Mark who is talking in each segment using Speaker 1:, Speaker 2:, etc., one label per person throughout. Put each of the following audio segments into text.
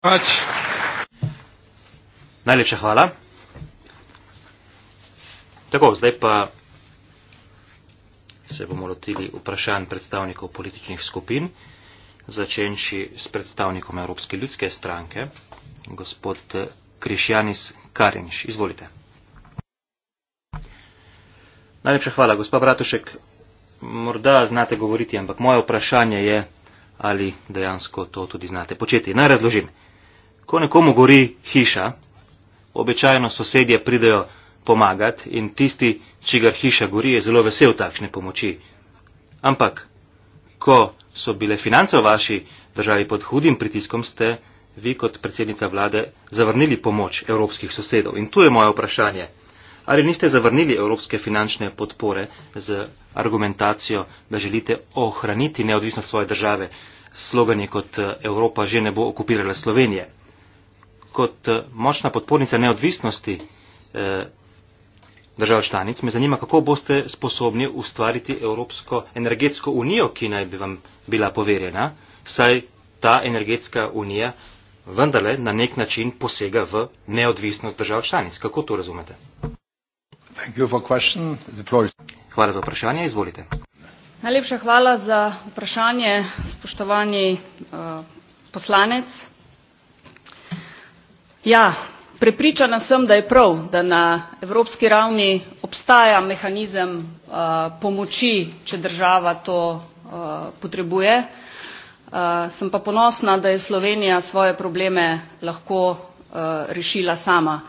Speaker 1: Pač. Najlepša hvala. Tako, zdaj pa se bomo lotili vprašanj predstavnikov političnih skupin, začenši s predstavnikom Evropske ljudske stranke, gospod Krišjanis Karinš. Izvolite. Najlepša hvala, gospa Bratušek. Morda znate govoriti, ampak moje vprašanje je, ali dejansko to tudi znate početi. Naj razložim. Ko nekomu gori hiša, običajno sosedje pridejo pomagati in tisti, čigar hiša gori, je zelo vesel takšne pomoči. Ampak, ko so bile finance v vaši državi pod hudim pritiskom, ste vi kot predsednica vlade zavrnili pomoč evropskih sosedov. In tu je moje vprašanje. Ali niste zavrnili evropske finančne podpore z argumentacijo, da želite ohraniti neodvisnost svoje države, slogan je kot eh, Evropa že ne bo okupirala Slovenije? kot eh, močna podpornica neodvisnosti eh, držav članic, me zanima, kako boste sposobni ustvariti Evropsko energetsko unijo, ki naj bi vam bila poverjena, saj ta energetska unija vendarle na nek način posega v neodvisnost držav članic. Kako to razumete? Hvala za vprašanje, izvolite.
Speaker 2: Najlepša hvala za vprašanje, spoštovani uh, poslanec. Ja, prepričana sem da je prav da na evropski ravni obstaja mehanizem uh, pomoči če država to uh, potrebuje uh, sem pa ponosna da je slovenija svoje probleme lahko rešila sama.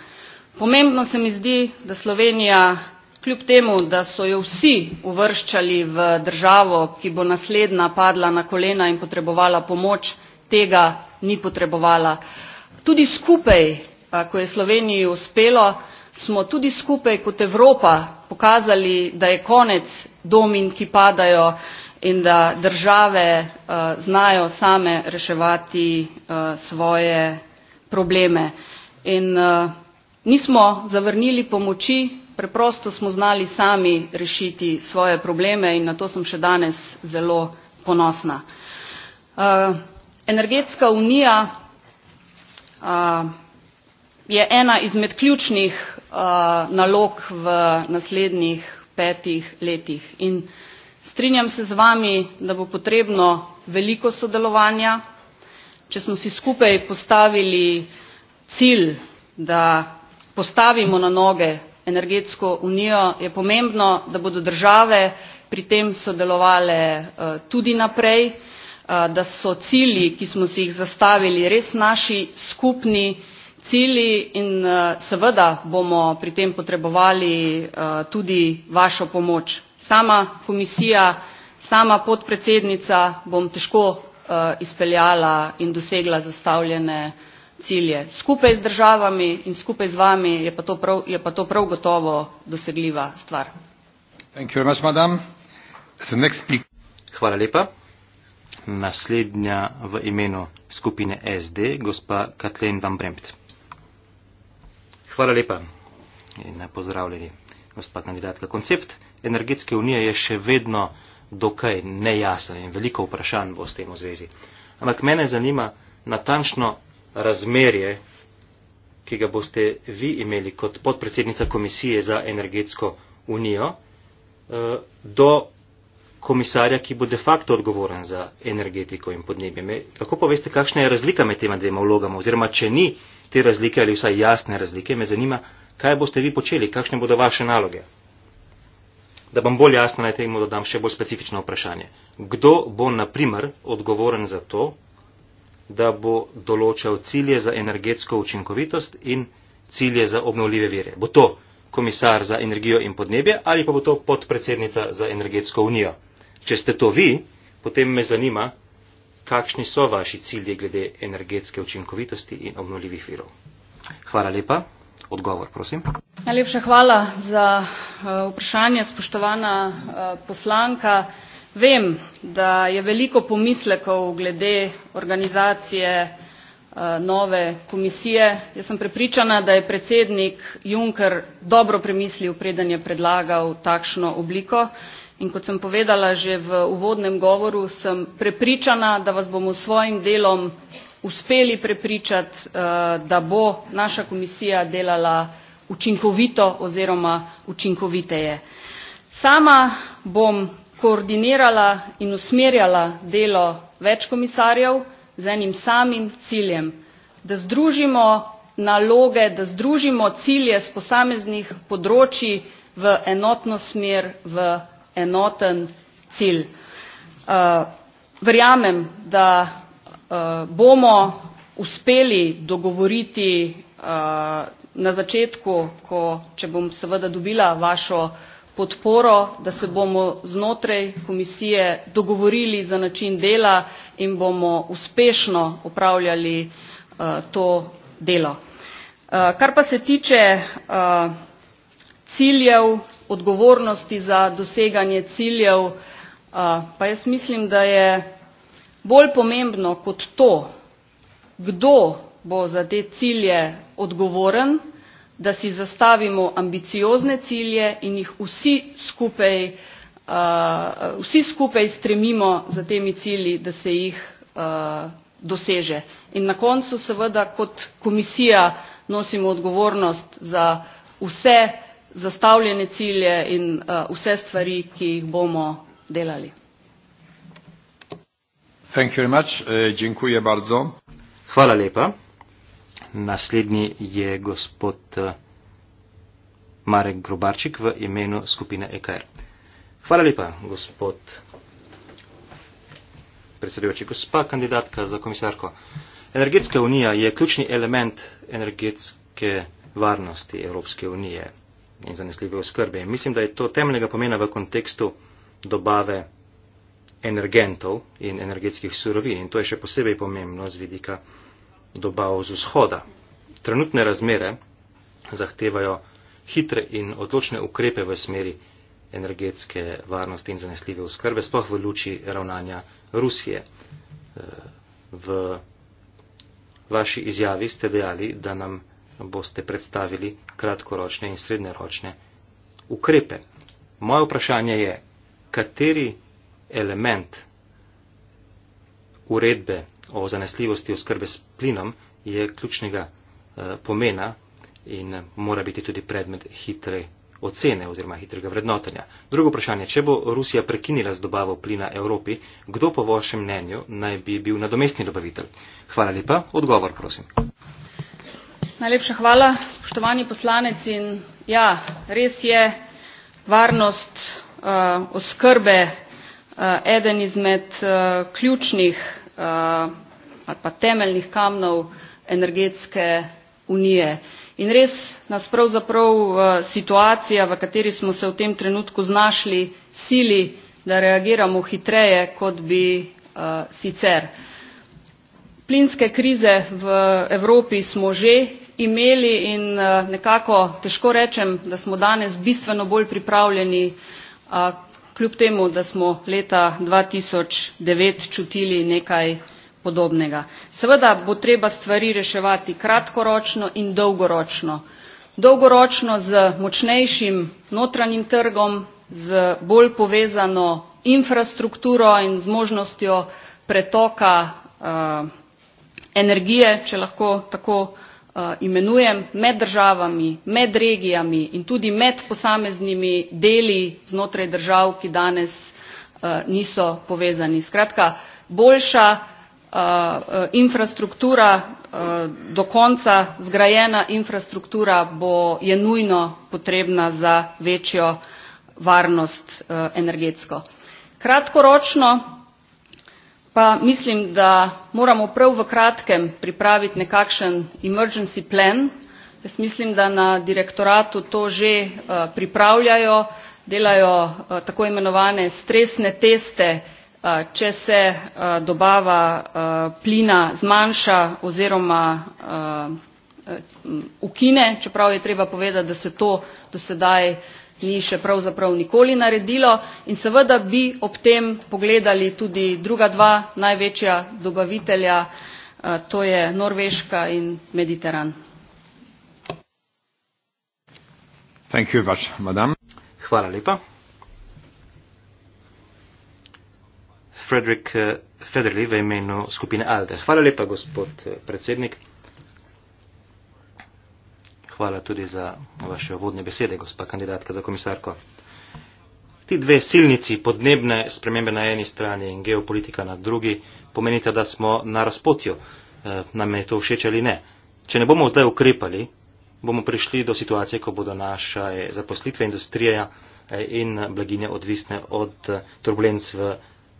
Speaker 2: pomembno se mi zdi da slovenija kljub temu da so jo vsi uvrščali v državo ki bo naslednja padla na kolena in potrebovala pomoč tega ni potrebovala tudi skupaj ko je sloveniji uspelo smo tudi skupaj kot evropa pokazali da je konec domin ki padajo in da države znajo same reševati svoje probleme. in nismo zavrnili pomoči preprosto smo znali sami rešiti svoje probleme in na to sem še danes zelo ponosna. energetska unija je ena izmed ključnih nalog v naslednjih petih letih in strinjam se z vami da bo potrebno veliko sodelovanja če smo si skupaj postavili cilj da postavimo na noge energetsko unijo je pomembno da bodo države pri tem sodelovale tudi naprej da so cilji ki smo si jih zastavili res naši skupni cilji in seveda bomo pri tem potrebovali tudi vašo pomoč. Sama komisija, sama podpredsednica bom težko izpeljala in dosegla zastavljene cilje. Skupaj z državami in skupaj z vami je pa to prav, je pa to prav gotovo dosegljiva stvar.
Speaker 1: Hvala lepa. Naslednja v imenu skupine SD, gospa Katlen van Bremt. Hvala lepa in eh, pozdravljeni, gospa kandidatka. Koncept energetske unije je še vedno dokaj nejasen in veliko vprašanj bo s tem v zvezi. Ampak mene zanima natančno razmerje, ki ga boste vi imeli kot podpredsednica Komisije za energetsko unijo, eh, do komisarja, ki bo de facto odgovoren za energetiko in podnebje. Kako pa veste, kakšna je razlika med tema dvema vlogama, oziroma če ni te razlike ali vsaj jasne razlike, me zanima, kaj boste vi počeli, kakšne bodo vaše naloge. Da vam bolj jasno naj temu dodam še bolj specifično vprašanje. Kdo bo, na primer, odgovoren za to, da bo določal cilje za energetsko učinkovitost in cilje za obnovljive vire? Bo to komisar za energijo in podnebje ali pa bo to podpredsednica za energetsko unijo? Če ste to vi, potem me zanima, kakšni so vaši cilje glede energetske učinkovitosti in obnovljivih virov. Hvala lepa. Odgovor, prosim.
Speaker 2: Najlepša hvala za eh, vprašanje, spoštovana eh, poslanka. Vem, da je veliko pomislekov glede organizacije eh, nove komisije. Jaz sem prepričana, da je predsednik Juncker dobro premislil, preden je predlagal takšno obliko. In kot sem povedala že v uvodnem govoru, sem prepričana, da vas bomo s svojim delom uspeli prepričati, eh, da bo naša komisija delala učinkovito oziroma učinkoviteje. Sama bom koordinirala in usmerjala delo več komisarjev z enim samim ciljem, da združimo naloge, da združimo cilje z posameznih področji v enotno smer, v enotno smer enoten cilj. Eh, verjamem, da eh, bomo uspeli dogovoriti eh, na začetku, ko, če bom seveda dobila vašo podporo, da se bomo znotraj komisije dogovorili za način dela in bomo uspešno upravljali to delo. Kar pa se tiče ciljev, odgovornosti za doseganje ciljev. Eh, pa jaz mislim, da je bolj pomembno kot to, kdo bo za te cilje odgovoren, da si zastavimo ambiciozne cilje in jih vsi skupaj, eh, vsi skupaj stremimo za temi cilji, da se jih eh, doseže. In na koncu seveda kot komisija nosimo odgovornost za vse, zastavljene cilje in uh, vse stvari, ki jih bomo delali.
Speaker 1: Thank you very much. Eh, dziękuję bardzo. Hvala lepa. Naslednji je gospod eh, Marek Grubarčik v imenu skupine EKR. Hvala lepa, gospod predsedujoči, gospa kandidatka za komisarko. Energetska unija je ključni element energetske varnosti Evropske unije in zanesljive oskrbe. In mislim, da je to temeljnega pomena v kontekstu dobave energentov in energetskih surovin. In to je še posebej pomembno z vidika dobav z vzhoda. Trenutne razmere zahtevajo hitre in odločne ukrepe v smeri energetske varnosti in zanesljive oskrbe, sploh v luči ravnanja Rusije. Eh, v vaši izjavi ste dejali, da nam boste predstavili kratkoročne in srednjeročne ukrepe. Moje vprašanje je, kateri element uredbe o zanesljivosti oskrbe s plinom je ključnega eh, pomena in eh, mora biti tudi predmet hitre ocene oziroma hitrega vrednotenja. Drugo vprašanje, če bo Rusija prekinila z dobavo plina Evropi, kdo po vašem mnenju naj bi bil nadomestni dobavitelj? Hvala lepa, odgovor prosim.
Speaker 2: Najlepša hvala. Spoštovani poslanec in ja, res je varnost uh, oskrbe uh, eden izmed uh, ključnih uh, ali pa temeljnih kamnov energetske unije. In res nas pravzaprav uh, situacija, v kateri smo se v tem trenutku znašli, sili, da reagiramo hitreje, kot bi uh, sicer. Plinske krize v Evropi smo že imeli in eh, nekako težko rečem, da smo danes bistveno bolj pripravljeni, kljub temu, da smo leta 2009 čutili nekaj podobnega. Seveda bo treba stvari reševati kratkoročno in dolgoročno. Dolgoročno z močnejšim notranjim trgom, z bolj povezano infrastrukturo in zmožnostjo pretoka eh, energije, če lahko tako rečem, Eh, imenujem med državami med regijami in tudi med posameznimi deli znotraj držav ki danes eh, niso povezani. skratka boljša eh, infrastruktura do konca zgrajena infrastruktura bo je nujno potrebna za večjo varnost energetsko. kratkoročno pa mislim da moramo prav v kratkem pripraviti nekakšen emergency plan jaz mislim da na direktoratu to že eh, pripravljajo delajo eh, tako imenovane stresne teste eh, če se dobava plina zmanjša oziroma ukine čeprav je treba povedati da se to do sedaj ni še pravzaprav nikoli naredilo in seveda bi ob tem pogledali tudi druga dva največja dobavitelja eh, to je norveška in mediteran.
Speaker 3: Thank you much,
Speaker 1: madam. Hvala lepa. Frederik eh, Federli v imenu skupine ALDE. Hvala lepa, gospod eh, predsednik hvala tudi za vaše vodne besede, gospa kandidatka za komisarko. Ti dve silnici, podnebne spremembe na eni strani in geopolitika na drugi, pomenite, da smo na razpotju, eh, nam je to všeč ali ne. Če ne bomo zdaj ukrepali, bomo prišli do situacije, ko bodo naša zaposlitve, industrija eh, in blaginja odvisne od eh, turbulenc v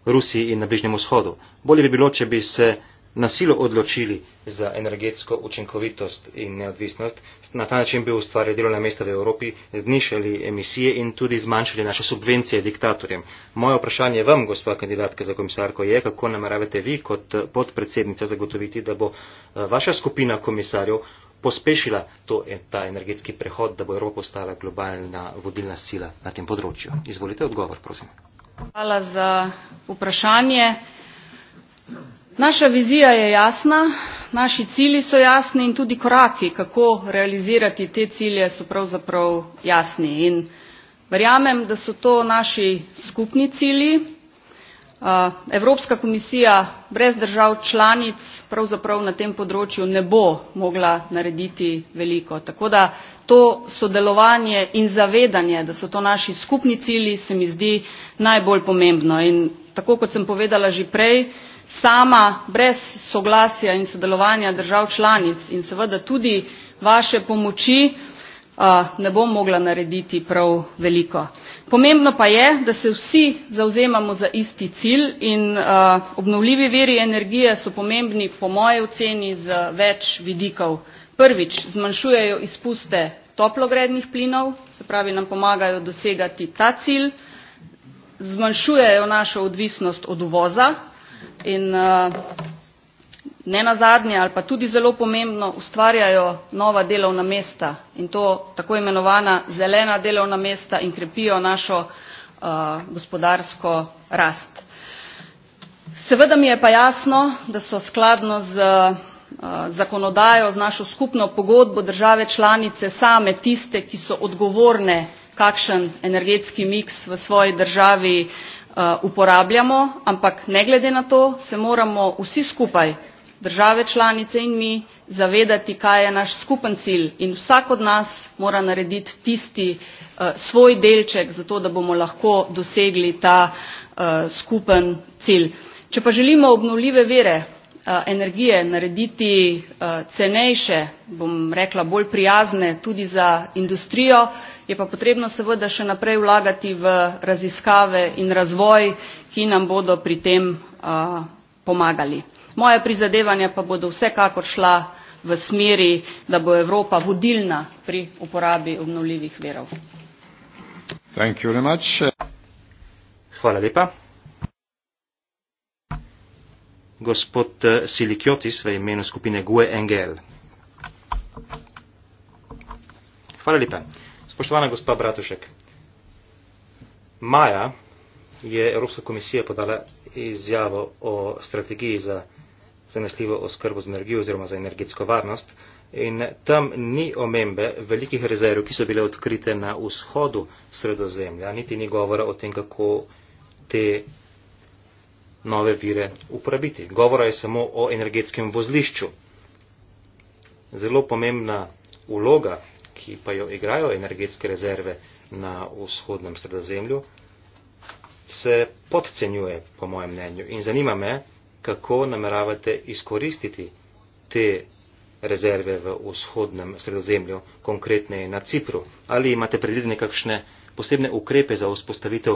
Speaker 1: Rusiji in na Bližnjem vzhodu. Bolje bi bilo, če bi se na silo odločili za energetsko učinkovitost in neodvisnost. Na ta način bi ustvarili delovne mesta v Evropi, znišali emisije in tudi zmanjšali naše subvencije diktatorjem. Moje vprašanje vam, gospod kandidatka za komisarko, je, kako nameravate vi kot podpredsednica zagotoviti, da bo eh, vaša skupina komisarjev pospešila to, eh, ta energetski prehod, da bo Evropa postala globalna vodilna sila na tem področju. Izvolite odgovor, prosim.
Speaker 2: Hvala za vprašanje naša vizija je jasna naši cilji so jasni in tudi koraki kako realizirati te cilje so pravzaprav jasni in verjamem da so to naši skupni cilji evropska komisija brez držav članic pravzaprav na tem področju ne bo mogla narediti veliko tako da to sodelovanje in zavedanje da so to naši skupni cilji se mi zdi najbolj pomembno in tako kot sem povedala že prej sama brez soglasja in sodelovanja držav članic in seveda tudi vaše pomoči ne bo mogla narediti prav veliko. pomembno pa je da se vsi zavzemamo za isti cilj in obnovljivi viri energije so pomembni po moji oceni z več vidikov. prvič zmanjšujejo izpuste toplogrednih plinov se pravi nam pomagajo dosegati ta cilj zmanjšujejo našo odvisnost od uvoza in uh, ne nazadnje ali pa tudi zelo pomembno ustvarjajo nova delovna mesta in to tako imenovana zelena delovna mesta in krepijo našo uh, gospodarsko rast. seveda mi je pa jasno da so skladno z uh, zakonodajo z našo skupno pogodbo države članice same tiste ki so odgovorne kakšen energetski miks v svoji državi Eh, uporabljamo ampak ne glede na to se moramo vsi skupaj države članice in mi zavedati kaj je naš skupen cilj in vsak od nas mora narediti tisti eh, svoj delček za to da bomo lahko dosegli ta eh, skupen cilj. če pa želimo obnovljive vire Eh, energije narediti eh, cenejše, bom rekla bolj prijazne tudi za industrijo, je pa potrebno seveda še naprej vlagati v raziskave in razvoj, ki nam bodo pri tem eh, pomagali. Moje prizadevanja pa bodo vsekakor šla v smeri, da bo Evropa vodilna pri uporabi obnovljivih verov.
Speaker 1: Hvala lepa gospod eh, Silikiotis v imenu skupine GUE NGL. Hvala lepa. Spoštovana gospa Bratušek, maja je Evropska komisija podala izjavo o strategiji za zanesljivo oskrbo z energijo oziroma za energetsko varnost in tam ni omembe velikih rezerv, ki so bile odkrite na vzhodu sredozemlja, niti ni govora o tem, kako te nove vire uporabiti. Govora je samo o energetskem vozlišču. Zelo pomembna uloga, ki pa jo igrajo energetske rezerve na vzhodnem sredozemlju, se podcenjuje, po mojem mnenju. In zanima me, kako nameravate izkoristiti te rezerve v vzhodnem sredozemlju, konkretneje na Cipru. Ali imate predvidene kakšne posebne ukrepe za vzpostavitev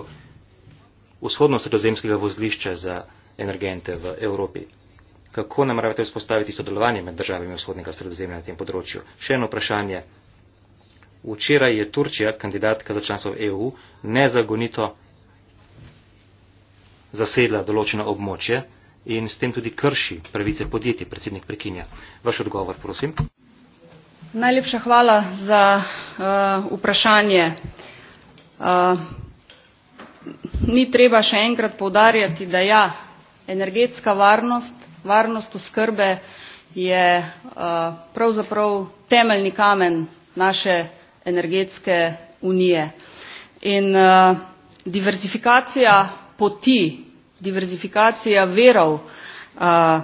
Speaker 1: vzhodno-sredozemskega vozlišča za energente v Evropi. Kako namravate vzpostaviti sodelovanje med državami vzhodnega sredozemlja na tem področju? Še eno vprašanje. Včeraj je Turčija, kandidatka za članstvo EU, nezagonito zasedla določeno območje in s tem tudi krši pravice podjetij, predsednik prekinja. Vaš odgovor, prosim.
Speaker 2: Najlepša hvala za uh, vprašanje. Uh, ni treba še enkrat poudarjati da ja energetska varnost varnost oskrbe je eh, pravzaprav temeljni kamen naše energetske unije in eh, diverzifikacija poti diverzifikacija virov eh,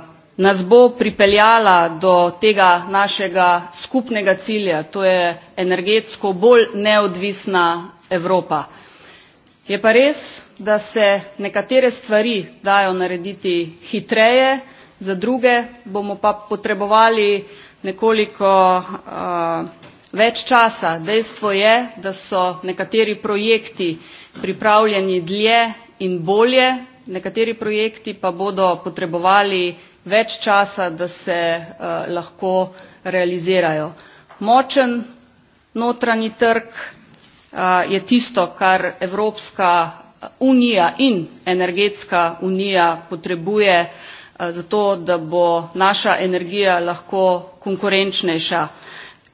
Speaker 2: nas bo pripeljala do tega našega skupnega cilja to je energetsko bolj neodvisna evropa je pa res da se nekatere stvari dajo narediti hitreje za druge bomo pa potrebovali nekoliko eh, več časa dejstvo je da so nekateri projekti pripravljeni dlje in bolje nekateri projekti pa bodo potrebovali več časa da se eh, lahko realizirajo močen notranji trg je tisto kar evropska unija in energetska unija potrebuje eh, zato da bo naša energija lahko konkurenčnejša.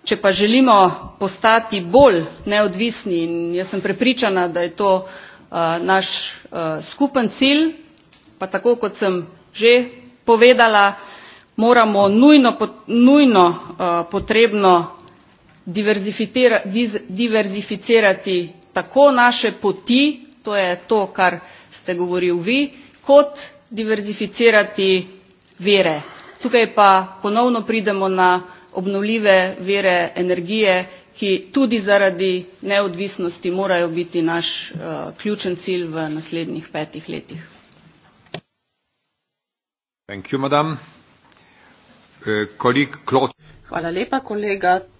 Speaker 2: če pa želimo postati bolj neodvisni in jaz sem prepričana da je to eh, naš eh, skupen cilj pa tako kot sem že povedala moramo nujno potrebno diverzificirati tako naše poti to je to kar ste govoril vi kot diverzificirati vire tukaj pa ponovno pridemo na obnovljive vire energije ki tudi zaradi neodvisnosti morajo biti naš eh, ključen cilj v naslednjih petih letih.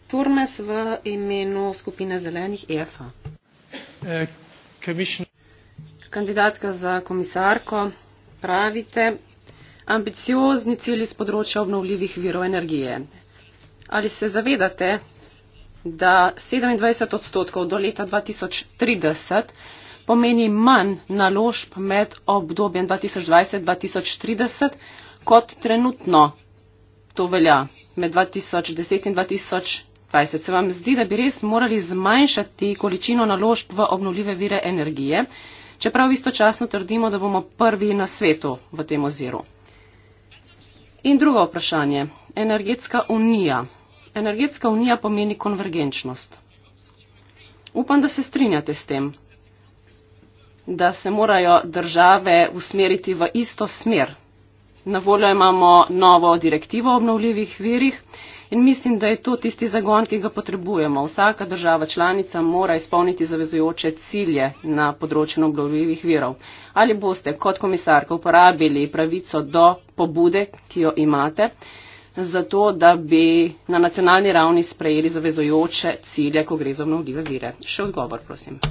Speaker 4: Turmes v imenu skupine zelenih EFA. Eh, Kandidatka za komisarko, pravite, ambiciozni cilj iz področja obnovljivih virov energije. Ali se zavedate, da 27 odstotkov do leta 2030 pomeni manj naložb med obdobjem 2020-2030, kot trenutno to velja med 2010 in 2020? 2020. Se vam zdi, da bi res morali zmanjšati količino naložb v obnovljive vire energije, čeprav istočasno trdimo, da bomo prvi na svetu v tem oziru? In drugo vprašanje. Energetska unija. Energetska unija pomeni konvergenčnost. Upam, da se strinjate s tem, da se morajo države usmeriti v isto smer. Na voljo imamo novo direktivo o obnovljivih virih in mislim, da je to tisti zagon, ki ga potrebujemo. Vsaka država članica mora izpolniti zavezujoče cilje na področju obnovljivih virov. Ali boste kot komisarka uporabili pravico do pobude, ki jo imate, zato da bi na nacionalni ravni sprejeli zavezujoče cilje, ko gre za obnovljive vire? Še odgovor, prosim.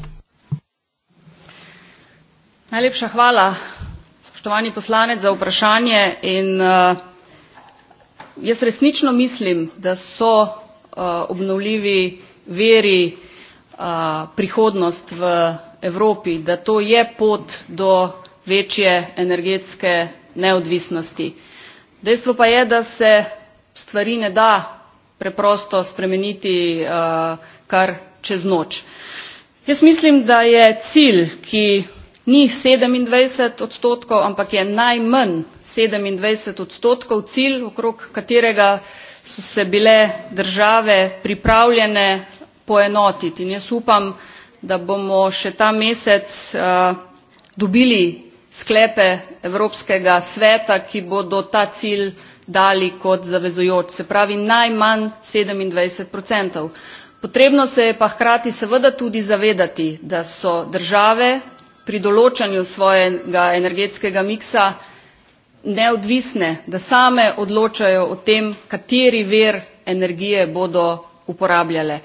Speaker 2: Najlepša hvala, spoštovani poslanec, za vprašanje in uh, jaz resnično mislim da so uh, obnovljivi viri uh, prihodnost v evropi da to je pot do večje energetske neodvisnosti dejstvo pa je da se stvari ne da preprosto spremeniti uh, kar čez noč jaz mislim da je cilj ki ni sedemindvajset odstotkov ampak je najmanj sedemindvajset odstotkov cilj okrog katerega so se bile države pripravljene poenotiti in jaz upam da bomo še ta mesec eh, dobili sklepe evropskega sveta ki bodo ta cilj dali kot zavezujoč se pravi najmanj sedemindvajset odstotkov potrebno se je pa hkrati seveda tudi zavedati da so države pri določanju svojega energetskega miksa neodvisne, da same odločajo o tem, kateri ver energije bodo uporabljale.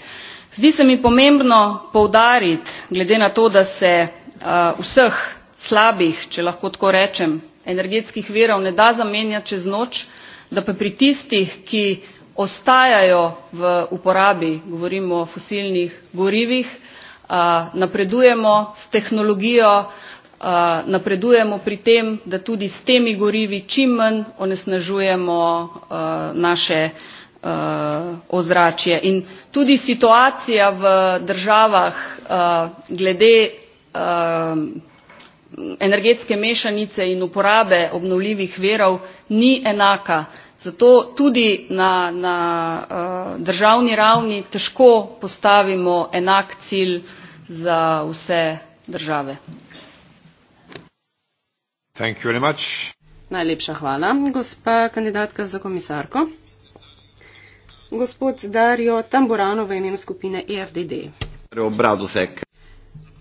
Speaker 2: Zdi se mi pomembno poudariti, glede na to, da se uh, vseh slabih, če lahko tako rečem, energetskih verov ne da zamenjati čez noč, da pa pri tistih, ki ostajajo v uporabi, govorimo o fosilnih gorivih, napredujemo s tehnologijo napredujemo pri tem da tudi s temi gorivi čim manj onesnažujemo naše ozračje in tudi situacija v državah glede energetske mešanice in uporabe obnovljivih virov ni enaka zato tudi na, na državni ravni težko postavimo enak cilj za
Speaker 4: vse države. Najlepša hvala, gospa kandidatka za komisarko. Gospod Dario Tamburano v imenu skupine EFDD.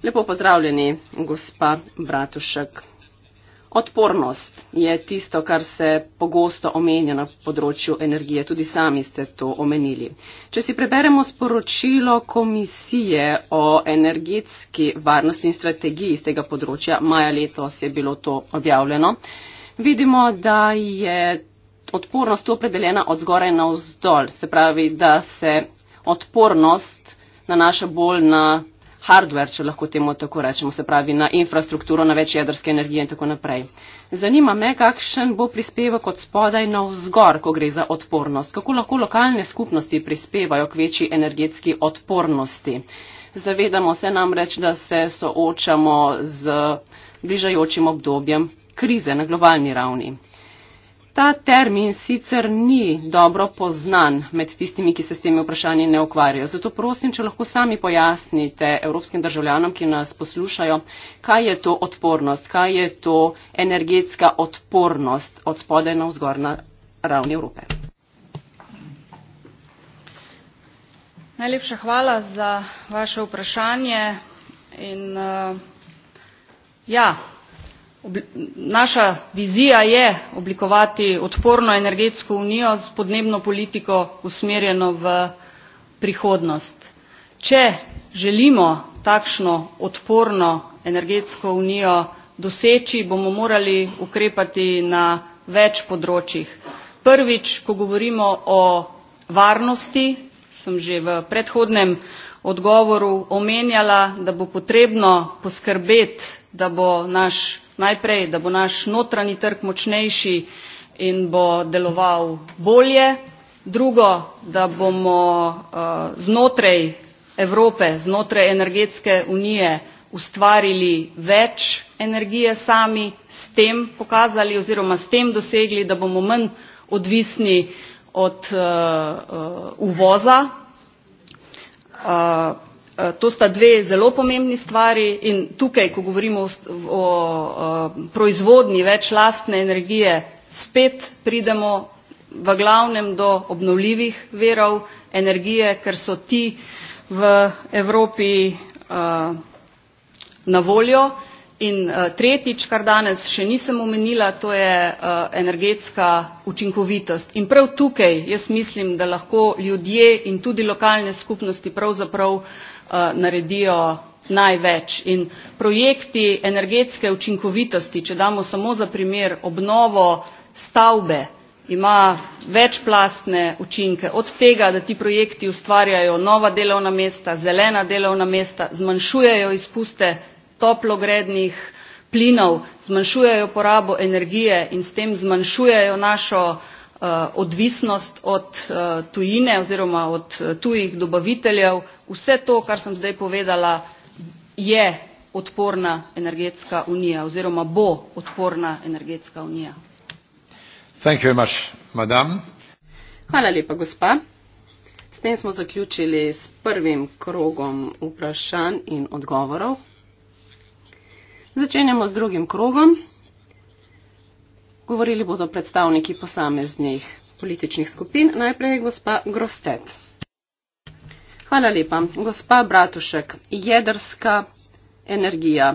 Speaker 4: Lepo pozdravljeni, gospa Bratušek. Odpornost je tisto, kar se pogosto omenja na področju energije. Tudi sami ste to omenili. Če si preberemo sporočilo komisije o energetski varnosti in strategiji iz tega področja, maja letos je bilo to objavljeno, vidimo, da je odpornost tu opredeljena od zgoraj na vzdolj. Se pravi, da se odpornost nanaša bolj na hardware, če lahko temu tako rečemo, se pravi na infrastrukturo, na več jedrske energije in tako naprej. Zanima me, kakšen bo prispevek od spodaj na vzgor, ko gre za odpornost. Kako lahko lokalne skupnosti prispevajo k večji energetski odpornosti? Zavedamo se namreč, da se soočamo z bližajočim obdobjem krize na globalni ravni ta termin sicer ni dobro poznan med tistimi, ki se s temi vprašanji ne ukvarjajo. Zato prosim, če lahko sami pojasnite evropskim državljanom, ki nas poslušajo, kaj je to odpornost, kaj je to energetska odpornost od spodaj na vzgor na ravni Evrope.
Speaker 2: Najlepša hvala za vaše vprašanje. In, uh, ja, naša vizija je oblikovati odporno energetsko unijo s podnebno politiko usmerjeno v prihodnost. če želimo takšno odporno energetsko unijo doseči bomo morali ukrepati na več področjih. prvič ko govorimo o varnosti sem že v predhodnem odgovoru omenjala da bo potrebno poskrbeti da bo naš najprej da bo naš notranji trg močnejši in bo deloval bolje drugo da bomo uh, znotraj Evrope znotraj energetske unije ustvarili več energije sami, s tem pokazali oziroma s tem dosegli, da bomo manj odvisni od uh, uh, uvoza. Uh, Eh, to sta dve zelo pomembni stvari in tukaj ko govorimo o eh, proizvodnji več lastne energije spet pridemo v glavnem do obnovljivih virov energije ker so ti v evropi eh, na voljo in tretjič kar danes še nisem omenila to je energetska učinkovitost in prav tukaj jaz mislim da lahko ljudje in tudi lokalne skupnosti pravzaprav Eh, naredijo največ in projekti energetske učinkovitosti če damo samo za primer obnovo stavbe ima večplastne učinke od tega da ti projekti ustvarjajo nova delovna mesta zelena delovna mesta zmanjšujejo izpuste toplogrednih plinov zmanjšujejo porabo energije in s tem zmanjšujejo našo Eh, odvisnost od eh, tujine oziroma od eh, tujih dobaviteljev vse to kar sem zdaj povedala je odporna energetska unija oziroma bo odporna energetska unija.
Speaker 4: Hvala lepa, gospa. S tem smo zaključili s prvim krogom vprašanj in odgovorov. Začenjamo s drugim krogom. Govorili bodo predstavniki posameznih političnih skupin. Najprej gospa Grostet. Hvala lepa. Gospa Bratušek, jedrska energija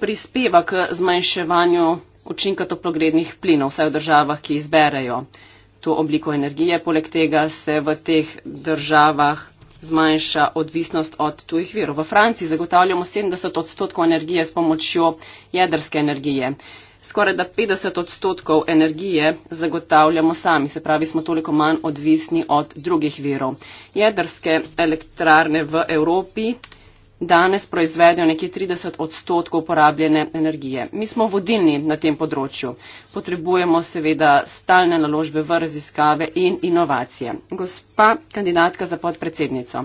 Speaker 4: prispeva k zmanjševanju učinka toplogrednih plinov, vsaj v državah, ki izberejo to obliko energije. Poleg tega se v teh državah zmanjša odvisnost od tujih virov. V Franciji zagotavljamo 70 odstotkov energije s pomočjo jedrske energije skoraj da 50 odstotkov energije zagotavljamo sami, se pravi, smo toliko manj odvisni od drugih virov. Jedrske elektrarne v Evropi danes proizvedejo nekje 30 odstotkov porabljene energije. Mi smo vodilni na tem področju. Potrebujemo seveda stalne naložbe v raziskave in inovacije. Gospa kandidatka za podpredsednico,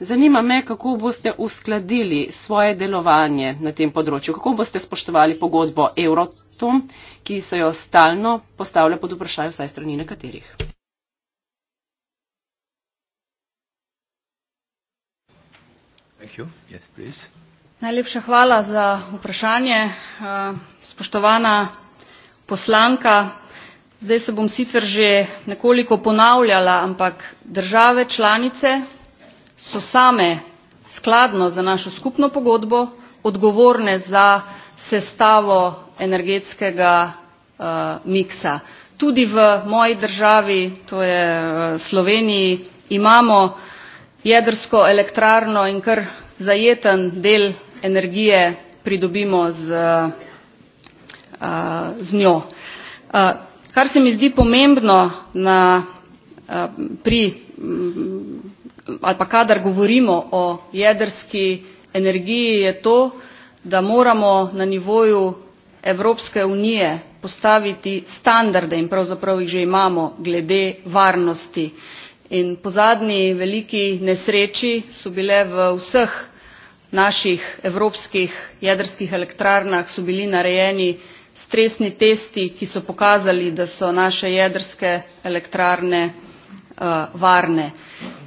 Speaker 4: zanima me, kako boste uskladili svoje delovanje na tem področju, kako boste spoštovali pogodbo Eurotop tom, ki se jo stalno postavlja pod vprašaj vsaj strani nekaterih.
Speaker 3: Yes,
Speaker 2: Najlepša hvala za vprašanje. Eh, spoštovana poslanka, zdaj se bom sicer že nekoliko ponavljala, ampak države članice so same skladno za našo skupno pogodbo odgovorne za sestavo energetskega eh, miksa. Tudi v moji državi, to je eh, Sloveniji, imamo jedrsko elektrarno in kar zajeten del energije pridobimo z, eh, z njo. Kar se mi zdi pomembno na, pri mm, ali pa kadar govorimo o jedrski energiji je to, da moramo na nivoju evropske unije postaviti standarde in pravzaprav jih že imamo glede varnosti in po zadnji veliki nesreči so bile v vseh naših evropskih jedrskih elektrarnah so bili narejeni stresni testi ki so pokazali da so naše jedrske elektrarne uh, varne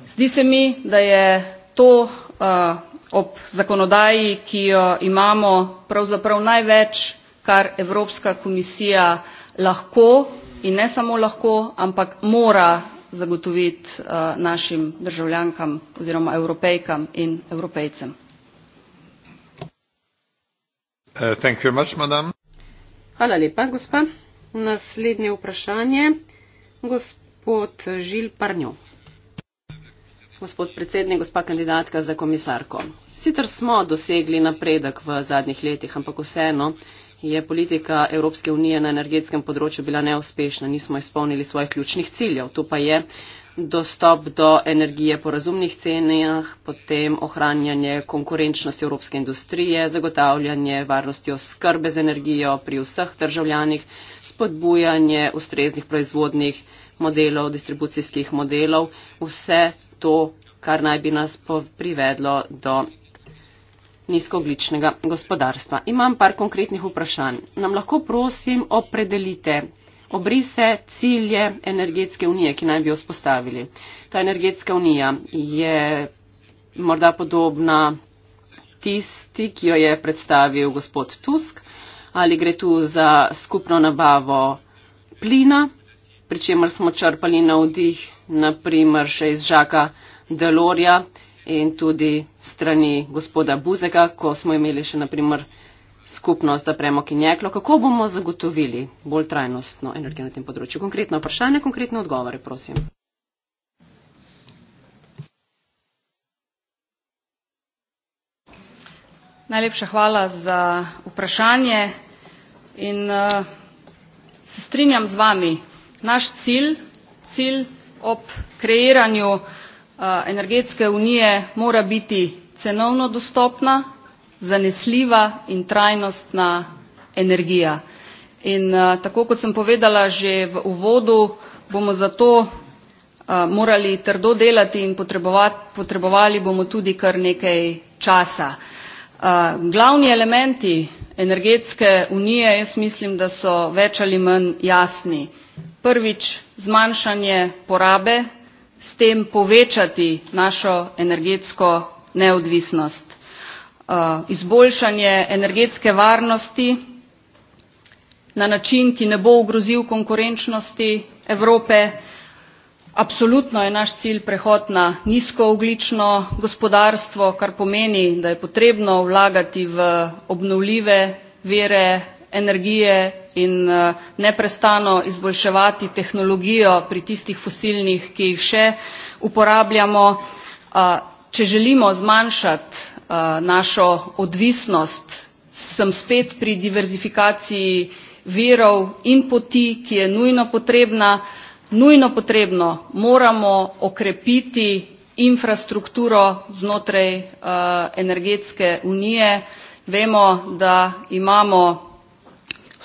Speaker 2: zdi se mi da je to uh, ob zakonodaji ki jo imamo pravzaprav največ kar evropska komisija lahko in ne samo lahko ampak mora zagotoviti eh, našim državljankam oziroma evropejkam in evropejcem.
Speaker 3: Eh,
Speaker 4: Hvala lepa, gospa. Naslednje vprašanje, gospod Žil Parnjo. Gospod predsednik, gospa kandidatka za komisarko. Sicer smo dosegli napredek v zadnjih letih, ampak vseeno je politika Evropske unije na energetskem področju bila neuspešna, nismo izpolnili svojih ključnih ciljev. To pa je dostop do energije po razumnih cenah, potem ohranjanje konkurenčnosti evropske industrije, zagotavljanje varnosti oskrbe z energijo pri vseh državljanih, spodbujanje ustreznih proizvodnih modelov, distribucijskih modelov, vse to, kar naj bi nas privedlo do nizkogličnega gospodarstva. Imam par konkretnih vprašanj. Nam lahko prosim opredelite obrise, cilje energetske unije, ki naj bi jo spostavili. Ta energetska unija je morda podobna tisti, ki jo je predstavil gospod Tusk, ali gre tu za skupno nabavo plina, pri čemer smo črpali na vdih, naprimer še iz žaka Delorja in tudi strani gospoda Buzega, ko smo imeli še naprimer skupnost za premok in jeklo, kako bomo zagotovili bolj trajnostno energijo na tem področju. Konkretno vprašanje, konkretno odgovore, prosim.
Speaker 2: Najlepša hvala za vprašanje in uh, se strinjam z vami. Naš cilj, cilj ob kreiranju uh, energetske unije mora biti cenovno dostopna zanesljiva in trajnostna energija in tako kot sem povedala že v uvodu bomo zato morali trdo delati in potrebovali bomo tudi kar nekaj časa. glavni elementi energetske unije jaz mislim da so več ali manj jasni. prvič zmanjšanje porabe s tem povečati našo energetsko neodvisnost. Uh, izboljšanje energetske varnosti na način ki ne bo ogrozil konkurenčnosti evrope absolutno je naš cilj prehod na nizkoogljično gospodarstvo kar pomeni da je potrebno vlagati v obnovljive vire energije in eh, neprestano izboljševati tehnologijo pri tistih fosilnih ki jih še uporabljamo eh, če želimo zmanjšati eh, našo odvisnost sem spet pri diverzifikaciji virov in poti ki je nujno potrebna nujno potrebno moramo okrepiti infrastrukturo znotraj energetske unije vemo da imamo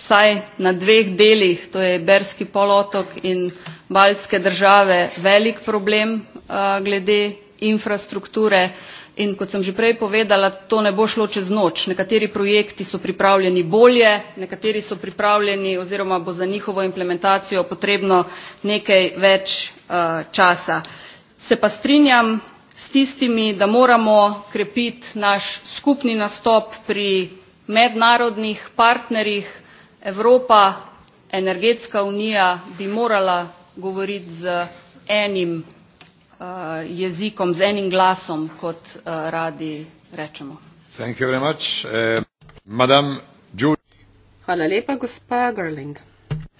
Speaker 2: vsaj na dveh delih, to je Berski polotok in Baljske države, velik problem uh, glede infrastrukture. In kot sem že prej povedala, to ne bo šlo čez noč. Nekateri projekti so pripravljeni bolje, nekateri so pripravljeni oziroma bo za njihovo implementacijo potrebno nekaj več uh, časa. Se pa strinjam s tistimi, da moramo krepiti naš skupni nastop pri mednarodnih partnerjih, evropa energetska unija bi morala govoriti z enim eh, jezikom z enim glasom kot eh, radi rečemo.
Speaker 3: Eh,
Speaker 4: hvala lepa, gospa Gerling.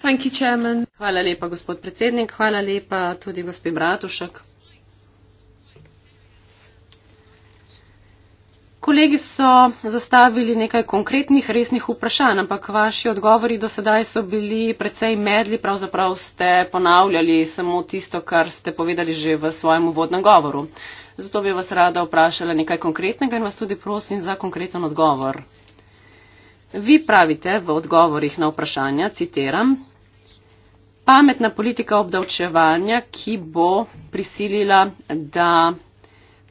Speaker 4: Thank you, hvala lepa, gospod predsednik. Hvala lepa tudi gospe Bratušek. Kolegi so zastavili nekaj konkretnih, resnih vprašanj, ampak vaši odgovori do sedaj so bili precej medli, pravzaprav ste ponavljali samo tisto, kar ste povedali že v svojem uvodnem govoru. Zato bi vas rada vprašala nekaj konkretnega in vas tudi prosim za konkreten odgovor. Vi pravite v odgovorih na vprašanja, citiram, pametna politika obdavčevanja, ki bo prisilila, da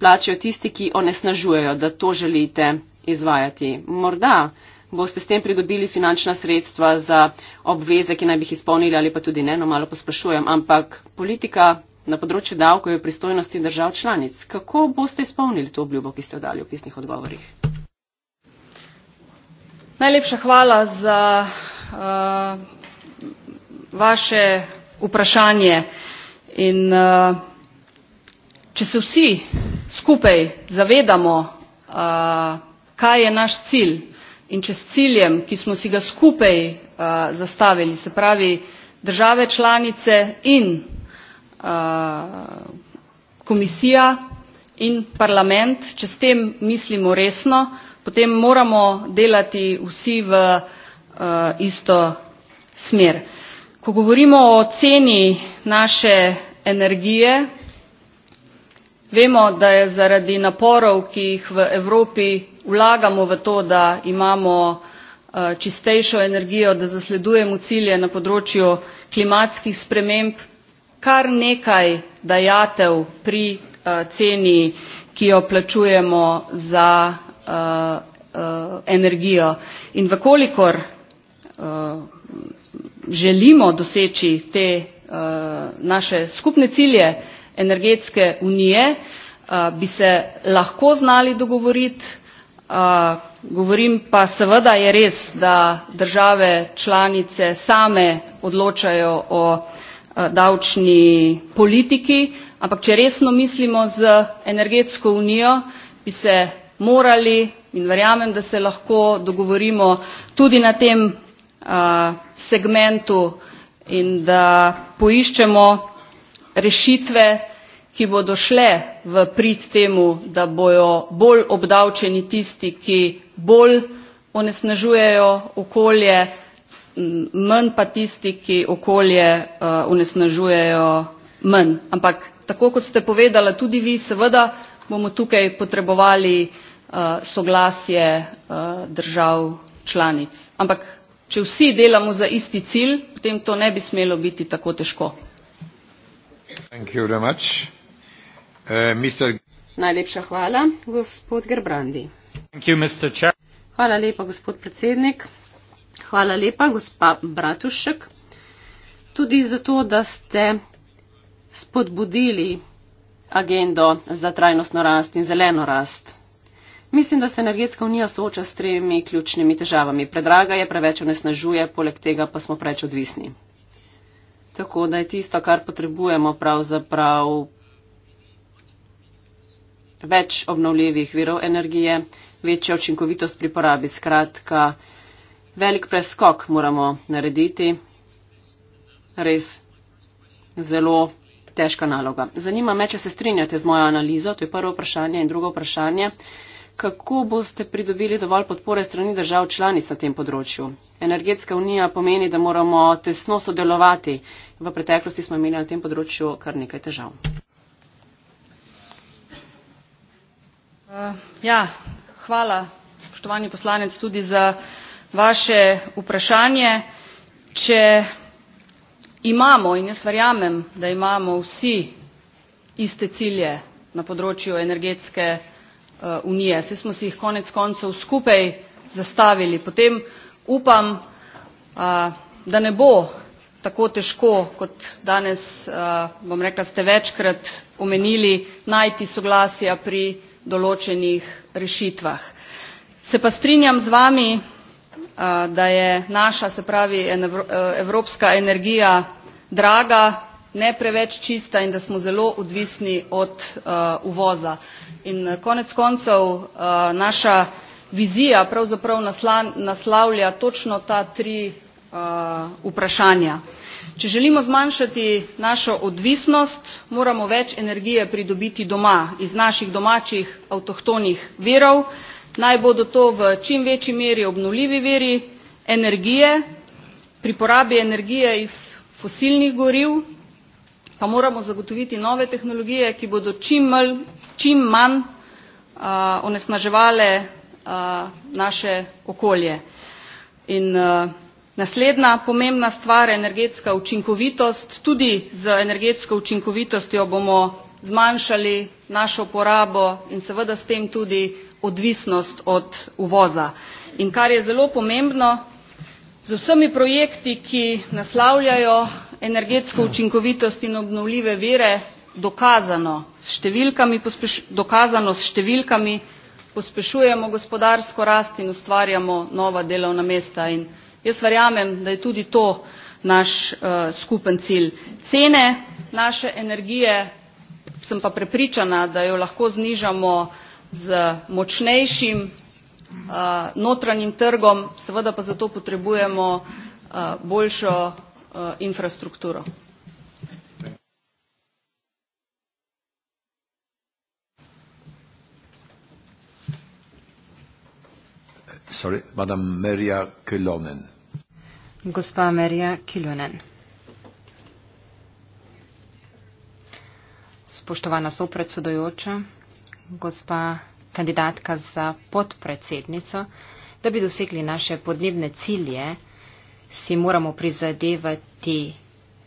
Speaker 4: plačajo tisti, ki onesnažujejo, da to želite izvajati. Morda boste s tem pridobili finančna sredstva za obveze, ki naj bi jih izpolnili ali pa tudi ne, no malo posprašujem, ampak politika na področju davkov je v pristojnosti držav članic. Kako boste izpolnili to obljubo, ki ste jo dali v pisnih odgovorih?
Speaker 2: Najlepša hvala za uh, vaše vprašanje. In, uh, če se vsi skupaj zavedamo kaj je naš cilj in če s ciljem ki smo si ga skupaj zastavili se pravi države članice in komisija in parlament če s tem mislimo resno potem moramo delati vsi v isto smer. ko govorimo o ceni naše energije vemo da je zaradi naporov ki jih v evropi vlagamo v to da imamo eh, čistejšo energijo da zasledujemo cilje na področju klimatskih sprememb kar nekaj dajatev pri eh, ceni ki jo plačujemo za eh, energijo in v kolikor želimo doseči te naše skupne cilje energetske unije eh, bi se lahko znali dogovoriti. Eh, govorim pa seveda je res, da države članice same odločajo o eh, davčni politiki, ampak če resno mislimo z energetsko unijo, bi se morali in verjamem, da se lahko dogovorimo tudi na tem segmentu in da poiščemo rešitve, ki bodo šle v prid temu, da bojo bolj obdavčeni tisti, ki bolj onesnažujejo okolje, manj pa tisti, ki okolje eh, onesnažujejo manj. Ampak tako kot ste povedala tudi vi, seveda bomo tukaj potrebovali eh, soglasje eh, držav članic. Ampak če vsi delamo za isti cilj, potem to ne bi smelo biti tako težko.
Speaker 3: Thank you very much. Eh,
Speaker 4: Najlepša hvala, gospod Gerbrandi. Hvala lepa, gospod predsednik. Hvala lepa, gospa Bratušek, tudi zato, da ste spodbudili agendo za trajnostno rast in zeleno rast. Mislim, da se energetska unija sooča s tremi ključnimi težavami. Predraga je, preveč onesnažuje, poleg tega pa smo preveč odvisni. Tako da je tisto, kar potrebujemo, pravzaprav več obnovljivih virov energije, večja učinkovitost pri porabi. Skratka, velik preskok moramo narediti. Res zelo težka naloga. Zanima me, če se strinjate z mojo analizo, to je prvo vprašanje in drugo vprašanje. Kako boste pridobili dovolj podpore strani držav članic na tem področju? Energetska unija pomeni, da moramo tesno sodelovati. V preteklosti smo imeli na tem področju kar nekaj težav.
Speaker 2: Eh, ja, hvala spoštovani poslanec tudi za vaše vprašanje. če imamo in jaz verjamem da imamo vsi iste cilje na področju energetske eh, unije saj smo si jih konec koncev skupaj zastavili potem upam eh, da ne bo tako težko kot danes bom rekla ste večkrat omenili najti soglasja pri določenih rešitvah. Se pa strinjam z vami, eh, da je naša, se pravi, eh, evropska energija draga, ne preveč čista in da smo zelo odvisni od uh, uvoza. In konec koncev uh, naša vizija pravzaprav nasla, naslavlja točno ta tri uh, vprašanja če želimo zmanjšati našo odvisnost moramo več energije pridobiti doma iz naših domačih avtohtonih virov naj bodo to v čim večji meri obnovljivi viri energije pri porabi energije iz fosilnih goriv pa moramo zagotoviti nove tehnologije ki bodo čim manj onesnaževale naše okolje. in naslednja pomembna stvar energetska učinkovitost tudi z energetsko učinkovitostjo bomo zmanjšali našo porabo in seveda s tem tudi odvisnost od uvoza in kar je zelo pomembno z vsemi projekti ki naslavljajo energetsko učinkovitost in obnovljive vire dokazano s številkami dokazano s številkami pospešujemo gospodarsko rast in ustvarjamo nova delovna mesta in jaz verjamem da je tudi to naš eh, skupen cilj cene naše energije sem pa prepričana da jo lahko znižamo z močnejšim eh, notranjim trgom seveda pa za to potrebujemo eh, boljšo infrastrukturo.
Speaker 3: Sorry, Madame Maria Kilonen.
Speaker 5: Gospa Marija Kilonen. Spoštovana sopredsedujoča, gospa kandidatka za podpredsednico, da bi dosegli naše podnebne cilje, si moramo prizadevati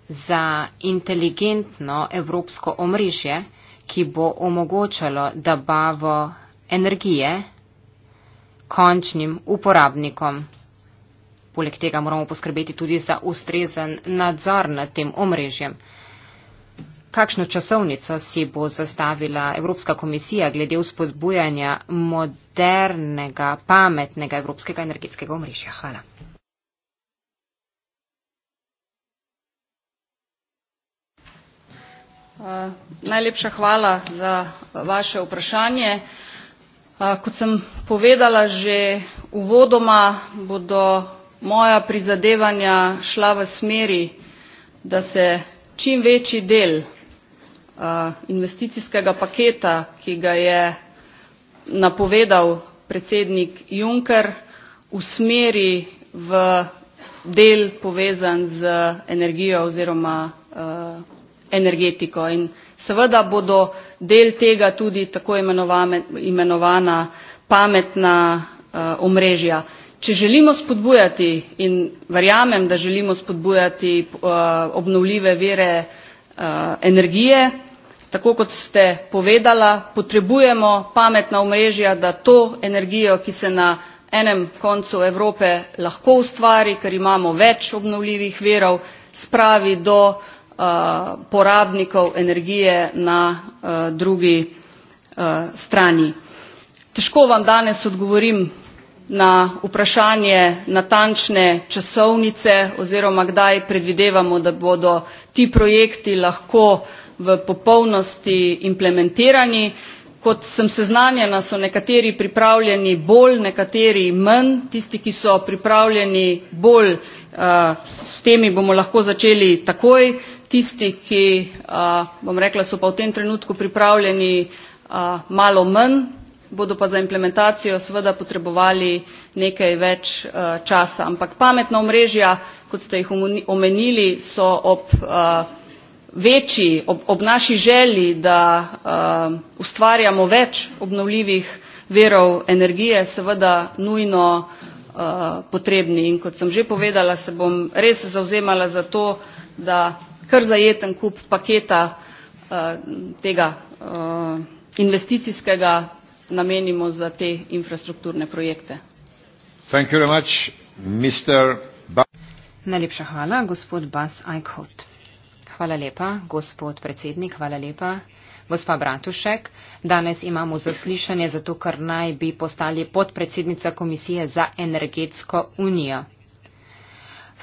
Speaker 5: za inteligentno evropsko omrežje, ki bo omogočalo dobavo energije končnim uporabnikom. Poleg tega moramo poskrbeti tudi za ustrezen nadzor nad tem omrežjem. Kakšno časovnico si bo zastavila Evropska komisija glede vzpodbujanja modernega, pametnega evropskega energetskega omrežja? Hvala. Uh, najlepša hvala
Speaker 2: za vaše vprašanje. Uh, kot sem povedala že uvodoma bodo moja prizadevanja šla v smeri da se čim večji del investicijskega paketa ki ga je napovedal predsednik juncker usmeri v del povezan z energijo oziroma energetiko in seveda bodo del tega tudi tako imenovana pametna eh, omrežja. če želimo spodbujati in verjamem da želimo spodbujati eh, obnovljive vire eh, energije tako kot ste povedala potrebujemo pametna omrežja da to energijo ki se na enem koncu evrope lahko ustvari ker imamo več obnovljivih virov spravi do Eh, porabnikov energije na eh, drugi eh, strani. Težko vam danes odgovorim na vprašanje natančne časovnice oziroma kdaj predvidevamo, da bodo ti projekti lahko v popolnosti implementirani. Kot sem seznanjena, so nekateri pripravljeni bolj, nekateri manj. Tisti, ki so pripravljeni bolj, s temi bomo lahko začeli takoj tisti, ki, bom rekla, so pa v tem trenutku pripravljeni malo manj, bodo pa za implementacijo seveda potrebovali nekaj več časa. Ampak pametna omrežja, kot ste jih omenili, so ob večji, ob, ob naši želji, da ustvarjamo več obnovljivih verov energije, seveda nujno potrebni. In kot sem že povedala, se bom res zauzemala za to, da kar zajeten kup paketa eh, tega eh, investicijskega namenimo za te infrastrukturne projekte.
Speaker 5: Najlepša hvala, gospod Bas Eichhout. Hvala lepa, gospod predsednik, hvala lepa. Gospa Bratušek, danes imamo zaslišanje za to, kar naj bi postali podpredsednica Komisije za energetsko unijo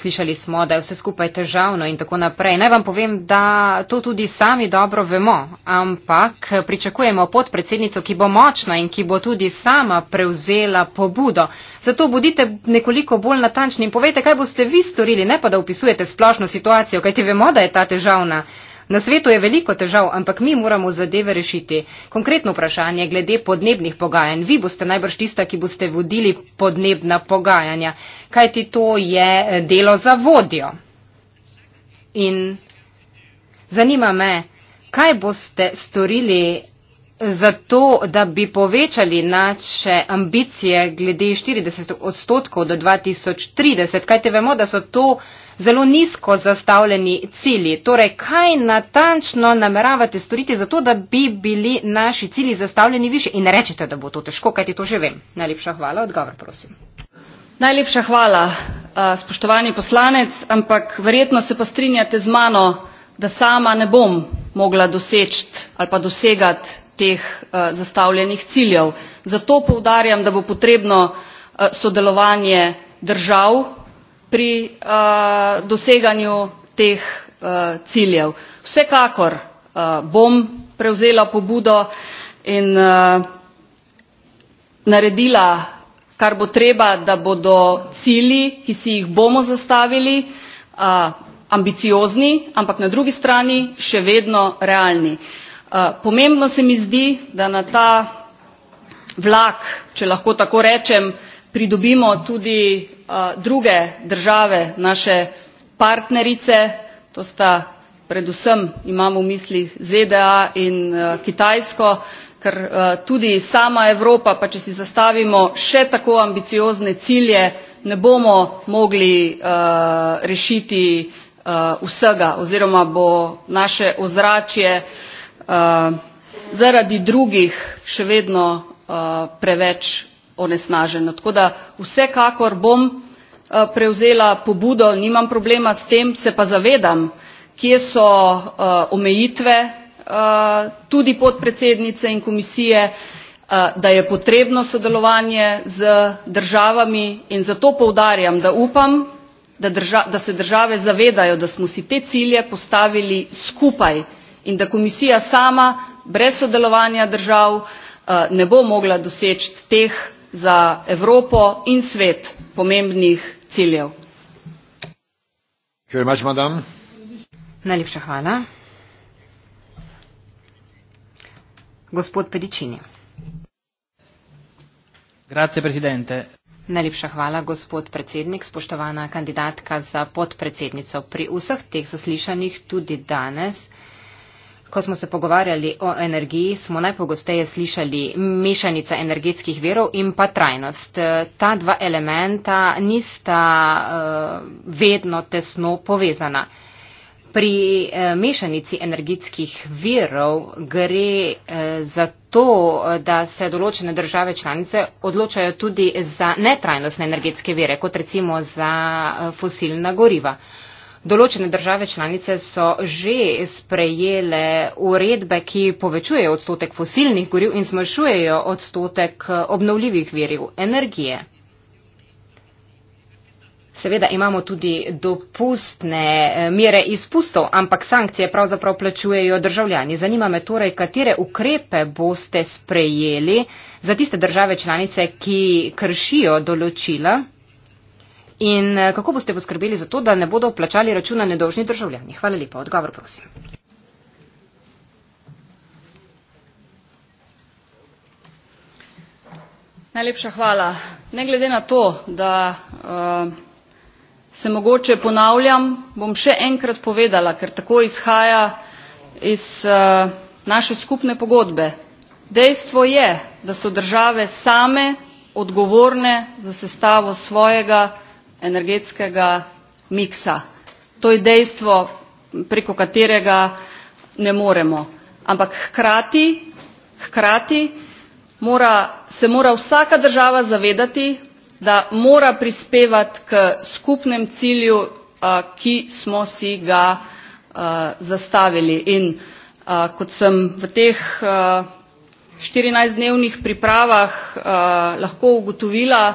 Speaker 5: slišali smo, da je vse skupaj težavno in tako naprej. Naj vam povem, da to tudi sami dobro vemo, ampak pričakujemo podpredsednico, ki bo močna in ki bo tudi sama prevzela pobudo. Zato bodite nekoliko bolj natančni in povejte, kaj boste vi storili, ne pa da upisujete splošno situacijo, kajti vemo, da je ta težavna. Na svetu je veliko težav, ampak mi moramo zadeve rešiti. Konkretno vprašanje glede podnebnih pogajanj. Vi boste najbrž tista, ki boste vodili podnebna pogajanja. Kaj ti to je eh, delo za vodjo? In zanima me, kaj boste storili eh, zato, da bi povečali naše ambicije glede 40 odstotkov do 2030. Kaj te vemo, da so to zelo nizko zastavljeni cilji. Torej, kaj natančno nameravate storiti za to, da bi bili naši cilji zastavljeni više in rečete, da bo to težko, kajti to že vem. Najlepša hvala. Odgovor, prosim. Najlepša hvala, eh, spoštovani poslanec, ampak verjetno
Speaker 2: se pa strinjate z mano, da sama ne bom mogla doseči ali pa dosegati teh eh, zastavljenih ciljev. Zato poudarjam, da bo potrebno eh, sodelovanje držav pri eh, doseganju teh eh, ciljev. vsekakor eh, bom prevzela pobudo in naredila kar bo treba da bodo cilji ki si jih bomo zastavili ambiciozni ampak na drugi strani še vedno realni. pomembno se mi zdi da na ta vlak če lahko tako rečem pridobimo tudi Eh, druge države naše partnerice to sta predvsem imam v mislih zda in eh, kitajsko ker eh, tudi sama evropa pa če si zastavimo še tako ambiciozne cilje ne bomo mogli rešiti vsega oziroma bo naše ozračje zaradi drugih še vedno preveč onesnaženo. Tako da vsekakor bom eh, prevzela pobudo, nimam problema s tem, se pa zavedam, kje so eh, omejitve eh, tudi podpredsednice in komisije, da je potrebno sodelovanje z državami in zato poudarjam, da upam, da, drža, da se države zavedajo, da smo si te cilje postavili skupaj in da komisija sama brez sodelovanja držav ne bo mogla doseči teh za evropo in svet pomembnih ciljev.
Speaker 5: Najlepša hvala. Gospod Pedičini.
Speaker 1: Grazie, presidente.
Speaker 5: Najlepša hvala, gospod predsednik, spoštovana kandidatka za podpredsednico. Pri vseh teh zaslišanjih tudi danes Ko smo se pogovarjali o energiji, smo najpogosteje slišali mešanica energetskih verov in pa trajnost. Ta dva elementa nista uh, vedno tesno povezana. Pri uh, mešanici energetskih verov gre uh, za to, da se določene države članice odločajo tudi za netrajnostne energetske vere, kot recimo za uh, fosilna goriva. Uh, Določene države članice so že sprejele uredbe, ki povečujejo odstotek fosilnih goriv in zmanjšujejo odstotek obnovljivih verjev energije. Seveda imamo tudi dopustne eh, mere izpustov, ampak sankcije pravzaprav plačujejo državljani. Zanima me torej, katere ukrepe boste sprejeli za tiste države članice, ki kršijo določila. In eh, kako boste poskrbeli za to, da ne bodo plačali računa nedožni državljani? Hvala lepa. Odgovor, prosim.
Speaker 2: Najlepša hvala. Ne glede na to, da uh, se mogoče ponavljam, bom še enkrat povedala, ker tako izhaja iz uh, naše skupne pogodbe. Dejstvo je, da so države same odgovorne za sestavo svojega energetskega miksa. To je dejstvo, preko katerega ne moremo. Ampak hkrati, hkrati mora, se mora vsaka država zavedati, da mora prispevati k skupnem cilju, ki smo si ga zastavili. In kot sem v teh 14-dnevnih pripravah lahko ugotovila,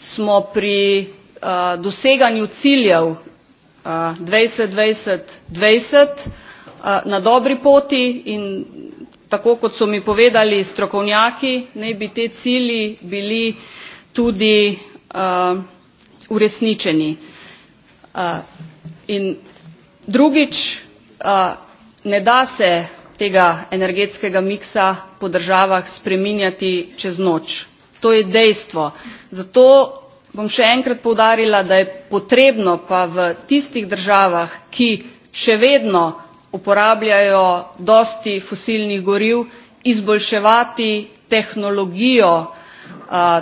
Speaker 2: smo pri Eh, doseganju ciljev eh, dvajset dvajset dvajset eh, na dobri poti in tako kot so mi povedali strokovnjaki naj bi ti cilji bili tudi uresničeni. in drugič ne da se tega energetskega miksa po državah spreminjati čez noč. to je dejstvo. zato bom še enkrat poudarila da je potrebno pa v tistih državah ki še vedno uporabljajo dosti fosilnih goriv izboljševati tehnologijo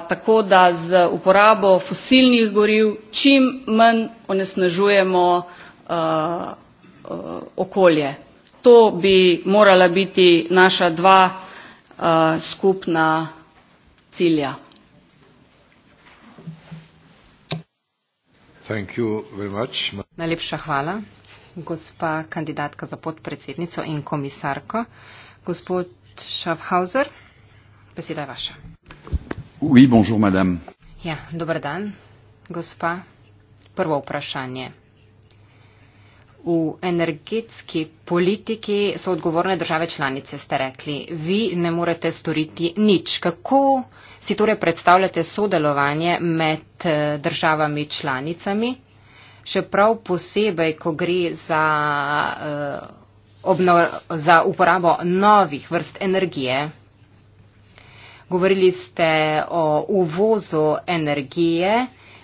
Speaker 2: tako da z uporabo fosilnih goriv čim manj onesnažujemo okolje. to bi morala biti naša dva skupna cilja.
Speaker 5: Najlepša hvala, gospa kandidatka za podpredsednico in komisarko. Gospod Schaffhauser, beseda je vaša. Oui, bonjour, ja, dober dan, gospa. Prvo vprašanje. V energetski politiki so odgovorne države članice, ste rekli. Vi ne morete storiti nič. Kako Si torej predstavljate sodelovanje med eh, državami članicami, še prav posebej, ko gre za, uh, obno, za uporabo novih vrst energije. Govorili ste o uvozu energije,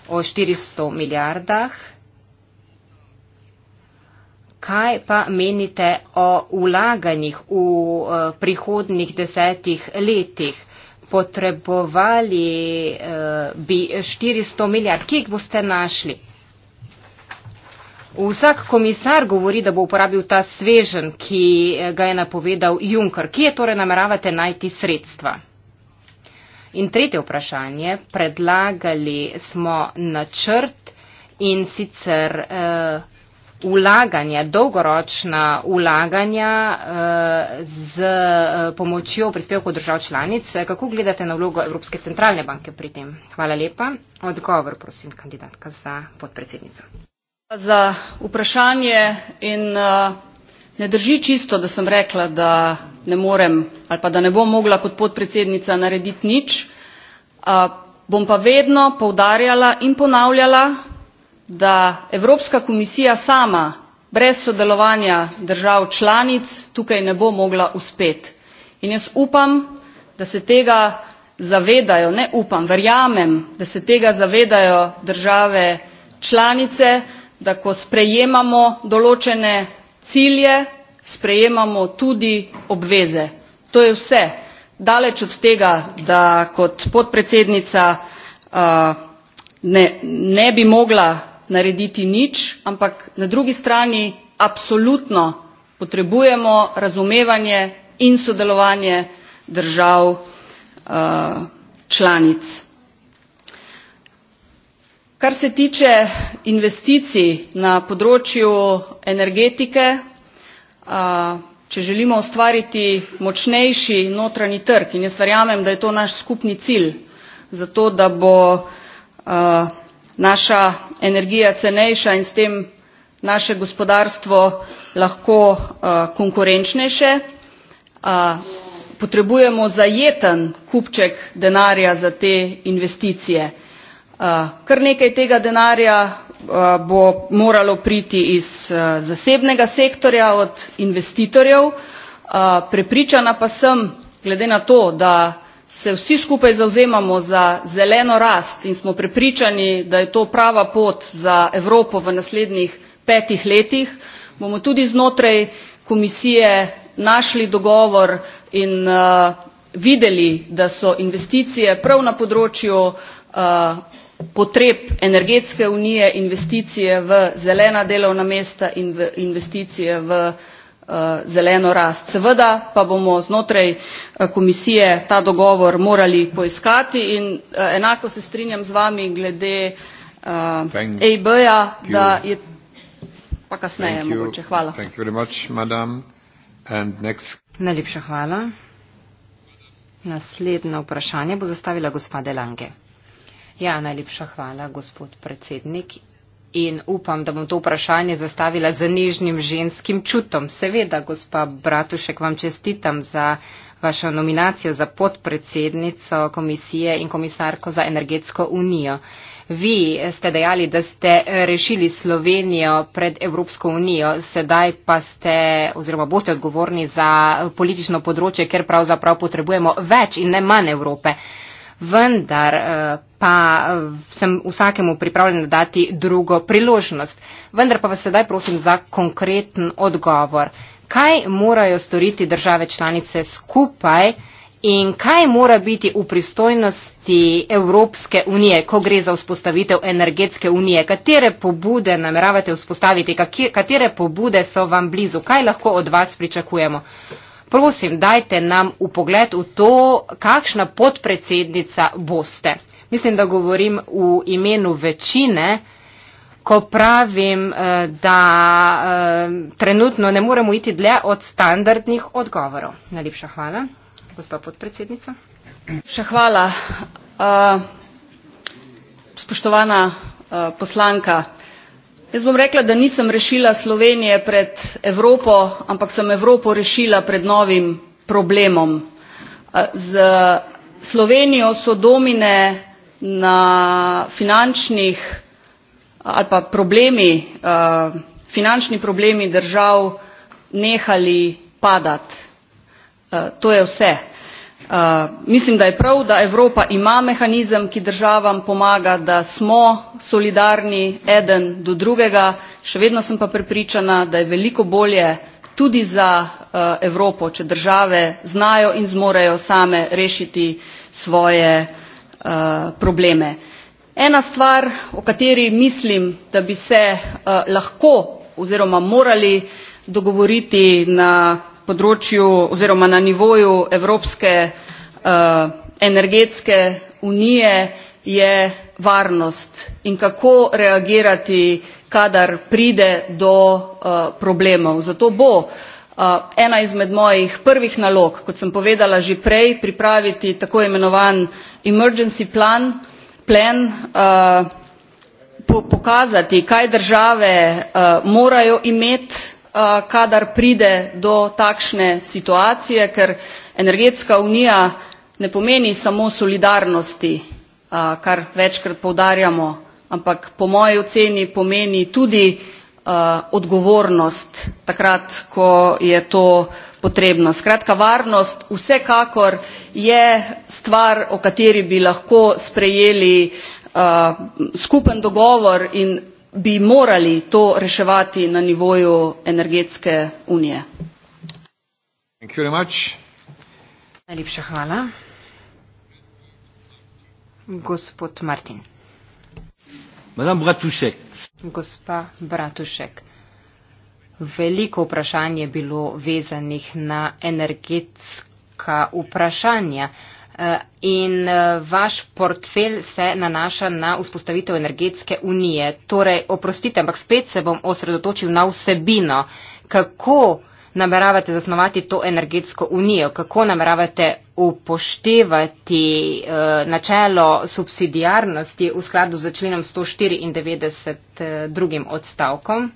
Speaker 5: o 400 milijardah. Kaj pa menite o vlaganjih v uh, eh, prihodnih desetih letih? potrebovali uh, bi 400 milijard. Kje boste našli? Vsak komisar govori, da bo uporabil ta svežen, ki eh, ga je napovedal Juncker. Kje torej nameravate najti sredstva? In tretje vprašanje. Predlagali smo načrt in sicer. Uh, vlaganja, dolgoročna vlaganja eh, z eh, pomočjo prispevkov držav članic. Kako gledate na vlogo Evropske centralne banke pri tem? Hvala lepa. Odgovor, prosim, kandidatka za podpredsednico.
Speaker 2: Za vprašanje in eh, ne drži čisto, da sem rekla, da ne morem ali pa da ne bom mogla kot podpredsednica narediti nič. Bom pa vedno poudarjala in ponavljala, da evropska komisija sama brez sodelovanja držav članic tukaj ne bo mogla uspet in jaz upam da se tega zavedajo ne upam verjamem da se tega zavedajo države članice da ko sprejemamo določene cilje sprejemamo tudi obveze to je vse daleč od tega da kot podpredsednica ne ne bi mogla narediti nič ampak na drugi strani absolutno potrebujemo razumevanje in sodelovanje držav eh, članic. kar se tiče investicij na področju energetike eh, če želimo ustvariti močnejši notranji trg in jaz verjamem da je to naš skupni cilj zato da bo eh, naša energija cenejša in s tem naše gospodarstvo lahko eh, konkurenčnejše eh, potrebujemo zajeten kupček denarja za te investicije eh, kar nekaj tega denarja bo moralo priti iz zasebnega sektorja od investitorjev prepričana pa sem glede na to da se vsi skupaj zavzemamo za zeleno rast in smo prepričani da je to prava pot za evropo v naslednjih petih letih bomo tudi znotraj komisije našli dogovor in uh, videli da so investicije prav na področju uh, potreb energetske unije investicije v zelena delovna mesta in investicije v Eh, zeleno rast. seveda pa bomo znotraj eh, komisije ta dogovor morali poiskati in eh, enako se strinjam z vami glede eib ja da je pa kasneje mogoče. Hvala.
Speaker 5: Najlepša hvala. Naslednje vprašanje bo zastavila gospa Delange. Ja, najlepša hvala, gospod predsednik in upam, da bom to vprašanje zastavila z nežnim ženskim čutom. Seveda, gospa Bratušek, vam čestitam za vašo nominacijo za podpredsednico komisije in komisarko za energetsko unijo. Vi ste dejali, da ste rešili Slovenijo pred Evropsko unijo, sedaj pa ste oziroma boste odgovorni za politično področje, ker pravzaprav potrebujemo več in ne manj Evrope vendar eh, pa eh, sem vsakemu pripravljen dati drugo priložnost. Vendar pa vas sedaj prosim za konkreten odgovor. Kaj morajo storiti države članice skupaj in kaj mora biti v pristojnosti Evropske unije, ko gre za vzpostavitev energetske unije? Katere pobude nameravate vzpostaviti? Katere pobude so vam blizu? Kaj lahko od vas pričakujemo? Prosim, dajte nam v pogled v to, kakšna podpredsednica boste. Mislim, da govorim v imenu večine, ko pravim, eh, da eh, trenutno ne moremo iti dlje od standardnih odgovorov. Najlepša hvala, gospa podpredsednica. Še hvala, uh,
Speaker 2: spoštovana uh, poslanka jaz bom rekla da nisem rešila slovenije pred evropo ampak sem evropo rešila pred novim problemom. s eh, slovenijo so domine na finančnih eh, ali pa problemi eh, finančni problemi držav nehali padat. to je vse. Eh, mislim da je prav da evropa ima mehanizem ki državam pomaga da smo solidarni eden do drugega še vedno sem pa prepričana da je veliko bolje tudi za eh, evropo če države znajo in zmorejo same rešiti svoje eh, probleme. ena stvar o kateri mislim da bi se lahko oziroma morali dogovoriti na področju oziroma na nivoju evropske eh, energetske unije je varnost in kako reagirati kadar pride do eh, problemov. zato bo eh, ena izmed mojih prvih nalog kot sem povedala že prej pripraviti tako imenovan emergency plan plan pokazati kaj države morajo imeti Eh, kadar pride do takšne situacije ker energetska unija ne pomeni samo solidarnosti eh, kar večkrat poudarjamo ampak po moji oceni pomeni tudi eh, odgovornost takrat ko je to potrebno. skratka varnost vsekakor je stvar o kateri bi lahko sprejeli skupen dogovor in bi morali to reševati na nivoju energetske unije.
Speaker 3: Najlepša
Speaker 5: hvala. Gospod Martin.
Speaker 1: Bratušek.
Speaker 5: Gospa Bratušek. Veliko vprašanj je bilo vezanih na energetska vprašanja. Eh, in eh, vaš portfelj se nanaša na vzpostavitev energetske unije. Torej, oprostite, ampak spet se bom osredotočil na vsebino, kako nameravate zasnovati to energetsko unijo, kako nameravate upoštevati eh, načelo subsidijarnosti v skladu z členom 194 drugim odstavkom.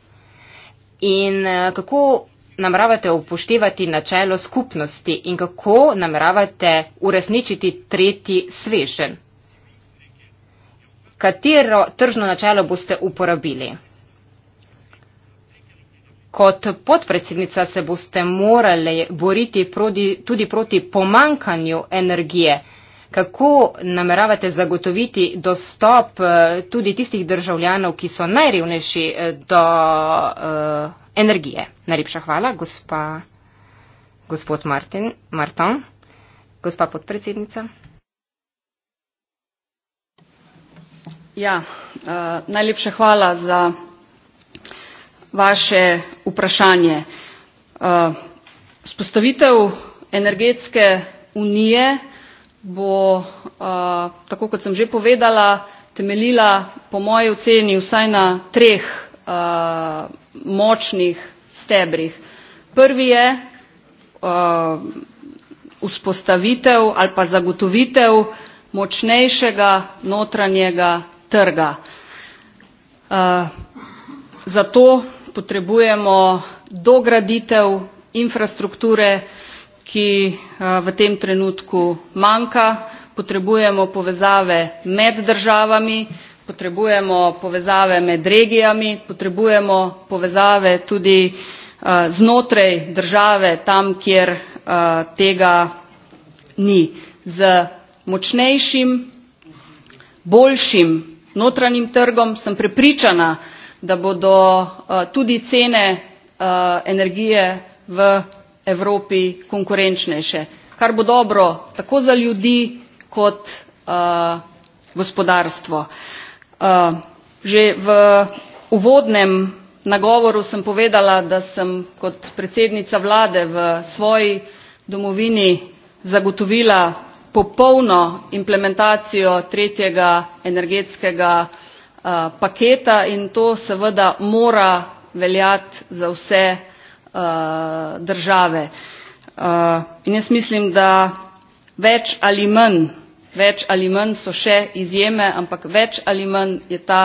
Speaker 5: In kako nameravate upoštevati načelo skupnosti in kako nameravate uresničiti tretji svežen? Katero tržno načelo boste uporabili? Kot podpredsednica se boste morali boriti prodi, tudi proti pomankanju energije. Kako nameravate zagotoviti dostop eh, tudi tistih državljanov, ki so najrevnejši eh, do eh, energije. Najlepša hvala, gospa, gospod Martin, Martin, gospa podpredsednica.
Speaker 2: Ja, uh, najlepša hvala za vaše vprašanje. Uh, eh, spostavitev energetske unije bo, uh, tako kot sem že povedala, temeljila po moji oceni vsaj na treh uh, močnih stebrih. prvi je eh, vzpostavitev ali pa zagotovitev močnejšega notranjega trga. Eh, zato potrebujemo dograditev infrastrukture ki eh, v tem trenutku manjka potrebujemo povezave med državami potrebujemo povezave med regijami potrebujemo povezave tudi eh, znotraj države tam kjer eh, tega ni z močnejšim boljšim notranjim trgom sem prepričana da bodo eh, tudi cene energije v evropi konkurenčnejše kar bo dobro tako za ljudi kot gospodarstvo. Eh, že v uvodnem nagovoru sem povedala da sem kot predsednica vlade v svoji domovini zagotovila popolno implementacijo tretjega energetskega eh, paketa in to seveda mora veljati za vse eh, države in jaz mislim da več ali manj več ali manj so še izjeme, ampak več ali manj je ta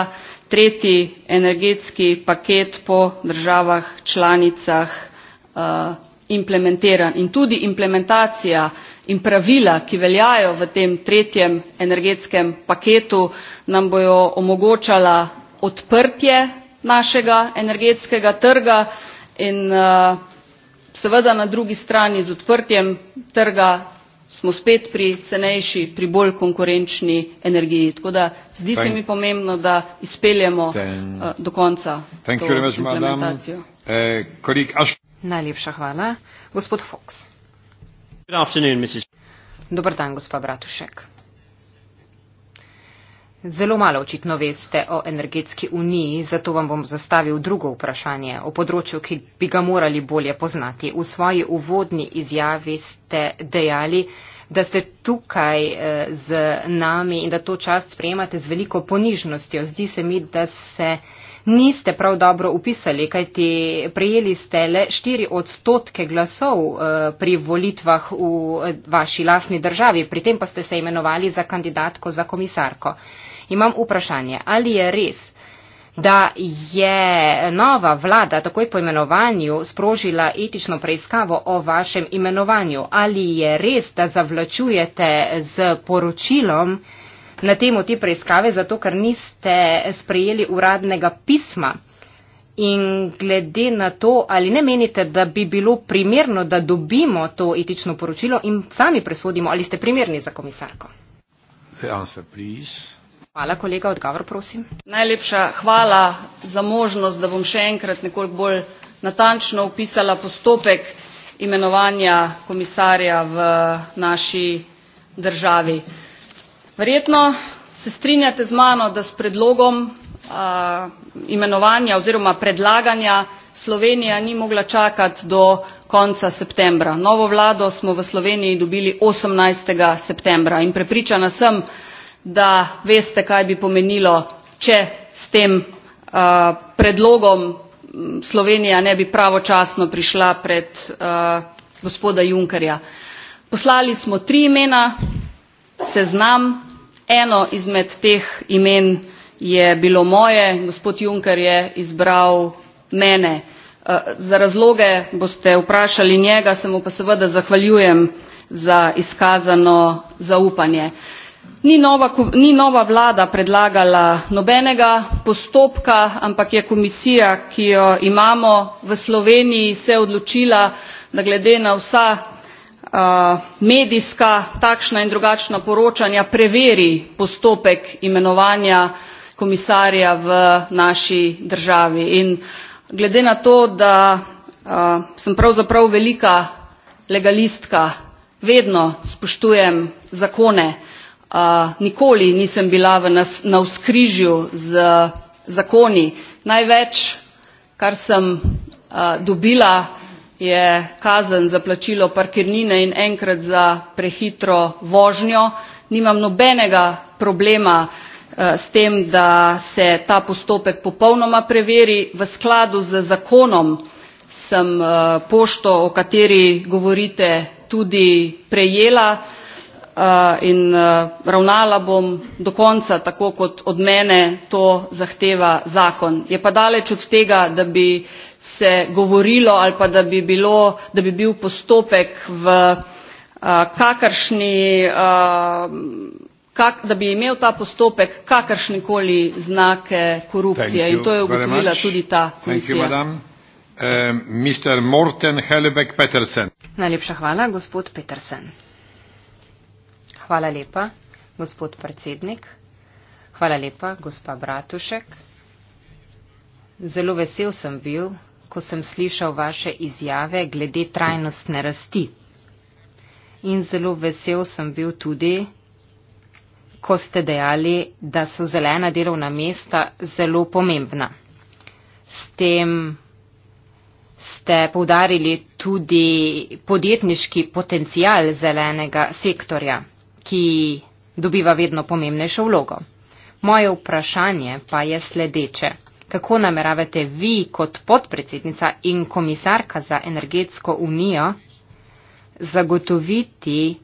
Speaker 2: tretji energetski paket po državah članicah uh, implementiran. In tudi implementacija in pravila, ki veljajo v tem tretjem energetskem paketu, nam bojo omogočala odprtje našega energetskega trga in uh, seveda na drugi strani z odprtjem trga smo spet pri cenejši, pri bolj konkurenčni energiji. Tako da zdi thank, se mi pomembno, da izpeljemo then, uh, do konca thank to much, implementacijo.
Speaker 6: Madam, uh, eh, colleague, Ash...
Speaker 5: Najlepša hvala. Gospod Fox. Dober dan, gospa Bratušek. Zelo malo očitno veste o energetski uniji, zato vam bom zastavil drugo vprašanje o področju, ki bi ga morali bolje poznati. V svoji uvodni izjavi ste dejali, da ste tukaj eh, z nami in da to čast sprejemate z veliko ponižnostjo. Zdi se mi, da se niste prav dobro upisali, kajti prejeli ste le 4 odstotke glasov eh, pri volitvah v eh, vaši lasni državi, pri tem pa ste se imenovali za kandidatko za komisarko imam vprašanje, ali je res, da je nova vlada takoj po imenovanju sprožila etično preiskavo o vašem imenovanju? Ali je res, da zavlačujete z poročilom na temo te preiskave, zato ker niste sprejeli uradnega pisma? In glede na to, ali ne menite, da bi bilo primerno, da dobimo to etično poročilo in sami presodimo, ali ste primerni za komisarko?
Speaker 3: The answer, please.
Speaker 5: Hvala, kolega, odgovor,
Speaker 2: prosim. Najlepša hvala za možnost, da bom še enkrat nekoliko bolj natančno opisala postopek imenovanja komisarja v naši državi. Verjetno se strinjate z mano, da s predlogom a, imenovanja oziroma predlaganja Slovenija ni mogla čakati do konca septembra. Novo vlado smo v Sloveniji dobili 18. septembra in prepričana sem, da veste kaj bi pomenilo če s tem uh, predlogom slovenija ne bi pravočasno prišla pred uh, gospoda junkerja. poslali smo tri imena seznam eno izmed teh imen je bilo moje gospod junker je izbral mene uh, za razloge boste vprašali njega, se mu pa seveda zahvaljujem za izkazano zaupanje. Uh, ni nova vlada predlagala nobenega postopka ampak je komisija ki jo imamo v sloveniji se odločila da glede na vsa medijska takšna in drugačna poročanja preveri postopek imenovanja komisarja v naši državi in glede na to da sem pravzaprav velika legalistka vedno spoštujem zakone nikoli nisem bila v nas, na vzkrižju z zakoni. Največ, kar sem a, dobila, je kazen za plačilo parkirnine in enkrat za prehitro vožnjo. Nimam nobenega problema a, s tem, da se ta postopek popolnoma preveri v skladu z zakonom sem pošto, o kateri govorite, tudi prejela. Eh, in eh, ravnala bom do konca tako, kot od mene to zahteva zakon. Je pa daleč od tega, da bi se govorilo ali pa da bi, bilo, da bi bil postopek v eh, kakršni, kak, da bi imel ta postopek kakršnekoli znake korupcije in to je ugotovila tudi ta komisija.
Speaker 5: Najlepša hvala, gospod Petersen. Hvala lepa, gospod predsednik. Hvala lepa, gospa Bratušek. Zelo vesel sem bil, ko sem slišal vaše izjave glede trajnostne rasti. In zelo vesel sem bil tudi, ko ste dejali, da so zelena delovna mesta zelo pomembna. S tem ste poudarili tudi podjetniški potencial zelenega sektorja ki dobiva vedno pomembnejšo vlogo. Moje vprašanje pa je sledeče. Kako nameravate vi kot podpredsednica in komisarka za energetsko unijo zagotoviti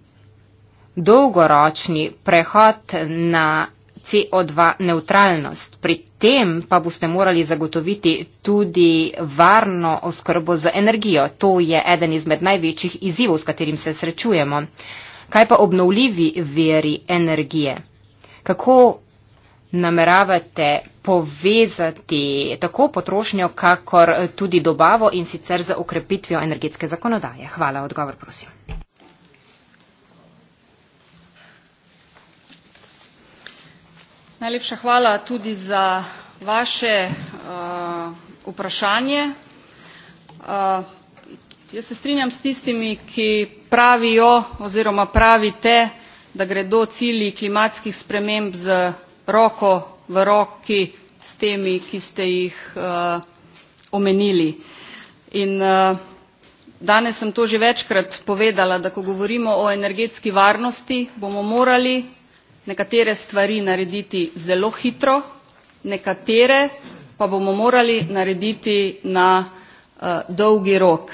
Speaker 5: dolgoročni prehod na CO2 neutralnost? Pri tem pa boste morali zagotoviti tudi varno oskrbo z energijo. To je eden izmed največjih izzivov, s katerim se srečujemo. Kaj pa obnovljivi veri energije? Kako nameravate povezati tako potrošnjo, kakor tudi dobavo in sicer za ukrepitvijo energetske zakonodaje? Hvala, odgovor prosim.
Speaker 2: Najlepša hvala tudi za vaše uh, vprašanje. Uh, jaz se strinjam s tistimi, ki pravijo oziroma pravite da gredo cilji klimatskih sprememb z roko v roki s temi ki ste jih eh, omenili in eh, danes sem to že večkrat povedala da ko govorimo o energetski varnosti bomo morali nekatere stvari narediti zelo hitro nekatere pa bomo morali narediti na eh, dolgi rok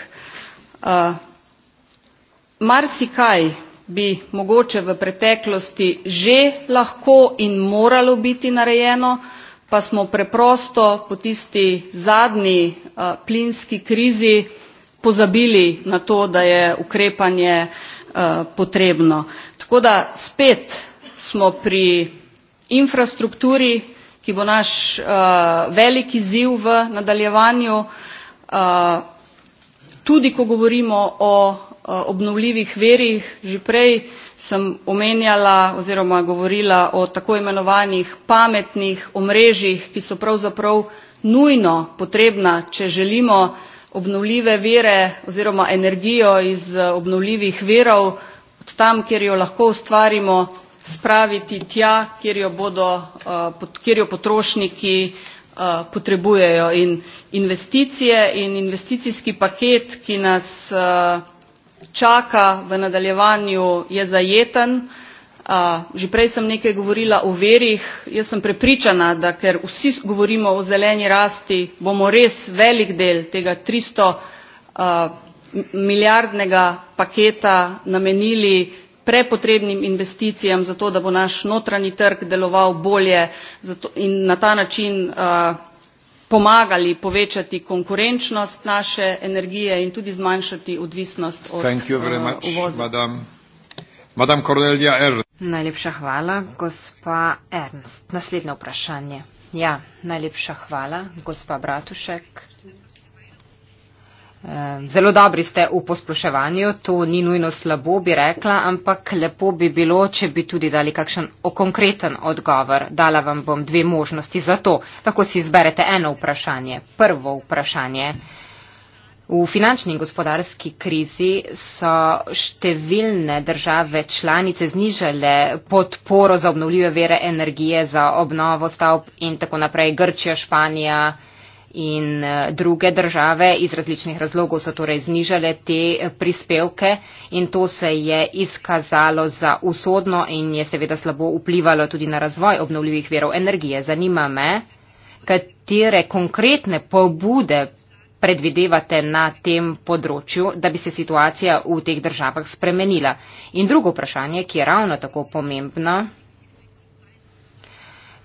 Speaker 2: marsikaj bi mogoče v preteklosti že lahko in moralo biti narejeno pa smo preprosto po tisti zadnji eh, plinski krizi pozabili na to da je ukrepanje eh, potrebno tako da spet smo pri infrastrukturi ki bo naš eh, velik izziv v nadaljevanju tudi ko govorimo o Eh, obnovljivih virih že prej sem omenjala oziroma govorila o tako imenovanih pametnih omrežjih ki so pravzaprav nujno potrebna če želimo obnovljive vire oziroma energijo iz eh, obnovljivih virov od tam kjer jo lahko ustvarimo spraviti tja kjer jo, bodo, eh, kjer jo potrošniki potrebujejo in investicije in investicijski paket ki nas čaka v nadaljevanju je zajeten že prej sem nekaj govorila o virih jaz sem prepričana da ker vsi govorimo o zeleni rasti bomo res velik del tega tristo milijardnega paketa namenili prepotrebnim investicijam zato da bo naš notranji trg deloval bolje in na ta način pomagali povečati konkurenčnost naše energije in tudi zmanjšati odvisnost od eh, uvoza.
Speaker 5: Najlepša hvala, gospa Ernst. Naslednje vprašanje. Ja, najlepša hvala, gospa Bratušek. Ehm, zelo dobri ste v posploševanju, to ni nujno slabo, bi rekla, ampak lepo bi bilo, če bi tudi dali kakšen konkreten odgovor. Dala vam bom dve možnosti za to. Lahko si izberete eno vprašanje. Prvo vprašanje. V finančni in gospodarski krizi so številne države članice znižale podporo za obnovljive vere energije, za obnovo stavb in tako naprej. Grčija, Španija in eh, druge države iz različnih razlogov so torej znižale te eh, prispevke in to se je izkazalo za usodno in je seveda slabo vplivalo tudi na razvoj obnovljivih verov energije. Zanima me, katere konkretne pobude predvidevate na tem področju, da bi se situacija v teh državah spremenila. In drugo vprašanje, ki je ravno tako pomembno,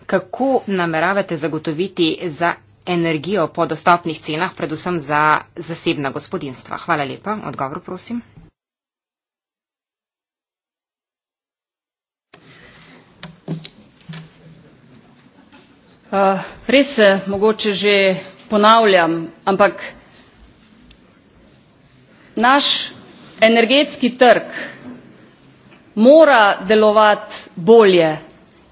Speaker 5: kako nameravate zagotoviti za energijo po dostopnih cenah, predvsem za zasebna gospodinstva. Hvala lepa. Odgovor, prosim.
Speaker 2: Uh, res se eh, mogoče že ponavljam, ampak naš energetski trg mora delovati bolje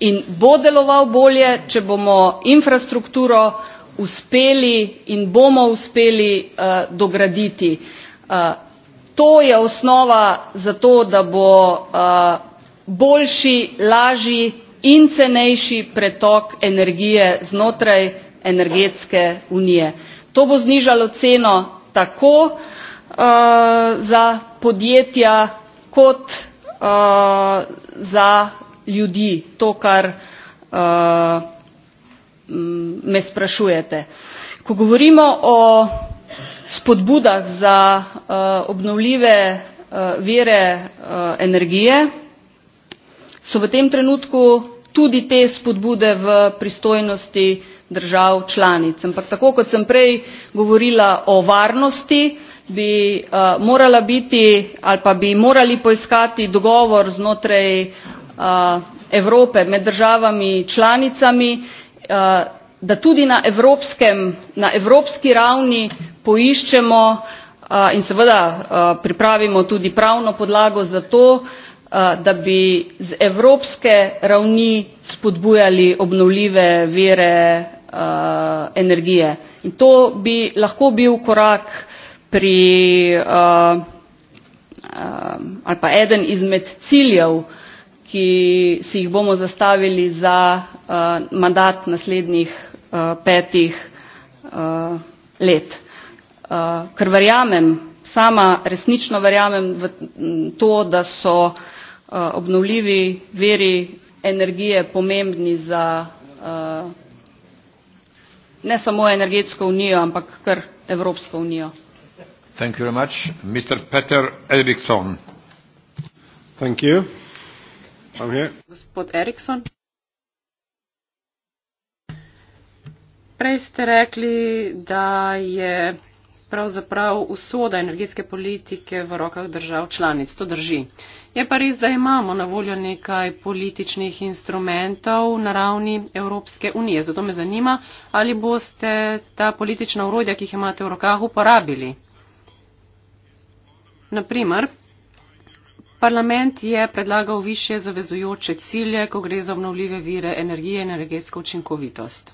Speaker 2: in bo deloval bolje, če bomo infrastrukturo uspeli in bomo uspeli uh, dograditi. Uh, to je osnova za to, da bo uh, boljši, lažji in cenejši pretok energije znotraj energetske unije. To bo znižalo ceno tako uh, za podjetja kot uh, za ljudi. To, kar uh, Mm, me sprašujete. ko govorimo o spodbudah za eh, obnovljive eh, vire eh, energije so v tem trenutku tudi te spodbude v pristojnosti držav članic ampak tako kot sem prej govorila o varnosti bi morala biti ali pa bi morali poiskati dogovor znotraj evrope med državami članicami da tudi na evropski ravni poiščemo in seveda pripravimo tudi pravno podlago za to da bi z evropske ravni spodbujali obnovljive vire energije in to bi lahko bil korak pri ali pa eden izmed ciljev ki si jih bomo zastavili za uh, mandat naslednjih uh, petih uh, let. Uh, ker verjamem, sama resnično verjamem v to, da so uh, obnovljivi veri energije pomembni za uh, ne samo energetsko unijo, ampak kar Evropsko unijo.
Speaker 3: Thank you very much. Mr. Peter Elbikson. Thank you.
Speaker 1: Gospod
Speaker 4: Erikson. Prej ste rekli, da je pravzaprav usoda energetske politike v rokah držav članic. To drži. Je pa res, da imamo na voljo nekaj političnih instrumentov na ravni Evropske unije. Zato me zanima, ali boste ta politična urodja, ki jih imate v rokah, uporabili. Naprimer, Parlament je predlagal više zavezujoče cilje, ko gre za obnovljive vire energije in energetsko učinkovitost.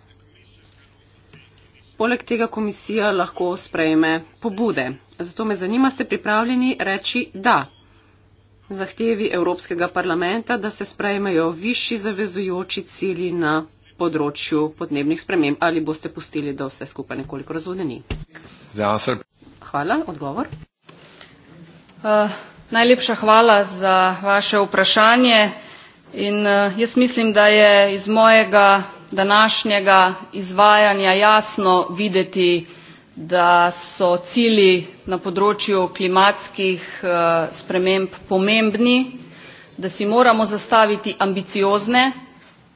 Speaker 4: Poleg tega komisija lahko sprejme pobude. Zato me zanima, ste pripravljeni reči da zahtevi Evropskega parlamenta, da se sprejmejo višji zavezujoči cilji na področju podnebnih sprememb ali boste pustili, da vse skupaj nekoliko razvodeni? Hvala, odgovor.
Speaker 2: Uh najlepša hvala za vaše vprašanje in eh, jaz mislim da je iz mojega današnjega izvajanja jasno videti da so cilji na področju klimatskih eh, sprememb pomembni da si moramo zastaviti ambiciozne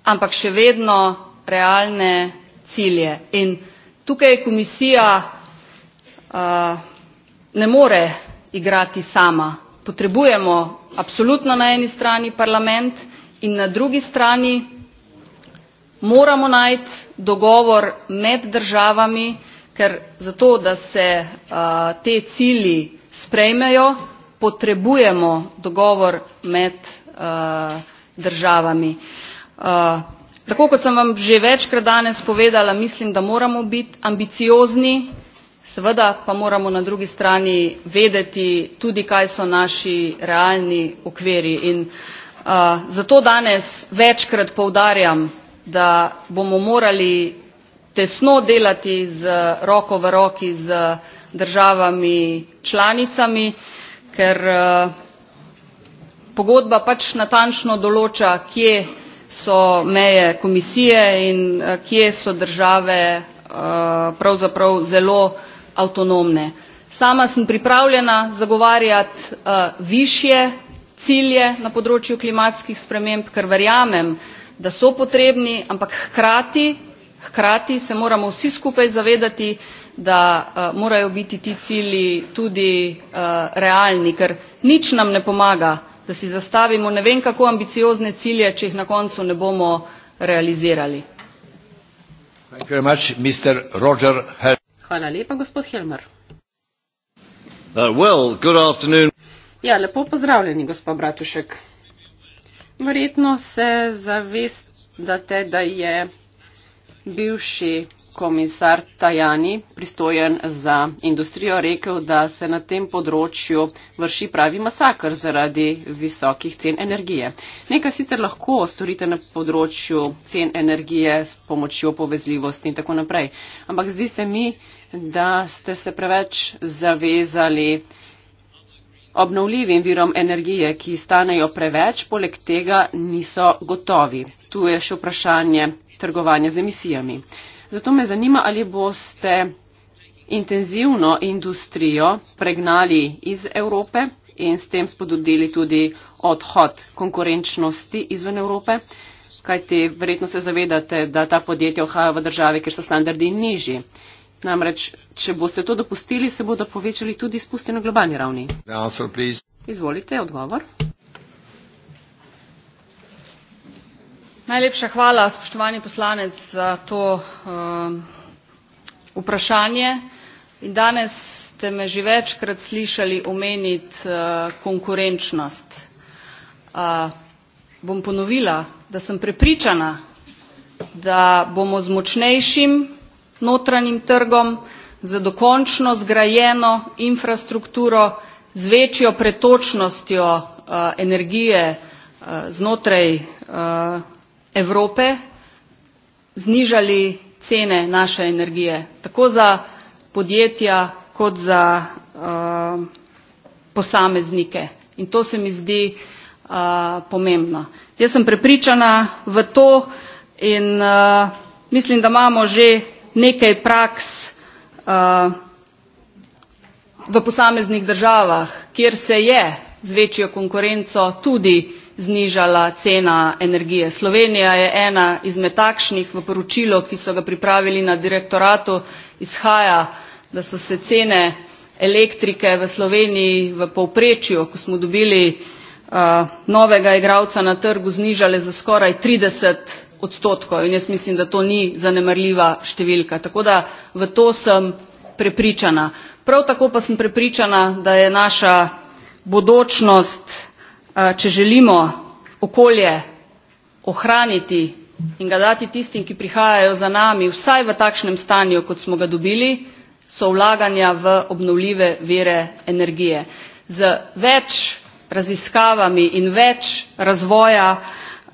Speaker 2: ampak še vedno realne cilje in tukaj komisija eh, ne more igrati sama potrebujemo absolutno na eni strani parlament in na drugi strani moramo najti dogovor med državami ker zato da se uh, te cilji sprejmejo potrebujemo dogovor med uh, državami. Uh, tako kot sem vam že večkrat danes povedala mislim da moramo biti ambiciozni seveda pa moramo na drugi strani vedeti tudi kaj so naši realni okviri in uh, zato danes večkrat poudarjam da bomo morali tesno delati z roko v roki z državami članicami ker uh, pogodba pač natančno določa kje so meje komisije in uh, kje so države pravzaprav zelo avtonomne. sama sem pripravljena zagovarjati eh, višje cilje na področju klimatskih sprememb ker verjamem da so potrebni ampak hkrati hkrati se moramo vsi skupaj zavedati da eh, morajo biti ti cilji tudi eh, realni ker nič nam ne pomaga da si zastavimo ne vem kako ambiciozne cilje če jih na koncu ne bomo realizirali.
Speaker 4: Hvala lepa, gospod Helmer. Uh, well, ja, lepo pozdravljeni, gospod Bratušek. Verjetno se zavestate, da je bivši komisar Tajani, pristojen za industrijo, rekel, da se na tem področju vrši pravi masakr zaradi visokih cen energije. Nekaj sicer lahko storite na področju cen energije s pomočjo povezljivosti in tako naprej, ampak zdi se mi, da ste se preveč zavezali obnovljivim virom energije, ki stanejo preveč, poleg tega niso gotovi. Tu je še vprašanje trgovanja z emisijami. Zato me zanima, ali boste intenzivno industrijo pregnali iz Evrope in s tem spodbudili tudi odhod konkurenčnosti izven Evrope, kajti verjetno se zavedate, da ta podjetja ohajajo v države, kjer so standardi nižji. Namreč, če boste to dopustili, se bodo povečali tudi spusti na globalni ravni. Answer, Izvolite odgovor.
Speaker 2: Najlepša hvala, spoštovani poslanec, za to um, vprašanje. In danes ste me že večkrat slišali omeniti uh, konkurenčnost. Uh, bom ponovila, da sem prepričana, da bomo z močnejšim notranjim trgom z dokončno zgrajeno infrastrukturo z večjo pretočnostjo eh, energije eh, znotraj eh, evrope znižali cene naše energije tako za podjetja kot za posameznike in to se mi zdi pomembno. jaz sem prepričana v to in mislim da imamo že nekaj praks eh, v posameznih državah kjer se je z večjo konkurenco tudi znižala cena energije. slovenija je ena izmed takšnih v poročilu ki so ga pripravili na direktoratu izhaja da so se cene elektrike v sloveniji v povprečju ko smo dobili eh, novega igralca na trgu znižale za skoraj trideset odstotkov in jaz mislim, da to ni zanemarljiva številka. Tako da v to sem prepričana. Prav tako pa sem prepričana, da je naša bodočnost, če želimo okolje ohraniti in ga dati tistim, ki prihajajo za nami, vsaj v takšnem stanju, kot smo ga dobili, so vlaganja v obnovljive vere energije. Z več raziskavami in več razvoja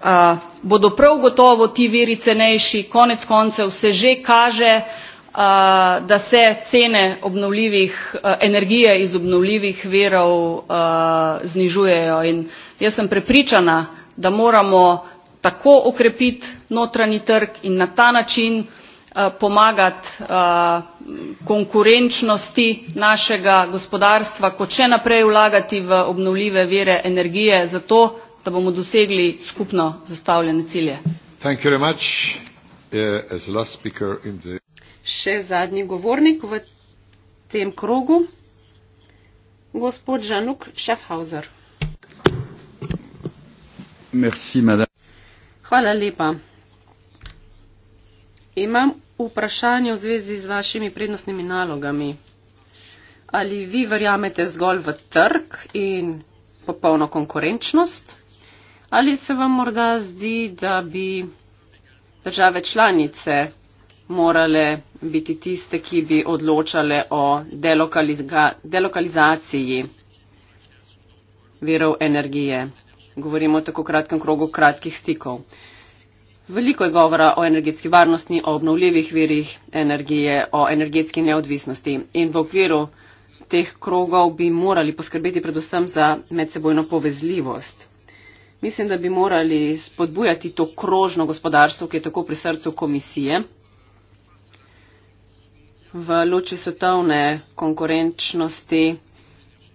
Speaker 2: Eh, bodo prav gotovo ti viri cenejši konec koncev se že kaže eh, da se cene obnovljivih eh, energije iz obnovljivih virov znižujejo in jaz sem prepričana da moramo tako okrepiti notranji trg in na ta način pomagati konkurenčnosti našega gospodarstva kot še naprej vlagati v obnovljive vire energije zato da bomo
Speaker 4: dosegli skupno zastavljene cilje.
Speaker 3: Uh,
Speaker 4: Še zadnji govornik v tem krogu, gospod Žanuk Šefhauser. Hvala lepa. Imam vprašanje v zvezi z vašimi prednostnimi nalogami. Ali vi verjamete zgolj v trg in popolno konkurenčnost? Ali se vam morda zdi, da bi države članice morale biti tiste, ki bi odločale o delokalizaciji virov energije? Govorimo o tako kratkem krogu kratkih stikov. Veliko je govora o energetski varnosti, o obnovljivih virih energije, o energetski neodvisnosti in v okviru teh krogov bi morali poskrbeti predvsem za medsebojno povezljivost. Mislim, da bi morali spodbujati to krožno gospodarstvo, ki je tako pri srcu komisije, v luči svetovne konkurenčnosti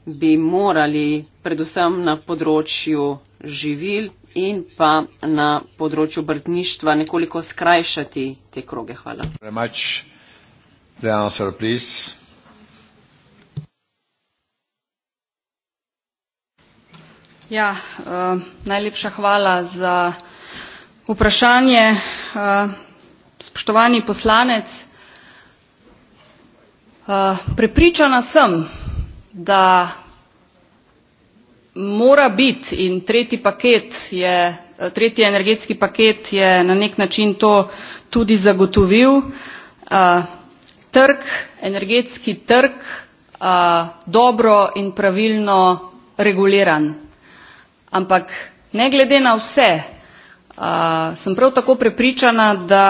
Speaker 4: bi morali predvsem na področju živil in pa na področju brtništva nekoliko skrajšati te kroge. Hvala.
Speaker 3: Answer,
Speaker 2: Ja, eh, najlepša hvala za vprašanje. Eh, spoštovani poslanec, eh, prepričana sem, da mora biti in tretji paket je, tretji energetski paket je na nek način to tudi zagotovil, trg, energetski trg, dobro in pravilno reguliran ampak ne glede na vse sem prav tako prepričana da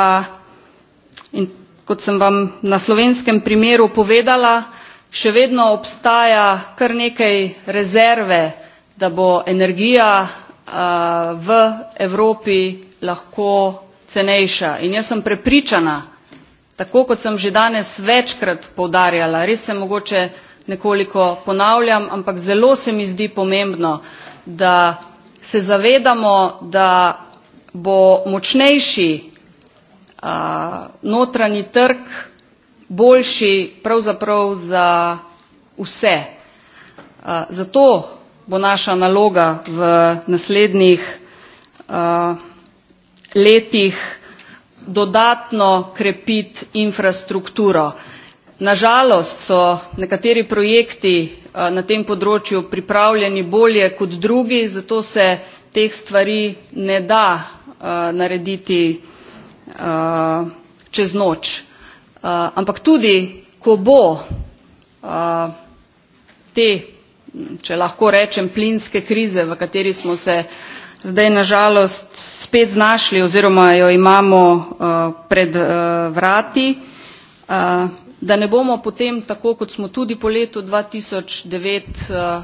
Speaker 2: in kot sem vam na slovenskem primeru povedala še vedno obstaja kar nekaj rezerve da bo energija v evropi lahko cenejša in jaz sem prepričana tako kot sem že danes večkrat poudarjala res se mogoče nekoliko ponavljam ampak zelo se mi zdi pomembno da se zavedamo da bo močnejši a, notranji trg boljši pravzaprav za vse. A, zato bo naša naloga v naslednjih a, letih dodatno krepiti infrastrukturo na žalost so nekateri projekti eh, na tem področju pripravljeni bolje kot drugi zato se teh stvari ne da uh, narediti uh, čez noč uh, ampak tudi ko bo uh, te če lahko rečem plinske krize v kateri smo se zdaj nažalost spet znašli oziroma jo imamo uh, pred uh, vrati uh, da ne bomo potem tako kot smo tudi po letu 2009 eh,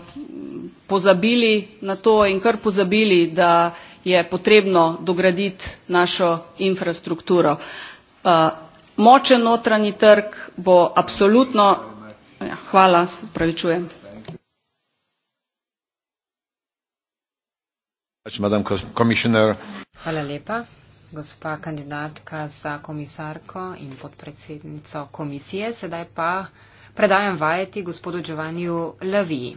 Speaker 2: pozabili na to in kar pozabili, da je potrebno dograditi našo infrastrukturo. Eh, močen notranji trg bo absolutno. Ja, hvala, se pravi čujem.
Speaker 5: Hvala lepa gospa kandidatka za komisarko in podpredsednico komisije. Sedaj pa predajam vajeti gospodu Giovanniju Laviji.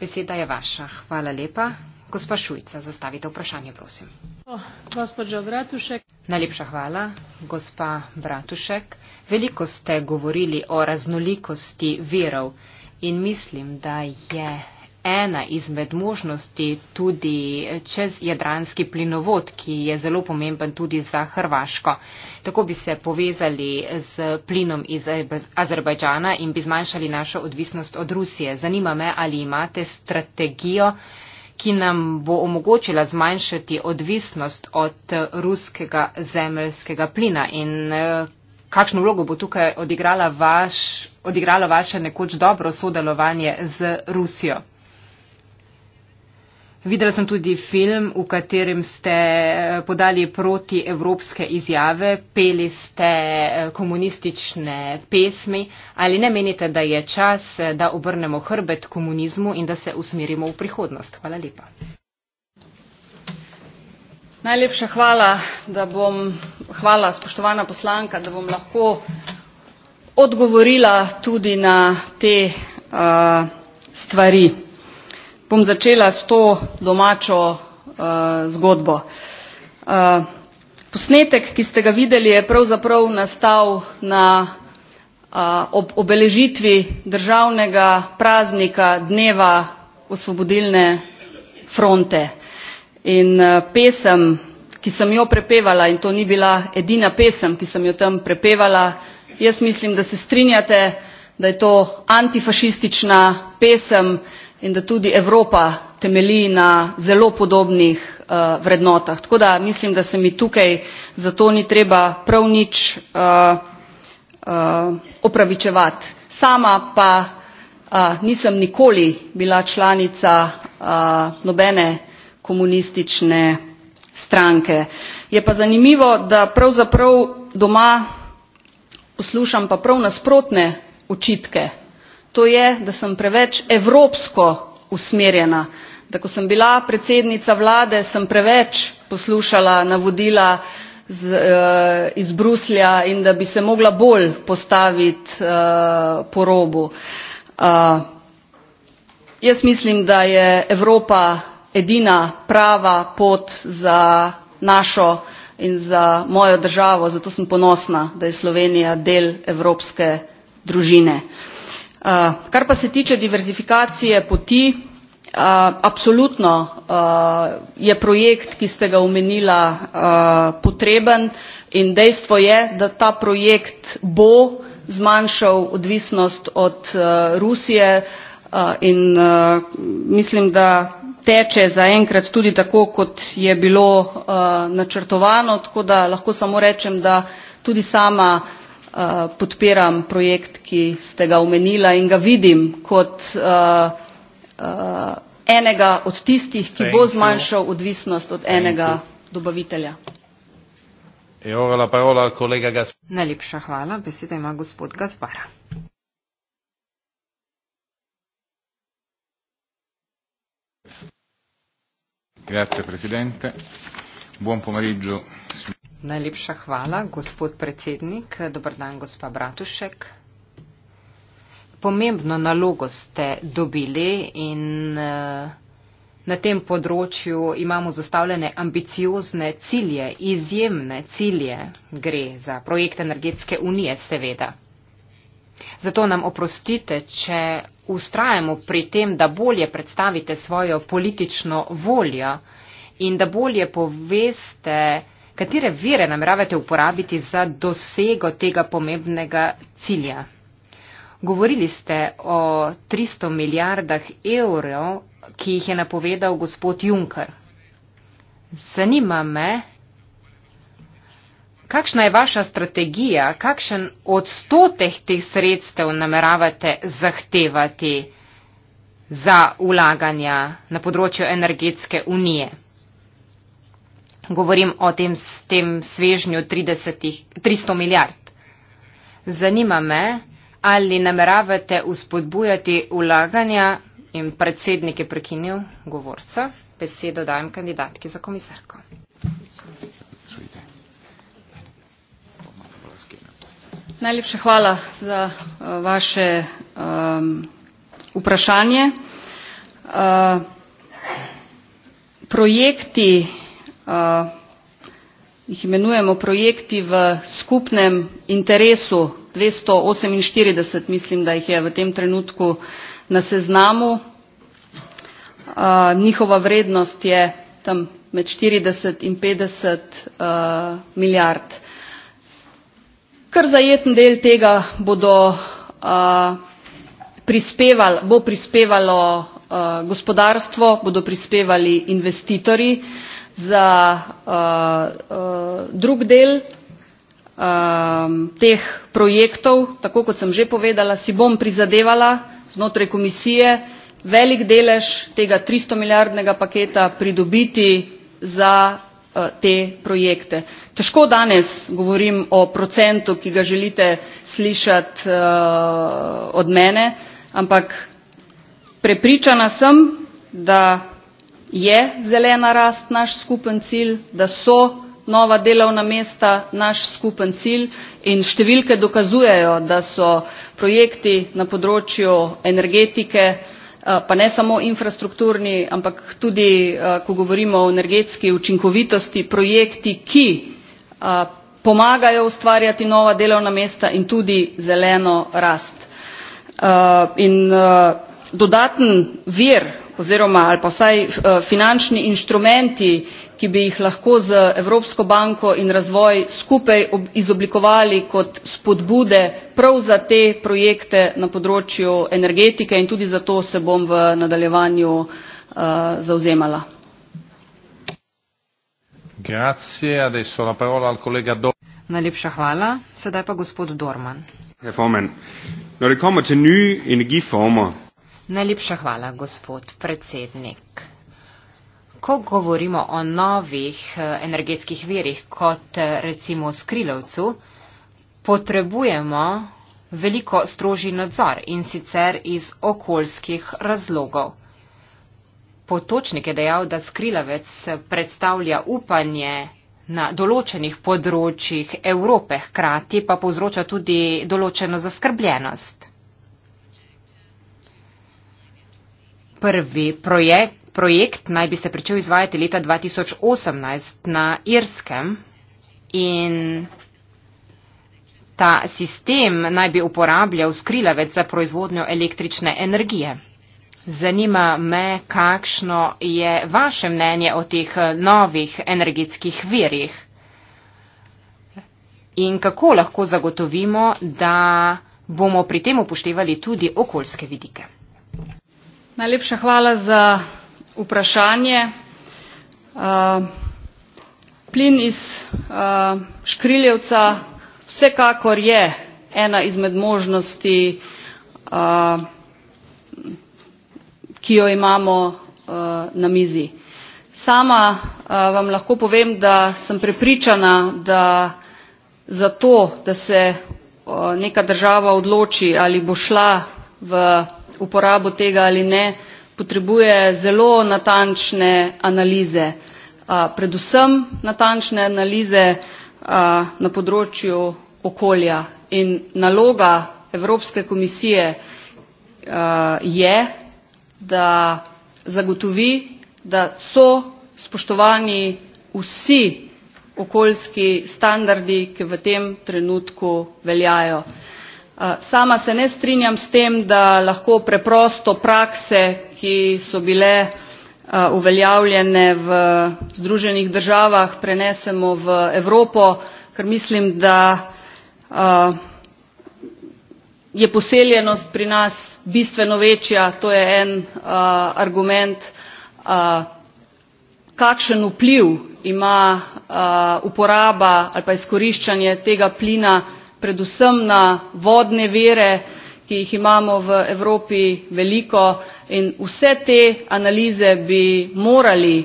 Speaker 5: Beseda je vaša. Hvala lepa. Gospa Šujca, zastavite vprašanje, prosim. Najlepša hvala, gospa Bratušek. Veliko ste govorili o raznolikosti verov in mislim, da je ena izmed možnosti tudi čez jadranski plinovod, ki je zelo pomemben tudi za Hrvaško. Tako bi se povezali z plinom iz Azerbajdžana in bi zmanjšali našo odvisnost od Rusije. Zanima me, ali imate strategijo, ki nam bo omogočila zmanjšati odvisnost od ruskega zemeljskega plina in eh, kakšno vlogo bo tukaj odigrala vaš, odigralo vaše nekoč dobro sodelovanje z Rusijo. Videla sem tudi film, v katerem ste eh, podali protievropske izjave, peli ste eh, komunistične pesmi. Ali ne menite, da je čas, eh, da obrnemo hrbet komunizmu in da se usmerimo v prihodnost? Hvala lepa.
Speaker 2: Najlepša hvala, da bom, hvala spoštovana poslanka, da bom lahko odgovorila tudi na te uh, stvari bom začela s to domačo eh, zgodbo. Eh, posnetek, ki ste ga videli, je pravzaprav nastal na eh, ob obeležitvi državnega praznika dneva osvobodilne fronte. In pesem, ki sem jo prepevala, in to ni bila edina pesem, ki sem jo tam prepevala, jaz mislim, da se strinjate, da je to antifašistična pesem, in da tudi evropa temelji na zelo podobnih eh, vrednotah tako da mislim da se mi tukaj zato ni treba prav nič eh, eh, opravičevat sama pa nisem nikoli bila članica nobene komunistične stranke je pa zanimivo da pravzaprav doma poslušam pa prav nasprotne očitke to je da sem preveč evropsko usmerjena da ko sem bila predsednica vlade sem preveč poslušala navodila z, eh, iz bruslja in da bi se mogla bolj postaviti eh, po robu eh, jaz mislim da je evropa edina prava pot za našo in za mojo državo zato sem ponosna da je slovenija del evropske družine. Eh, kar pa se tiče diverzifikacije poti eh, absolutno eh, je projekt ki ste ga omenila potreben in dejstvo je da ta projekt bo zmanjšal odvisnost od rusije in mislim da teče zaenkrat tudi tako kot je bilo načrtovano tako da lahko samo rečem da tudi sama Eh, podpiram projekt, ki ste ga omenila in ga vidim kot eh, eh, enega od tistih, ki bo zmanjšal odvisnost
Speaker 5: od enega dobavitelja. E, Najlepša hvala. Besedo ima gospod Gazbara.
Speaker 3: Grazie Presidente,
Speaker 1: buon pomeriggio.
Speaker 5: Najlepša hvala, gospod predsednik. Dobar dan, gospa Bratušek. Pomembno nalogo ste dobili in eh, na tem področju imamo zastavljene ambiciozne cilje, izjemne cilje. Gre za projekt energetske unije, seveda. Zato nam oprostite, če ustrajamo pri tem, da bolje predstavite svojo politično voljo in da bolje poveste, Katere vire nameravate uporabiti za dosego tega pomembnega cilja? Govorili ste o 300 milijardah evrov, ki jih je napovedal gospod Juncker. Zanima me, kakšna je vaša strategija, kakšen odstotek teh sredstev nameravate zahtevati za ulaganja na področju energetske unije? govorim o tem, tem svežnju 30, 300 milijard. Zanima me, ali nameravate uspodbujati ulaganja in predsednik je prekinil govorca. Besedo dajem kandidatki za komisarko.
Speaker 2: Najlepša hvala za uh, vaše um, vprašanje. Uh, projekti Eh, jih imenujemo projekti v skupnem interesu dvesto oseminštirideset mislim da jih je v tem trenutku na seznamu eh, njihova vrednost je tam med štirideset in petdeset eh, milijard kar zajeten del tega bodo prispeval bo prispevalo gospodarstvo bodo prispevali investitorji za uh, uh, drug del uh, teh projektov, tako kot sem že povedala, si bom prizadevala znotraj komisije velik delež tega 300 milijardnega paketa pridobiti za uh, te projekte. Težko danes govorim o procentu, ki ga želite slišati uh, od mene, ampak prepričana sem, da je zelena rast naš skupen cilj da so nova delovna mesta naš skupen cilj in številke dokazujejo da so projekti na področju energetike eh, pa ne samo infrastrukturni ampak tudi eh, ko govorimo o energetski učinkovitosti projekti ki eh, pomagajo ustvarjati nova delovna mesta in tudi zeleno rast. in dodaten vir oziroma ali pa vsaj eh, finančni inštrumenti ki bi jih lahko z evropsko banko in razvoj skupaj izoblikovali kot spodbude prav za te projekte na področju energetike in tudi zato se bom v nadaljevanju uh, eh, zauzemala.
Speaker 3: Grazie, adesso la parola al collega Do. Najlepša hvala,
Speaker 5: sedaj pa gospod Dorman.
Speaker 4: Herr Formen, når det kommer til nye energiformer,
Speaker 5: Najlepša hvala, gospod predsednik. Ko govorimo o novih eh, energetskih verih, kot eh, recimo skrilovcu, potrebujemo veliko strožji nadzor in sicer iz okoljskih razlogov. Potočnik je dejal, da skrilavec predstavlja upanje na določenih področjih Evrope, hkrati pa povzroča tudi določeno zaskrbljenost. Prvi projekt, projekt naj bi se pričel izvajati leta 2018 na Irskem in ta sistem naj bi uporabljal skrilavec za proizvodnjo električne energije. Zanima me, kakšno je vaše mnenje o teh novih energetskih virih in kako lahko zagotovimo, da bomo pri tem upoštevali tudi okoljske vidike.
Speaker 2: Najlepša hvala za vprašanje. Uh, plin iz uh, škriljevca vsekakor je ena izmed možnosti, uh, ki jo imamo na mizi. Sama vam lahko povem, da sem prepričana, da za to, da se neka država odloči ali bo šla v škriljevca, uporabo tega ali ne, potrebuje zelo natančne analize. Uh, predvsem natančne analize uh, na področju okolja. In naloga Evropske komisije uh, je, da zagotovi, da so spoštovani vsi okoljski standardi, ki v tem trenutku veljajo. Eh, sama se ne strinjam s tem da lahko preprosto prakse ki so bile eh, uveljavljene v združenih državah prenesemo v evropo ker mislim da eh, je poseljenost pri nas bistveno večja to je en argument kakšen vpliv ima uporaba ali pa izkoriščanje tega plina predvsem na vodne vere, ki jih imamo v Evropi veliko in vse te analize bi morali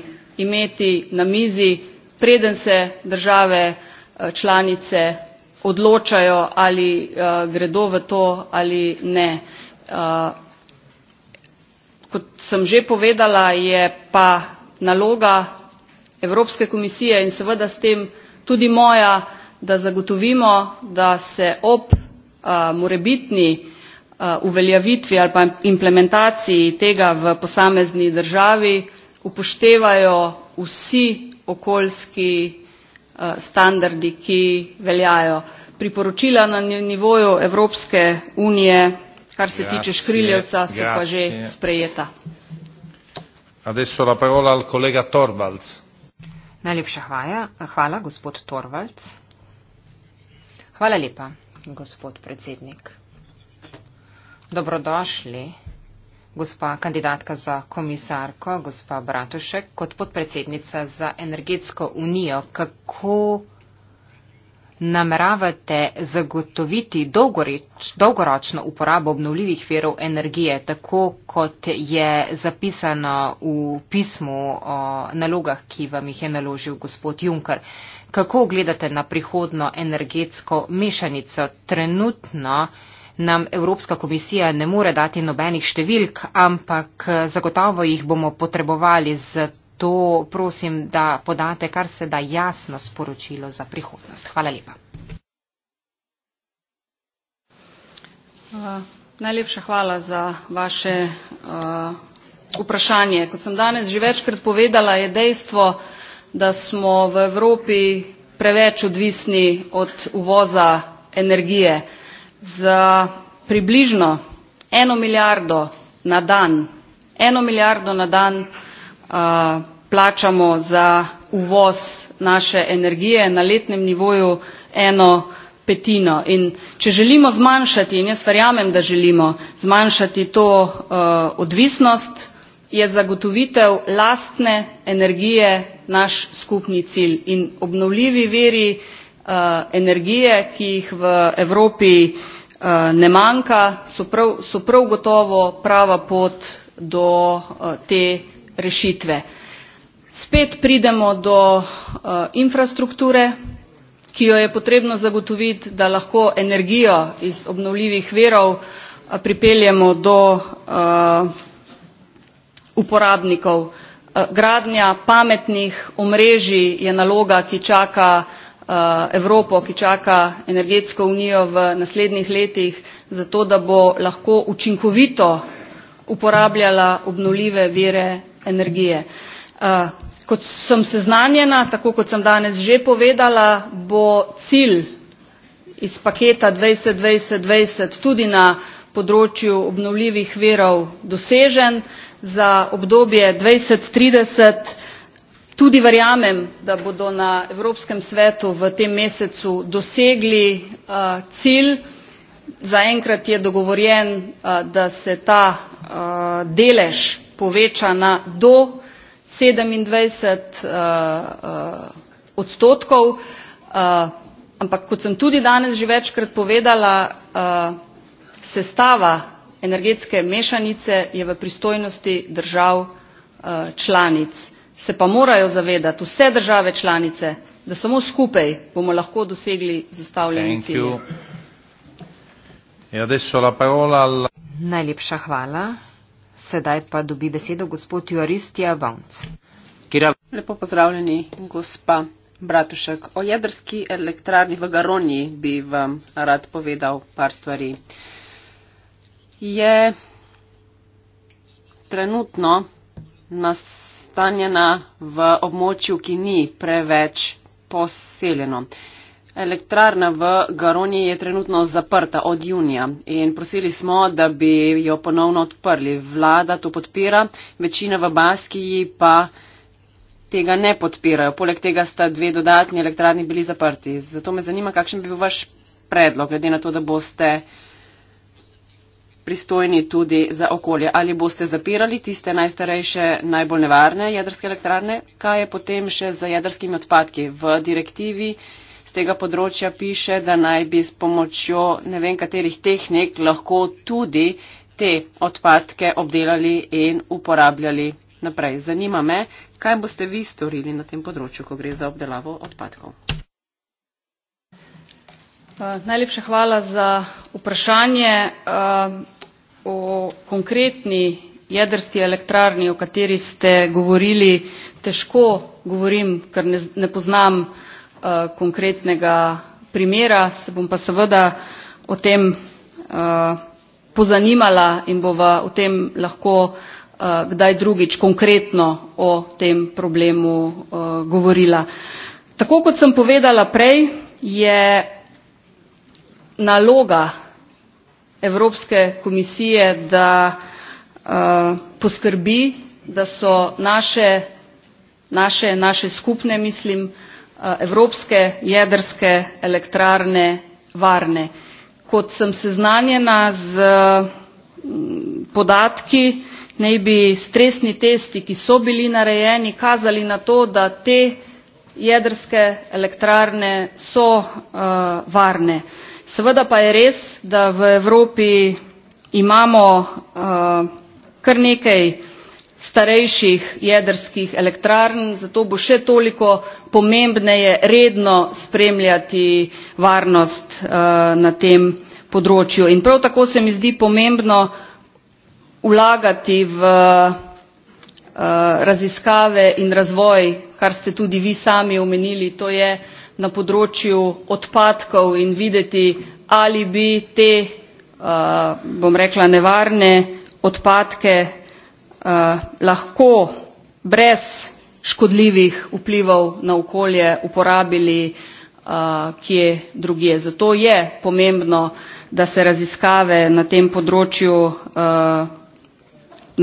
Speaker 2: imeti na mizi, preden se države eh, članice odločajo, ali uh, gredo v to ali ne. Uh, kot sem že povedala, je pa naloga Evropske komisije in seveda s tem tudi moja, da zagotovimo da se ob morebitni uveljavitvi ali pa implementaciji tega v posamezni državi upoštevajo vsi okoljski standardi ki veljajo priporočila na nivoju evropske unije kar se tiče škrilevca so pa že
Speaker 5: sprejeta
Speaker 3: Adesso la parola al collega Torvalds.
Speaker 5: Najlepša hvala, gospod Torvalds. Hvala lepa, gospod predsednik. Dobrodošli, gospa kandidatka za komisarko, gospa Bratušek, kot podpredsednica za energetsko unijo. Kako nameravate zagotoviti dolgoreč, dolgoročno uporabo obnovljivih verov energije, tako kot je zapisano v pismu o nalogah, ki vam jih je naložil gospod Juncker? Kako gledate na prihodno energetsko mešanico? Trenutno nam Evropska komisija ne more dati nobenih številk, ampak eh, zagotovo jih bomo potrebovali. Zato prosim, da podate kar se da jasno sporočilo za prihodnost. Hvala lepa.
Speaker 2: Najlepša hvala za vaše uh, vprašanje. Kot sem danes že večkrat povedala, je dejstvo, da smo v Evropi preveč odvisni od uvoza energije. Za približno eno milijardo na dan, eno milijardo na dan uh, plačamo za uvoz naše energije na letnem nivoju eno petino. In če želimo zmanjšati, in jaz verjamem, da želimo zmanjšati to uh, odvisnost, je zagotovitev lastne energije naš skupni cilj in obnovljivi viri uh, energije, ki jih v Evropi uh, ne manjka, so prav, so prav gotovo prava pot do uh, te rešitve. Spet pridemo do uh, infrastrukture, ki jo je potrebno zagotoviti, da lahko energijo iz obnovljivih verov uh, pripeljemo do uh, uporabnikov. Eh, gradnja pametnih omrežij je naloga, ki čaka eh, Evropo, ki čaka energetsko unijo v naslednjih letih, zato da bo lahko učinkovito uporabljala obnoljive vire energije. Eh, kot sem seznanjena, tako kot sem danes že povedala, bo cilj iz paketa 2020-2020 tudi na področju obnovljivih verov dosežen za obdobje dva tisoč trideset tudi verjamem da bodo na evropskem svetu v tem mesecu dosegli eh, cilj zaenkrat je dogovorjen eh, da se ta eh, delež poveča na do sedemindvajset odstotkov ampak kot sem tudi danes že večkrat povedala sestava energetske mešanice je v pristojnosti držav eh, članic. Se pa morajo zavedati vse države članice, da samo skupaj bomo lahko dosegli zastavljene cilje.
Speaker 3: E Najlepša hvala.
Speaker 5: Sedaj pa dobi besedo gospod Juaristija Vanc.
Speaker 4: Lepo pozdravljeni, gospa Bratušek. O jedrski elektrarni v Garoniji bi vam rad povedal par stvari je trenutno nastanjena v območju, ki ni preveč poseljeno. Elektrarna v Garoni je trenutno zaprta od junija in prosili smo, da bi jo ponovno odprli. Vlada to podpira, večina v Baskiji pa tega ne podpirajo. Poleg tega sta dve dodatni elektrarni bili zaprti. Zato me zanima, kakšen bi bil vaš predlog, glede na to, da boste. Uh, pristojni tudi za okolje. Ali boste zapirali tiste najstarejše, najbolj nevarne jedrske elektrarne? Kaj je potem še z jedrskimi odpadki? V direktivi z tega področja piše, da naj bi s pomočjo ne vem katerih tehnik lahko tudi te odpadke obdelali in uporabljali naprej. Zanima me, kaj boste vi storili na tem področju, ko gre za obdelavo odpadkov.
Speaker 2: Eh, najlepša hvala za vprašanje. Eh, o konkretni jedrski elektrarni, o kateri ste govorili, težko govorim, ker ne, ne poznam uh, konkretnega primera, se bom pa seveda o tem uh, pozanimala in bova o tem lahko uh, kdaj drugič konkretno o tem problemu uh, govorila. Tako kot sem povedala prej, je naloga evropske komisije da eh, poskrbi da so naše naše skupne mislim eh, evropske jedrske elektrarne varne. kot sem seznanjena s mm, podatki naj bi stresni testi ki so bili narejeni kazali na to da te jedrske elektrarne so eh, varne seveda pa je res, da v Evropi imamo uh, kar nekaj starejših jedrskih elektrarn, zato bo še toliko pomembneje redno spremljati varnost uh, na tem področju. In prav tako se mi zdi pomembno vlagati v uh, raziskave in razvoj, kar ste tudi vi sami omenili, to je uh, na področju odpadkov in videti ali bi te eh, bom rekla nevarne odpadke eh, lahko brez škodljivih vplivov na okolje uporabili eh, kje drugje. Zato je pomembno, da se raziskave na tem področju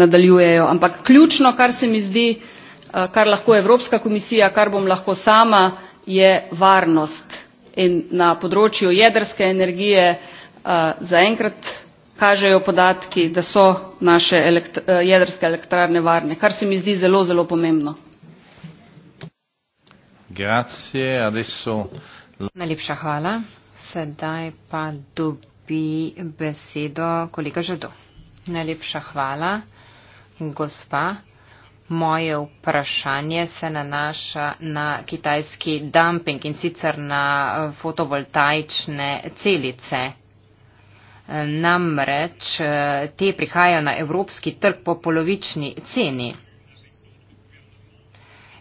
Speaker 2: nadaljujejo. Ampak ključno, kar se mi zdi, kar lahko Evropska komisija, kar bom lahko sama je varnost in na področju jedrske energije eh, zaenkrat kažejo podatki da so naše eh, jedrske elektrarne varne kar se mi zdi zelo zelo pomembno.
Speaker 5: Najlepša hvala. Sedaj pa dobi besedo kolega Žado. Najlepša hvala, gospa. Moje vprašanje se nanaša na kitajski dumping in sicer na fotovoltaične celice. Namreč eh, te prihajajo na evropski trg po polovični ceni.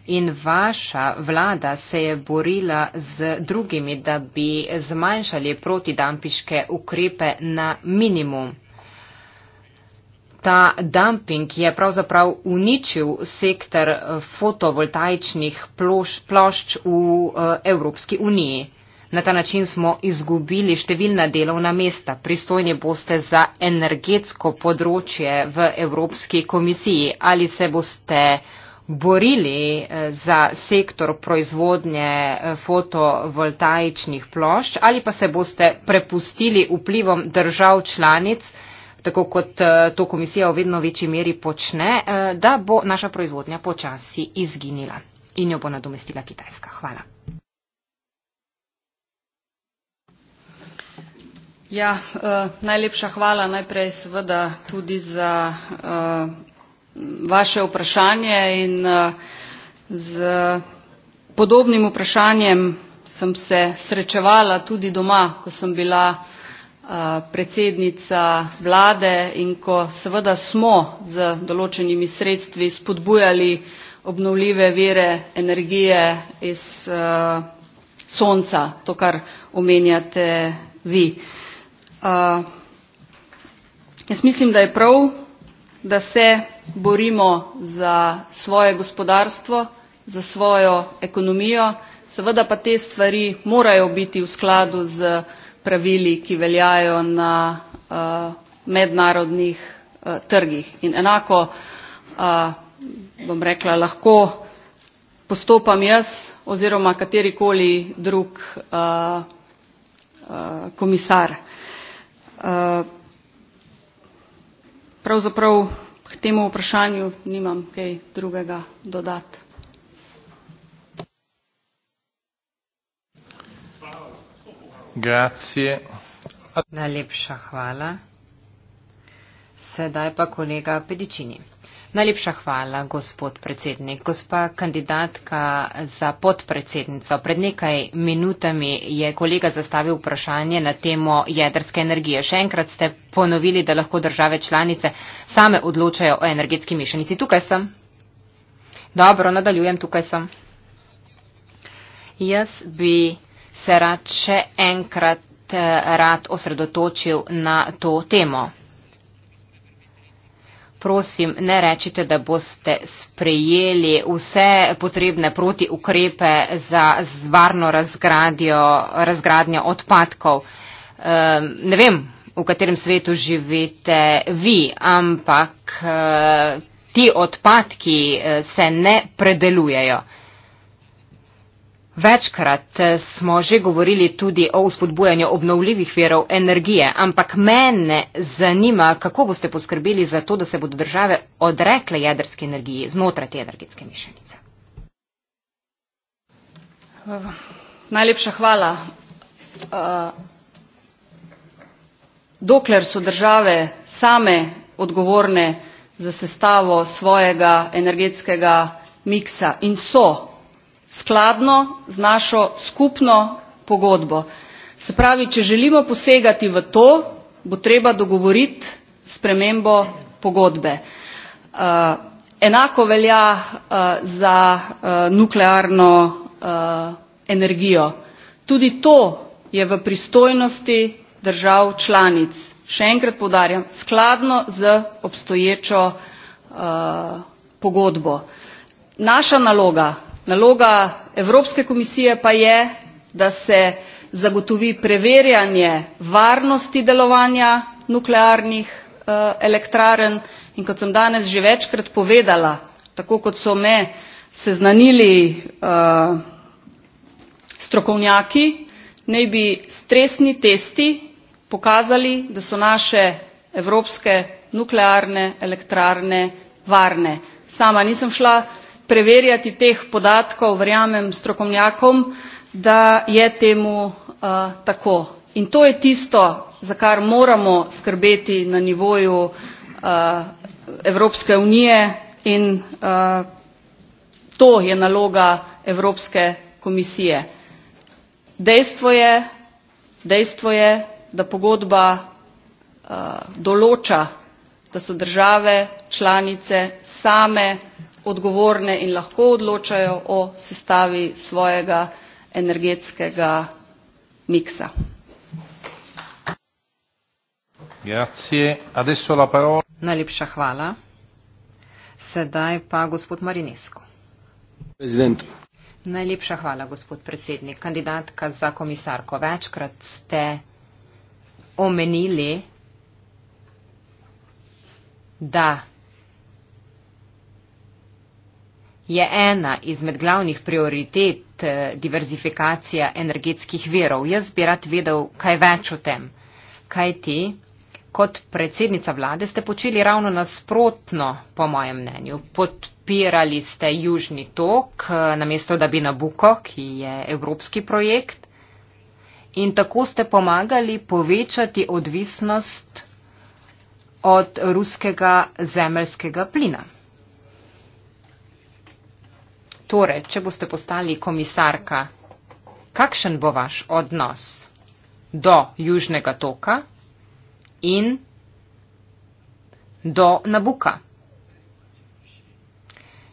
Speaker 5: In vaša vlada se je borila z drugimi, da bi zmanjšali protidampiške ukrepe na minimum ta dumping je pravzaprav uničil sektor fotovoltaičnih plošč plošč v eh, Evropski uniji. Na ta način smo izgubili številna delovna mesta. Pristojni boste za energetsko področje v Evropski komisiji. Ali se boste borili eh, za sektor proizvodnje eh, fotovoltaičnih plošč ali pa se boste prepustili vplivom držav članic, tako kot eh, to komisija v vedno večji meri počne, eh, da bo naša proizvodnja počasi izginila in jo bo nadomestila Kitajska. Hvala.
Speaker 2: Ja, uh, najlepša hvala najprej seveda tudi za uh, vaše vprašanje in uh, z podobnim vprašanjem sem se srečevala tudi doma, ko sem bila uh, Eh, predsednica vlade in ko seveda smo z določenimi sredstvi spodbujali obnovljive vire energije iz eh, sonca, to kar omenjate vi. Eh, jaz mislim, da je prav, da se borimo za svoje gospodarstvo, za svojo ekonomijo, seveda pa te stvari morajo biti v skladu z pravili, ki veljajo na uh, mednarodnih uh, trgih. In enako, uh, bom rekla, lahko postopam jaz oziroma katerikoli drug uh, uh, komisar. Uh, pravzaprav k temu vprašanju nimam kaj drugega dodati.
Speaker 3: Grazie.
Speaker 5: Najlepša hvala. Sedaj pa kolega Pedičini. Najlepša hvala, gospod predsednik. Gospa kandidatka za podpredsednico. Pred nekaj minutami je kolega zastavil vprašanje na temo jedrske energije. Še enkrat ste ponovili, da lahko države članice same odločajo o energetski mešanici. Tukaj sem. Dobro, nadaljujem, tukaj sem. Jaz bi se rad še enkrat eh, rad osredotočil na to temo. Prosim, ne rečite, da boste sprejeli vse potrebne proti ukrepe za zvarno razgradnjo odpadkov. Ehm, ne vem, v katerem svetu živite vi, ampak eh, ti odpadki eh, se ne predelujejo. Večkrat eh, smo že govorili tudi o spodbujanju obnovljivih verov energije, ampak mene zanima, kako boste poskrbeli za to, da se bodo države odrekle jedrske energiji znotraj te energetske mišljenice.
Speaker 2: Najlepša hvala. Eh, dokler so države same odgovorne za sestavo svojega energetskega miksa in so skladno z našo skupno pogodbo se pravi če želimo posegati v to bo treba dogovoriti spremembo pogodbe eh, enako velja eh, za eh, nuklearno energijo tudi to je v pristojnosti držav članic še enkrat poudarjam skladno z obstoječo pogodbo naša naloga naloga evropske komisije pa je da se zagotovi preverjanje varnosti delovanja nuklearnih eh, elektrarn in kot sem danes že večkrat povedala tako kot so me seznanili eh, strokovnjaki naj bi stresni testi pokazali da so naše evropske nuklearne elektrarne varne. sama nisem šla preverjati teh podatkov, verjamem strokovnjakom, da je temu uh, tako. In to je tisto, za kar moramo skrbeti na nivoju uh, Evropske unije in uh, to je naloga Evropske komisije. Dejstvo je, dejstvo je da pogodba uh, določa, da so države članice same odgovorne in lahko odločajo o sestavi svojega energetskega miksa.
Speaker 5: Najlepša hvala. Sedaj pa gospod Marinesko. Prezident. Najlepša hvala, gospod predsednik. Kandidatka za komisarko, večkrat ste omenili, da je ena izmed glavnih prioritet eh, diverzifikacija energetskih verov. Jaz bi rad vedel kaj več o tem. Kaj ti, kot predsednica vlade, ste počeli ravno nasprotno, po mojem mnenju. Podpirali ste Južni tok, eh, namesto da bi na Buko, ki je evropski projekt, in tako ste pomagali povečati odvisnost od ruskega zemljskega plina torej, če boste postali komisarka, kakšen bo vaš odnos do Južnega toka in do Nabuka?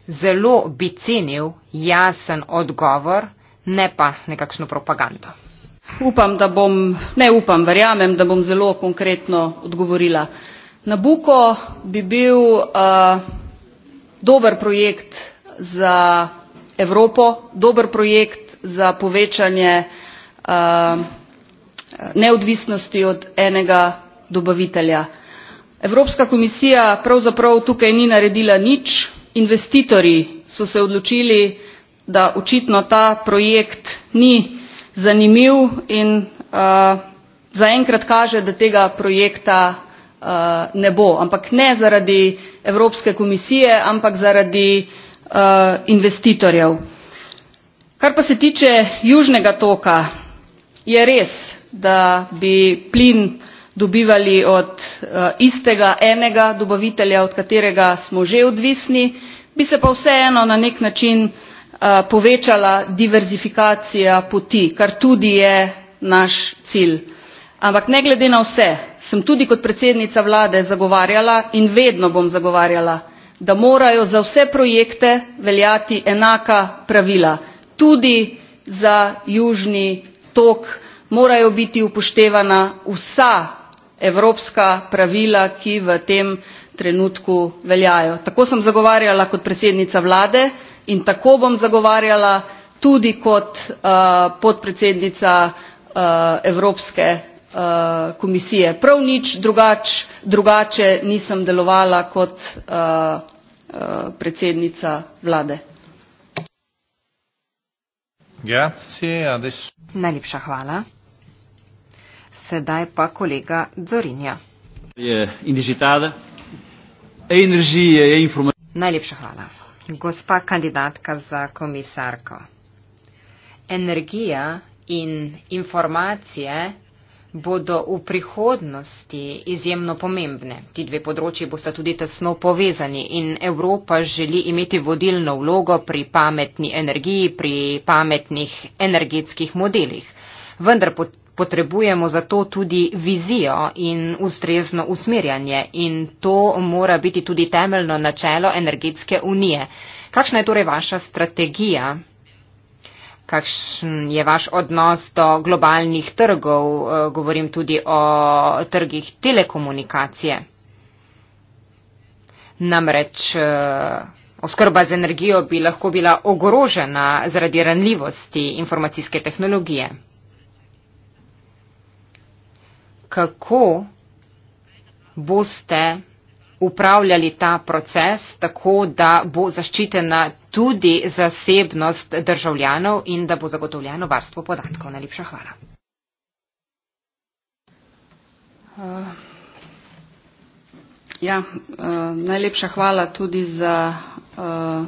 Speaker 5: Zelo bi cenil jasen odgovor, ne pa nekakšno propagando. Upam, da bom, ne upam, verjamem,
Speaker 2: da bom zelo konkretno odgovorila. Nabuko bi bil uh, dober projekt za evropo dober projekt za povečanje eh, neodvisnosti od enega dobavitelja. evropska komisija pravzaprav tukaj ni naredila nič investitorji so se odločili da očitno ta projekt ni zanimiv in eh, zaenkrat kaže da tega projekta eh, ne bo ampak ne zaradi evropske komisije ampak zaradi Eh, investitorjev. kar pa se tiče južnega toka je res da bi plin dobivali od eh, istega enega dobavitelja od katerega smo že odvisni bi se pa vseeno na nek način eh, povečala diverzifikacija poti kar tudi je naš cilj. ampak ne glede na vse sem tudi kot predsednica vlade zagovarjala in vedno bom zagovarjala da morajo za vse projekte veljati enaka pravila tudi za južni tok morajo biti upoštevana vsa evropska pravila ki v tem trenutku veljajo. tako sem zagovarjala kot predsednica vlade in tako bom zagovarjala tudi kot eh, podpredsednica eh, evropske Eh, komisije prav nič drugače nisem delovala kot eh, eh, predsednica vlade.
Speaker 5: Najlepša hvala. Sedaj pa kolega Zorinja.
Speaker 3: E e
Speaker 5: Najlepša hvala. Gospa kandidatka za komisarko. Energija in informacije bodo v prihodnosti izjemno pomembne. Ti dve področji bosta tudi tesno povezani in Evropa želi imeti vodilno vlogo pri pametni energiji, pri pametnih energetskih modelih. Vendar potrebujemo za to tudi vizijo in ustrezno usmerjanje in to mora biti tudi temeljno načelo energetske unije. Kakšna je torej vaša strategija kakšen je vaš odnos do globalnih trgov, e, govorim tudi o trgih telekomunikacije. Namreč e, oskrba z energijo bi lahko bila ogrožena zaradi ranljivosti informacijske tehnologije. Kako boste upravljali ta proces tako, da bo zaščitena tudi zasebnost državljanov in da bo zagotovljeno varstvo podatkov. Najlepša hvala. Uh, ja, uh, najlepša hvala
Speaker 2: tudi za uh,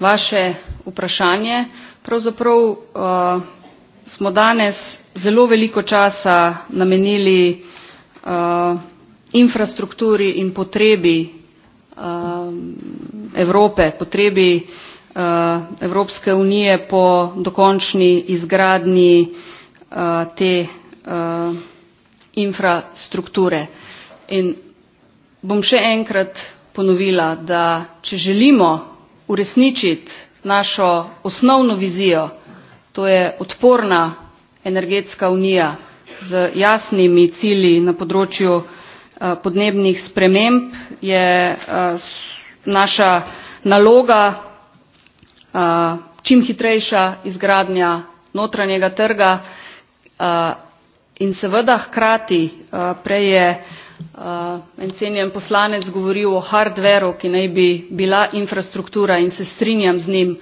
Speaker 2: vaše vprašanje. Pravzaprav uh, smo danes zelo veliko časa namenili uh, infrastrukturi in potrebi um, Evrope, potrebi uh, Evropske unije po dokončni izgradnji uh, te uh, infrastrukture. In bom še enkrat ponovila, da če želimo uresničiti našo osnovno vizijo, to je odporna energetska unija z jasnimi cilji na področju energetike, Eh, podnebnih sprememb je eh, naša naloga eh, čim hitrejša izgradnja notranjega trga in seveda hkrati prej je en cenjen poslanec govoril o hardwareu ki naj bi bila infrastruktura in se strinjam z njim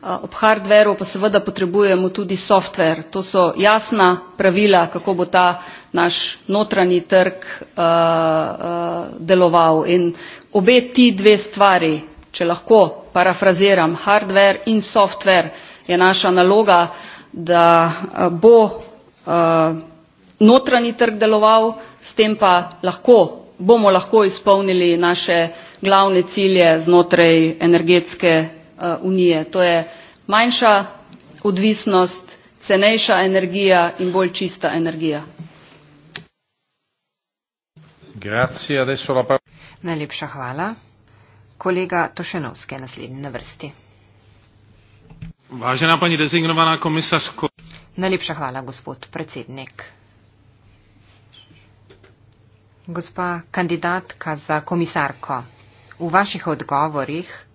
Speaker 2: ob hardwareu pa seveda potrebujemo tudi software to so jasna pravila kako bo ta naš notranji trg deloval in obe ti dve stvari če lahko parafraziram hardware in software je naša naloga da bo notranji trg deloval s tem pa lahko bomo lahko izpolnili naše glavne cilje znotraj energetske Eh, unije to je manjša odvisnost cenejša energija in bolj čista energija.
Speaker 5: Najlepša hvala. Kolega Tošenovske je naslednji na vrsti.
Speaker 6: Važena pani rezignovana komisarsko.
Speaker 5: Najlepša hvala, gospod predsednik. Gospa kandidatka za komisarko, v vaših odgovorih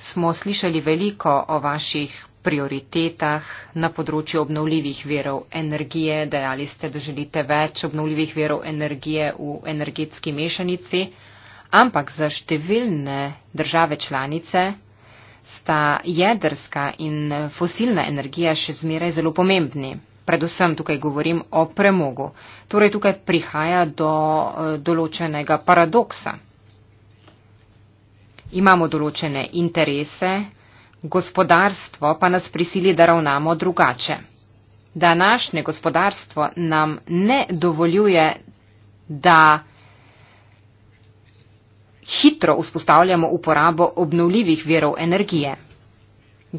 Speaker 5: smo slišali veliko o vaših prioritetah na področju obnovljivih verov energije. Dejali ste, da želite več obnovljivih verov energije v energetski mešanici, ampak za številne države članice sta jedrska in fosilna energija še zmeraj zelo pomembni. Predvsem tukaj govorim o premogu. Torej tukaj prihaja do eh, določenega paradoksa imamo določene interese, gospodarstvo pa nas prisili, da ravnamo drugače. Današnje gospodarstvo nam ne dovoljuje, da hitro vzpostavljamo uporabo obnovljivih verov energije.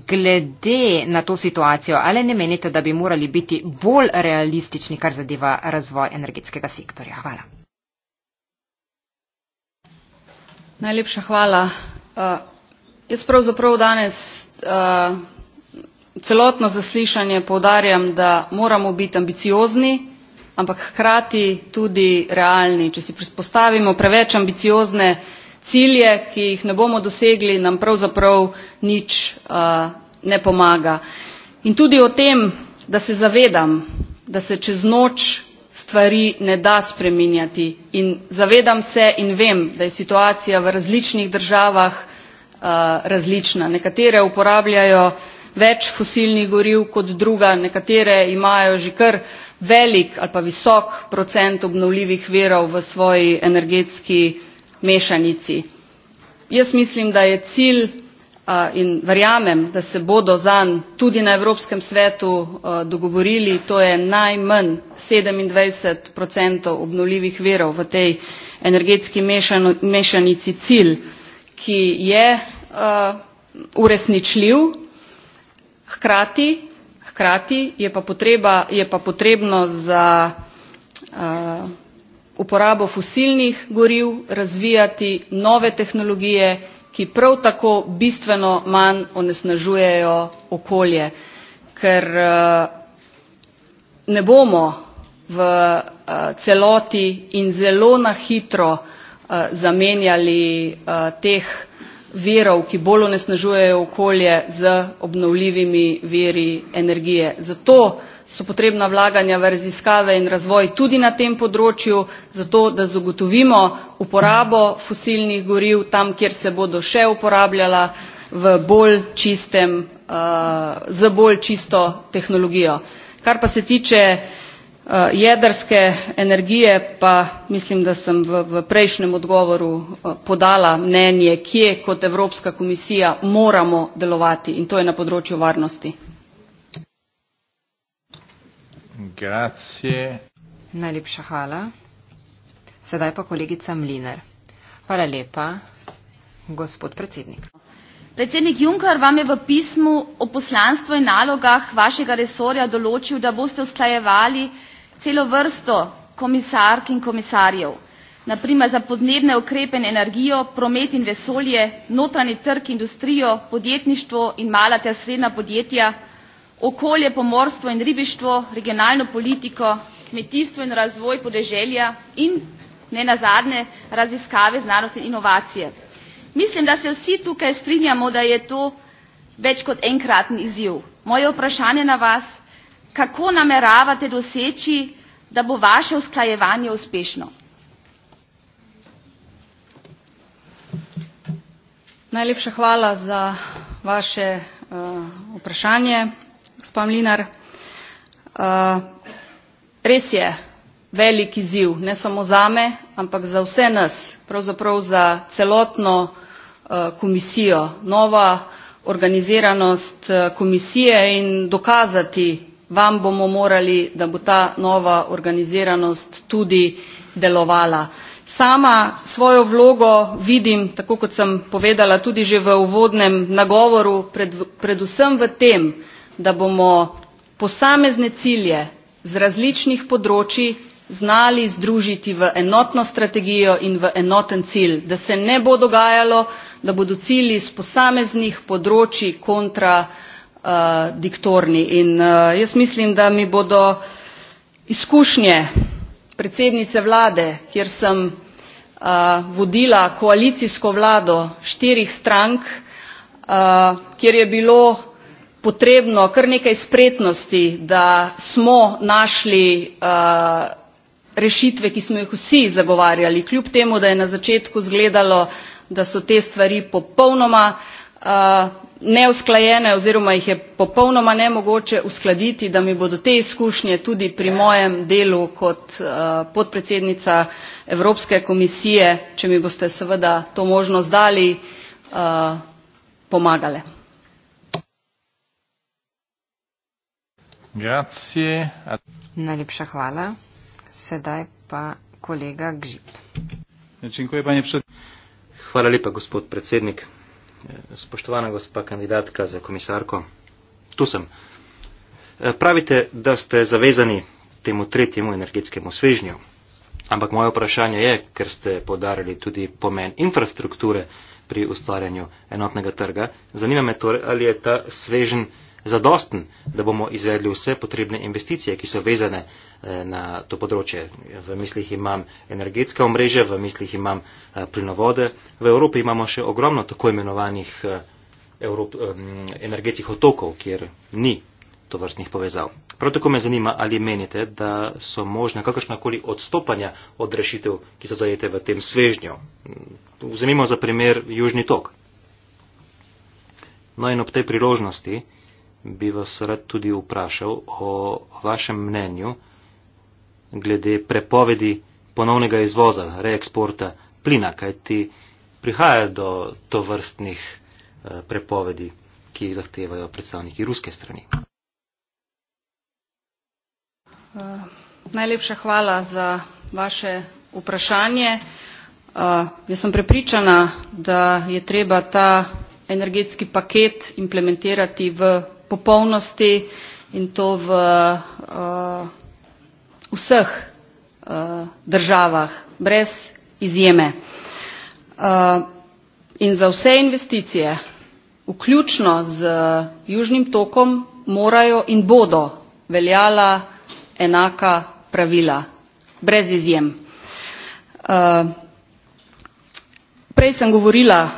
Speaker 5: Glede na to situacijo, ali ne menite, da bi morali biti bolj realistični, kar zadeva razvoj energetskega sektorja? Hvala.
Speaker 2: Najlepša hvala. Eh, jaz pravzaprav danes eh, celotno zaslišanje povdarjam, da moramo biti ambiciozni, ampak hkrati tudi realni. Če si predpostavimo preveč ambiciozne cilje, ki jih ne bomo dosegli, nam pravzaprav nič eh, ne pomaga. In tudi o tem, da se zavedam, da se čez noč stvari ne da spreminjati. In zavedam se in vem, da je situacija v različnih državah uh, različna. Nekatere uporabljajo več fosilnih goriv kot druga, nekatere imajo že kar velik ali pa visok procent obnovljivih verov v svoji energetski mešanici. Jaz mislim, da je cilj in verjamem da se bodo zanj tudi na evropskem svetu dogovorili to je najmanj sedemindvajset obnovljivih virov v tej energetski mešanici cilj ki je uresničljiv hkrati hkrati je pa potreba je pa potrebno za uporabo fosilnih goriv razvijati nove tehnologije ki prav tako bistveno manj onesnažujejo okolje ker eh, ne bomo v eh, celoti in zelo na hitro eh, zamenjali teh virov, ki bolj onesnažujejo okolje z obnovljivimi viri energije. Zato so potrebna vlaganja v raziskave in razvoj tudi na tem področju zato da zagotovimo uporabo fosilnih goriv tam kjer se bodo še uporabljala v bolj čistem eh, z bolj čisto tehnologijo. kar pa se tiče eh, jedrske energije pa mislim da sem v, v prejšnjem odgovoru eh, podala mnenje kje kot evropska komisija moramo delovati in to je na področju varnosti.
Speaker 3: Grazie.
Speaker 5: Najlepša hvala. Sedaj pa kolegica Mliner. Hvala lepa, gospod predsednik.
Speaker 2: Predsednik Juncker vam je v pismu o poslanstvu in nalogah vašega resorja določil, da boste usklajevali celo vrsto komisark in komisarjev, naprimer za podnebne ukrepe in energijo, promet in vesolje, notranji trg, industrijo, podjetništvo in mala ter srednja podjetja, okolje pomorstvo in ribištvo regionalno politiko kmetijstvo in razvoj podeželja in nenazadnje raziskave znanost in inovacije. mislim da se vsi tukaj strinjamo da je to več kot enkraten izziv. moje vprašanje na vas kako nameravate doseči da bo vaše usklajevanje uspešno? najlepša hvala za vaše eh, vprašanje gospa Mlinar. Uh, res je velik izziv, ne samo zame, ampak za vse nas, pravzaprav za celotno uh, komisijo, nova organiziranost uh, komisije in dokazati vam bomo morali, da bo ta nova organiziranost tudi delovala. Sama svojo vlogo vidim, tako kot sem povedala tudi že v uvodnem nagovoru, pred, predvsem v tem, da bomo posamezne cilje z različnih področij znali združiti v enotno strategijo in v enoten cilj da se ne bo dogajalo da bodo cilji s posameznih področij kontra eh, diktorni in eh, jaz mislim da mi bodo izkušnje predsednice vlade kjer sem eh, vodila koalicijsko vlado štirih strank kjer je bilo potrebno kar nekaj spretnosti da smo našli eh, rešitve ki smo jih vsi zagovarjali kljub temu da je na začetku izgledalo da so te stvari popolnoma eh, neusklajene oziroma jih je popolnoma nemogoče uskladiti da mi bodo te izkušnje tudi pri mojem delu kot eh, podpredsednica evropske komisije če mi boste seveda to možnost dali pomagale.
Speaker 1: Grazie.
Speaker 5: Najlepša hvala. Sedaj pa kolega Gžip.
Speaker 1: Hvala lepa, gospod predsednik. Spoštovana gospa kandidatka za komisarko, tu sem. Pravite, da ste zavezani temu tretjemu energetskemu svežnju. Ampak moje vprašanje je, ker ste podarili tudi pomen infrastrukture pri ustvarjanju enotnega trga, zanima me torej, ali je ta svežen zadosten, da bomo izvedli vse potrebne investicije, ki so vezane eh, na to področje. V mislih imam energetska omrežja, v mislih imam eh, plinovode. V Evropi imamo še ogromno tako imenovanih eh, Evrop, energetskih otokov, kjer ni tovrstnih povezav. Prav tako me zanima, ali menite, da so možna kakršnakoli odstopanja od rešitev, ki so zajete v tem svežnju. Vzemimo za primer Južni tok. No in ob tej priložnosti bi vas rad tudi vprašal o vašem mnenju glede prepovedi ponovnega izvoza, reeksporta plina, kajti prihaja do tovrstnih eh, prepovedi, ki jih zahtevajo predstavniki ruske strani.
Speaker 2: Uh, najlepša hvala za vaše vprašanje. Uh, jaz sem prepričana, da je treba ta energetski paket implementirati v popolnosti in to v uh, vseh uh, državah, brez izjeme. Uh, in za vse investicije, vključno z Južnim tokom, morajo in bodo veljala enaka pravila, brez izjem. Uh, prej sem govorila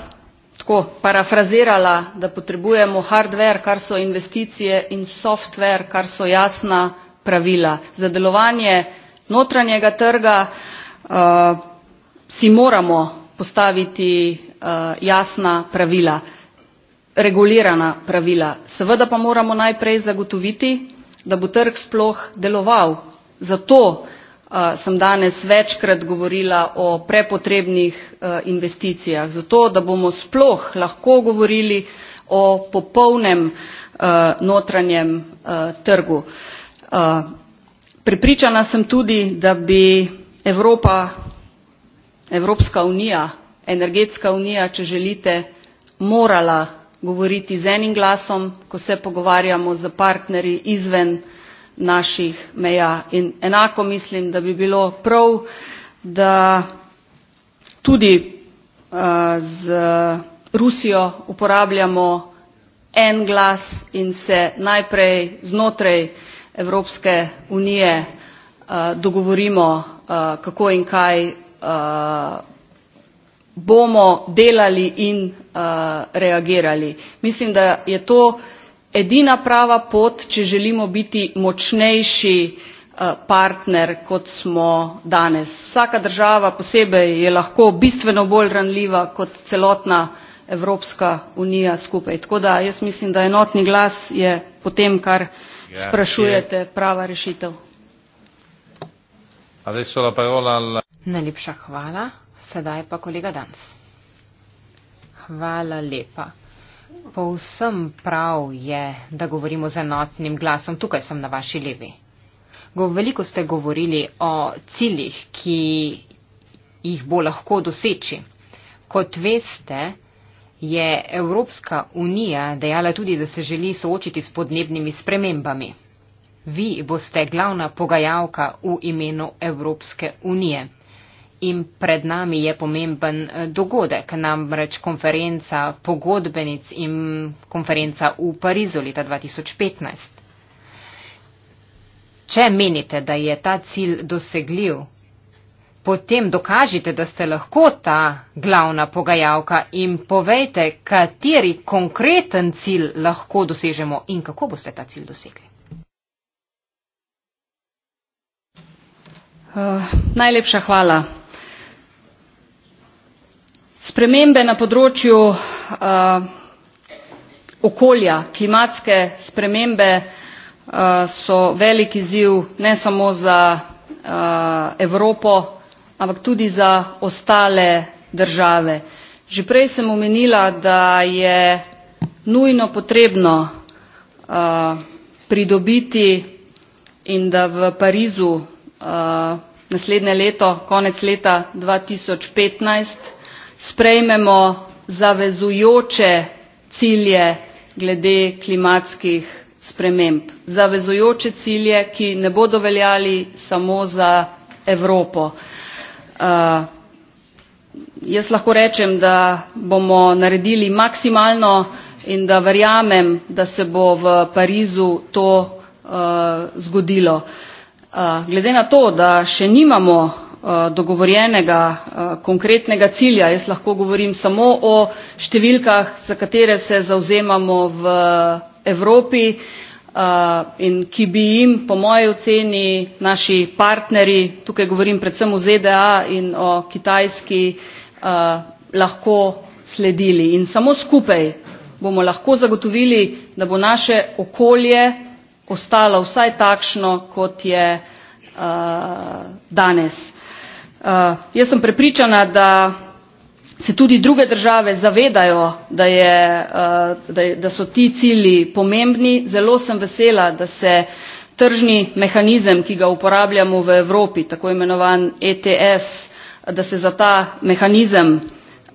Speaker 2: tako parafrazirala da potrebujemo hardver kar so investicije in softver kar so jasna pravila za delovanje notranjega trga eh, si moramo postaviti eh, jasna pravila regulirana pravila seveda pa moramo najprej zagotoviti da bo trg sploh deloval zato Eh, sem danes večkrat govorila o prepotrebnih eh, investicijah zato da bomo sploh lahko govorili o popolnem eh, notranjem trgu. prepričana sem tudi da bi evropa evropska unija energetska unija če želite morala govoriti z enim glasom ko se pogovarjamo s partnerji izven naših meja in enako mislim da bi bilo prav da tudi eh, z rusijo uporabljamo en glas in se najprej znotraj evropske unije eh, dogovorimo eh, kako in kaj bomo delali in reagirali. mislim da je to edina prava pot če želimo biti močnejši eh, partner kot smo danes vsaka država posebej je lahko bistveno bolj ranljiva kot celotna evropska unija skupaj tako da jaz mislim da enotni glas je po tem
Speaker 5: kar
Speaker 3: sprašujete
Speaker 5: prava rešitev najlepša hvala sedaj pa kolega dance hvala lepa Povsem prav je, da govorimo z enotnim glasom. Tukaj sem na vaši levi. Veliko ste govorili o ciljih, ki jih bo lahko doseči. Kot veste, je Evropska unija dejala tudi, da se želi soočiti s podnebnimi spremembami. Vi boste glavna pogajalka v imenu Evropske unije in pred nami je pomemben eh, dogodek, namreč konferenca pogodbenic in konferenca v Parizu leta 2015. Če menite, da je ta cilj dosegljiv, potem dokažite, da ste lahko ta glavna pogajalka in povejte, kateri konkreten cilj lahko dosežemo in kako boste ta cilj dosegli. Uh,
Speaker 2: najlepša hvala spremembe na področju eh, okolja klimatske spremembe eh, so velik izziv ne samo za eh, evropo ampak tudi za ostale države. že prej sem omenila da je nujno potrebno pridobiti in da v parizu naslednje leto konec leta dva tisoč petnajst sprejmemo zavezujoče cilje glede klimatskih sprememb zavezujoče cilje ki ne bodo veljali samo za evropo. Uh, jaz lahko rečem da bomo naredili maksimalno in da verjamem da se bo v parizu to uh, zgodilo. Uh, glede na to da še nimamo Eh, dogovorjenega eh, konkretnega cilja. Jaz lahko govorim samo o številkah, za katere se zauzemamo v Evropi eh, in ki bi jim, po moji oceni, naši partnerji, tukaj govorim predvsem o ZDA in o Kitajski, lahko sledili. In samo skupaj bomo lahko zagotovili, da bo naše okolje ostalo vsaj takšno, kot je danes. Eh, jaz sem prepričana da se tudi druge države zavedajo da, je, eh, da, je, da so ti cilji pomembni zelo sem vesela da se tržni mehanizem ki ga uporabljamo v evropi tako imenovan ets da se za ta mehanizem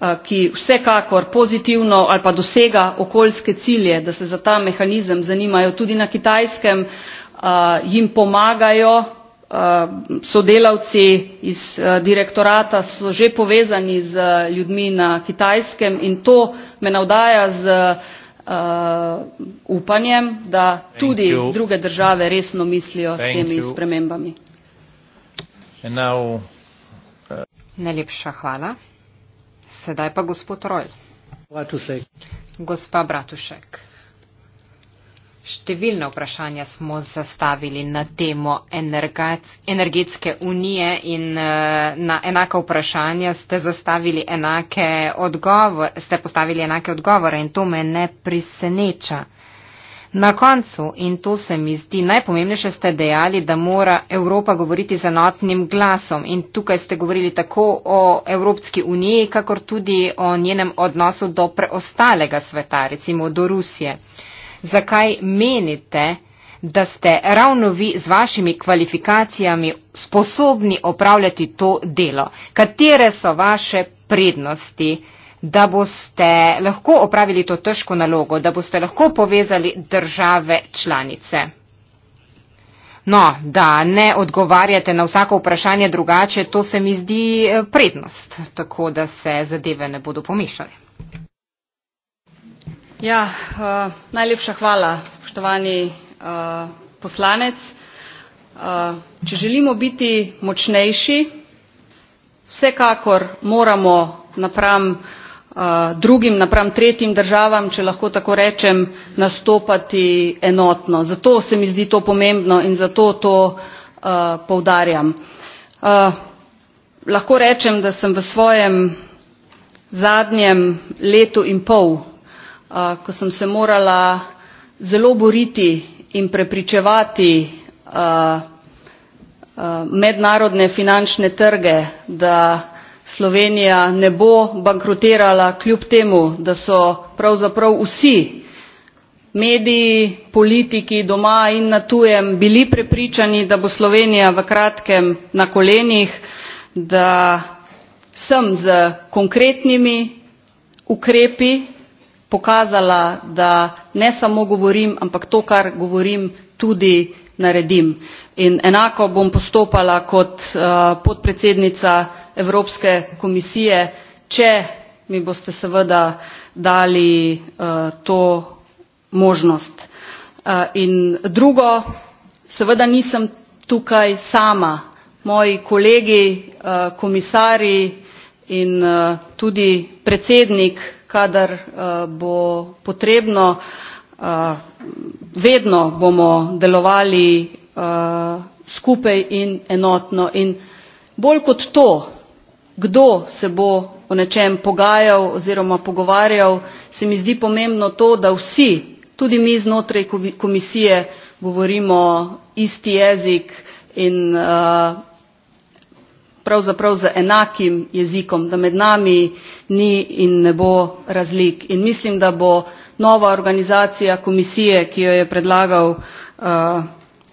Speaker 2: eh, ki vsekakor pozitivno ali pa dosega okoljske cilje da se za ta mehanizem zanimajo tudi na kitajskem jim pomagajo Eh, sodelavci iz eh, direktorata so že povezani z eh, ljudmi na kitajskem in to me navdaja z uh, upanjem, da tudi druge države resno mislijo Thank s temi you.
Speaker 5: spremembami. Now, uh, Najlepša hvala. Sedaj pa gospod Roj. Gospa Bratušek. Številna vprašanja smo zastavili na temo energetske unije in eh, na enaka vprašanja ste, enake odgovor, ste postavili enake odgovore in to me ne priseneča. Na koncu, in to se mi zdi najpomembnejše, ste dejali, da mora Evropa govoriti z enotnim glasom in tukaj ste govorili tako o Evropski uniji, kakor tudi o njenem odnosu do preostalega sveta, recimo do Rusije zakaj menite, da ste ravno vi z vašimi kvalifikacijami sposobni opravljati to delo? Katere so vaše prednosti, da boste lahko opravili to težko nalogo, da boste lahko povezali države članice? No, da ne odgovarjate na vsako vprašanje drugače, to se mi zdi eh, prednost, tako da se zadeve ne bodo pomišljali.
Speaker 2: Ja, eh, najlepša hvala spoštovani eh, poslanec. Eh, če želimo biti močnejši vsekakor moramo napram drugim napram tretjim državam če lahko tako rečem nastopati enotno zato se mi zdi to pomembno in zato to poudarjam. lahko rečem da sem v svojem zadnjem letu in pol ko sem se morala zelo boriti in prepričevati mednarodne finančne trge da slovenija ne bo bankrotirala kljub temu da so pravzaprav vsi mediji politiki doma in na tujem bili prepričani da bo slovenija v kratkem na kolenih da sem s konkretnimi ukrepi pokazala, da ne samo govorim, ampak to, kar govorim, tudi naredim. In enako bom postopala kot uh, podpredsednica Evropske komisije, če mi boste seveda dali uh, to možnost. Uh, in drugo, seveda nisem tukaj sama. Moji kolegi, uh, komisari in uh, tudi predsednik kadar eh, bo potrebno. Eh, vedno bomo delovali eh, skupaj in enotno. In bolj kot to, kdo se bo o nečem pogajal oziroma pogovarjal, se mi zdi pomembno to, da vsi, tudi mi znotraj komisije, govorimo isti jezik in uh, pravzaprav z enakim jezikom da med nami ni in ne bo razlik in mislim da bo nova organizacija komisije ki jo je predlagal uh,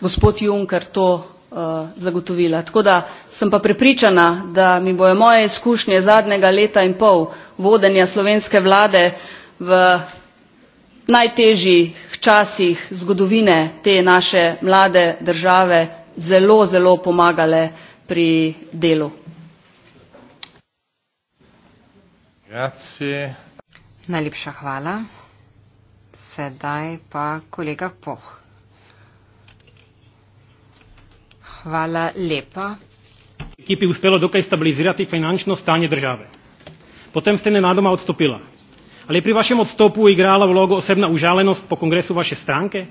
Speaker 2: gospod juncker to uh, zagotovila tako da sem pa prepričana da mi bojo moje izkušnje zadnjega leta in pol vodenja slovenske vlade v najtežjih časih zgodovine te naše mlade države zelo, zelo pomagale uh, pri delu.
Speaker 3: Grazie.
Speaker 5: Najlepša hvala. Sedaj pa kolega Poh. Hvala lepa.
Speaker 6: Ekipi uspelo dokaj stabilizirati finančno stanje države. Potem ste nenadoma odstopila. Ali je pri vašem odstopu igrala vlogo osebna užalenost po kongresu vaše stranke?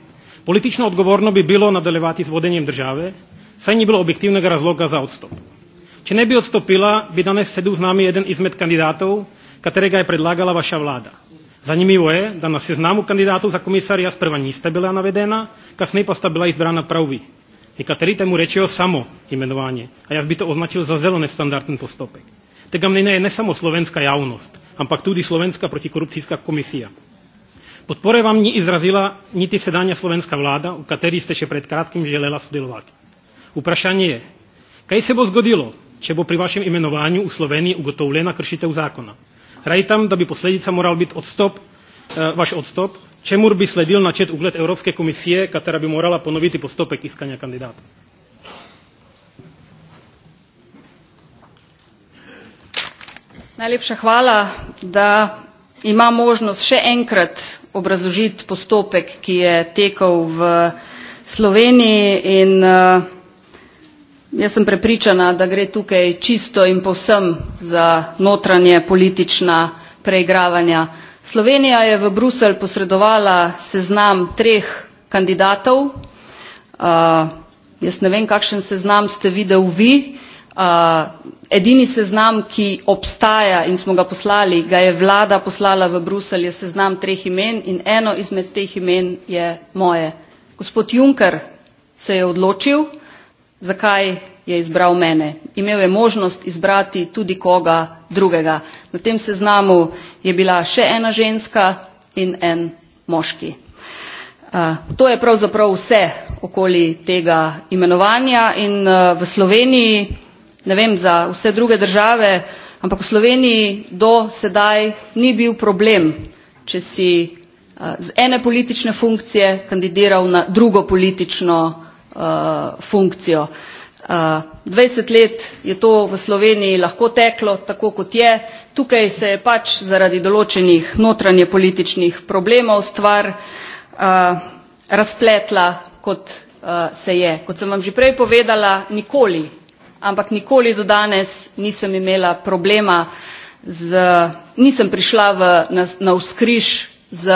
Speaker 6: Politično odgovorno bi bilo nadaljevati s vodenjem države, saj ni bilo objektivnega razloga za odstop. Če ne bi odstopila, bi danes sedel z nami eden izmed kandidatov, katerega je predlagala vaša vlada. Zanimivo je, da na seznamu kandidatov za komisarja sprva niste bila navedena, kasneje pa sta bila izbrana prav vi. Nekateri temu rečejo samo imenovanje, a jaz bi to označil za zelo nestandarden postopek. Tega mnenja je ne samo slovenska javnost, ampak tudi slovenska protikorupcijska komisija. Podpore vam ni izrazila niti sedanja slovenska vlada, v kateri ste še pred kratkim želela sodelovati. Vprašanje. Kaj se bo zgodilo, če bo pri vašem imenovanju v Sloveniji ugotovljena kršitev zakona? Rajtam, da bi posledica moral biti odstop, eh, vaš odstop, čemu bi sledil načet ugled Evropske komisije, katera bi morala ponoviti postopek iskanja kandidata.
Speaker 2: Najlepša hvala, da ima možnost še enkrat obrazložiti postopek, ki je tekel v Sloveniji in uh, Jaz sem prepričana, da gre tukaj čisto in povsem za notranje politična preigravanja. Slovenija je v Bruselj posredovala seznam treh kandidatov. Uh, jaz ne vem, kakšen seznam ste videli vi. Uh, edini seznam, ki obstaja in smo ga poslali, ga je vlada poslala v Bruselj, je seznam treh imen in eno izmed teh imen je moje. Gospod Juncker se je odločil, zakaj je izbral mene. Imel je možnost izbrati tudi koga drugega. Na tem seznamu je bila še ena ženska in en moški. Eh, to je pravzaprav vse okoli tega imenovanja in eh, v Sloveniji, ne vem za vse druge države, ampak v Sloveniji do sedaj ni bil problem, če si eh, z ene politične funkcije kandidiral na drugo politično funkcijo Eh, funkcijo. Eh, dvajset let je to v sloveniji lahko teklo tako kot je tukaj se je pač zaradi določenih notranjepolitičnih problemov stvar eh, razpletla kot se je. kot sem vam že prej povedala nikoli ampak nikoli do danes nisem imela problema z nisem prišla v, navzkriž z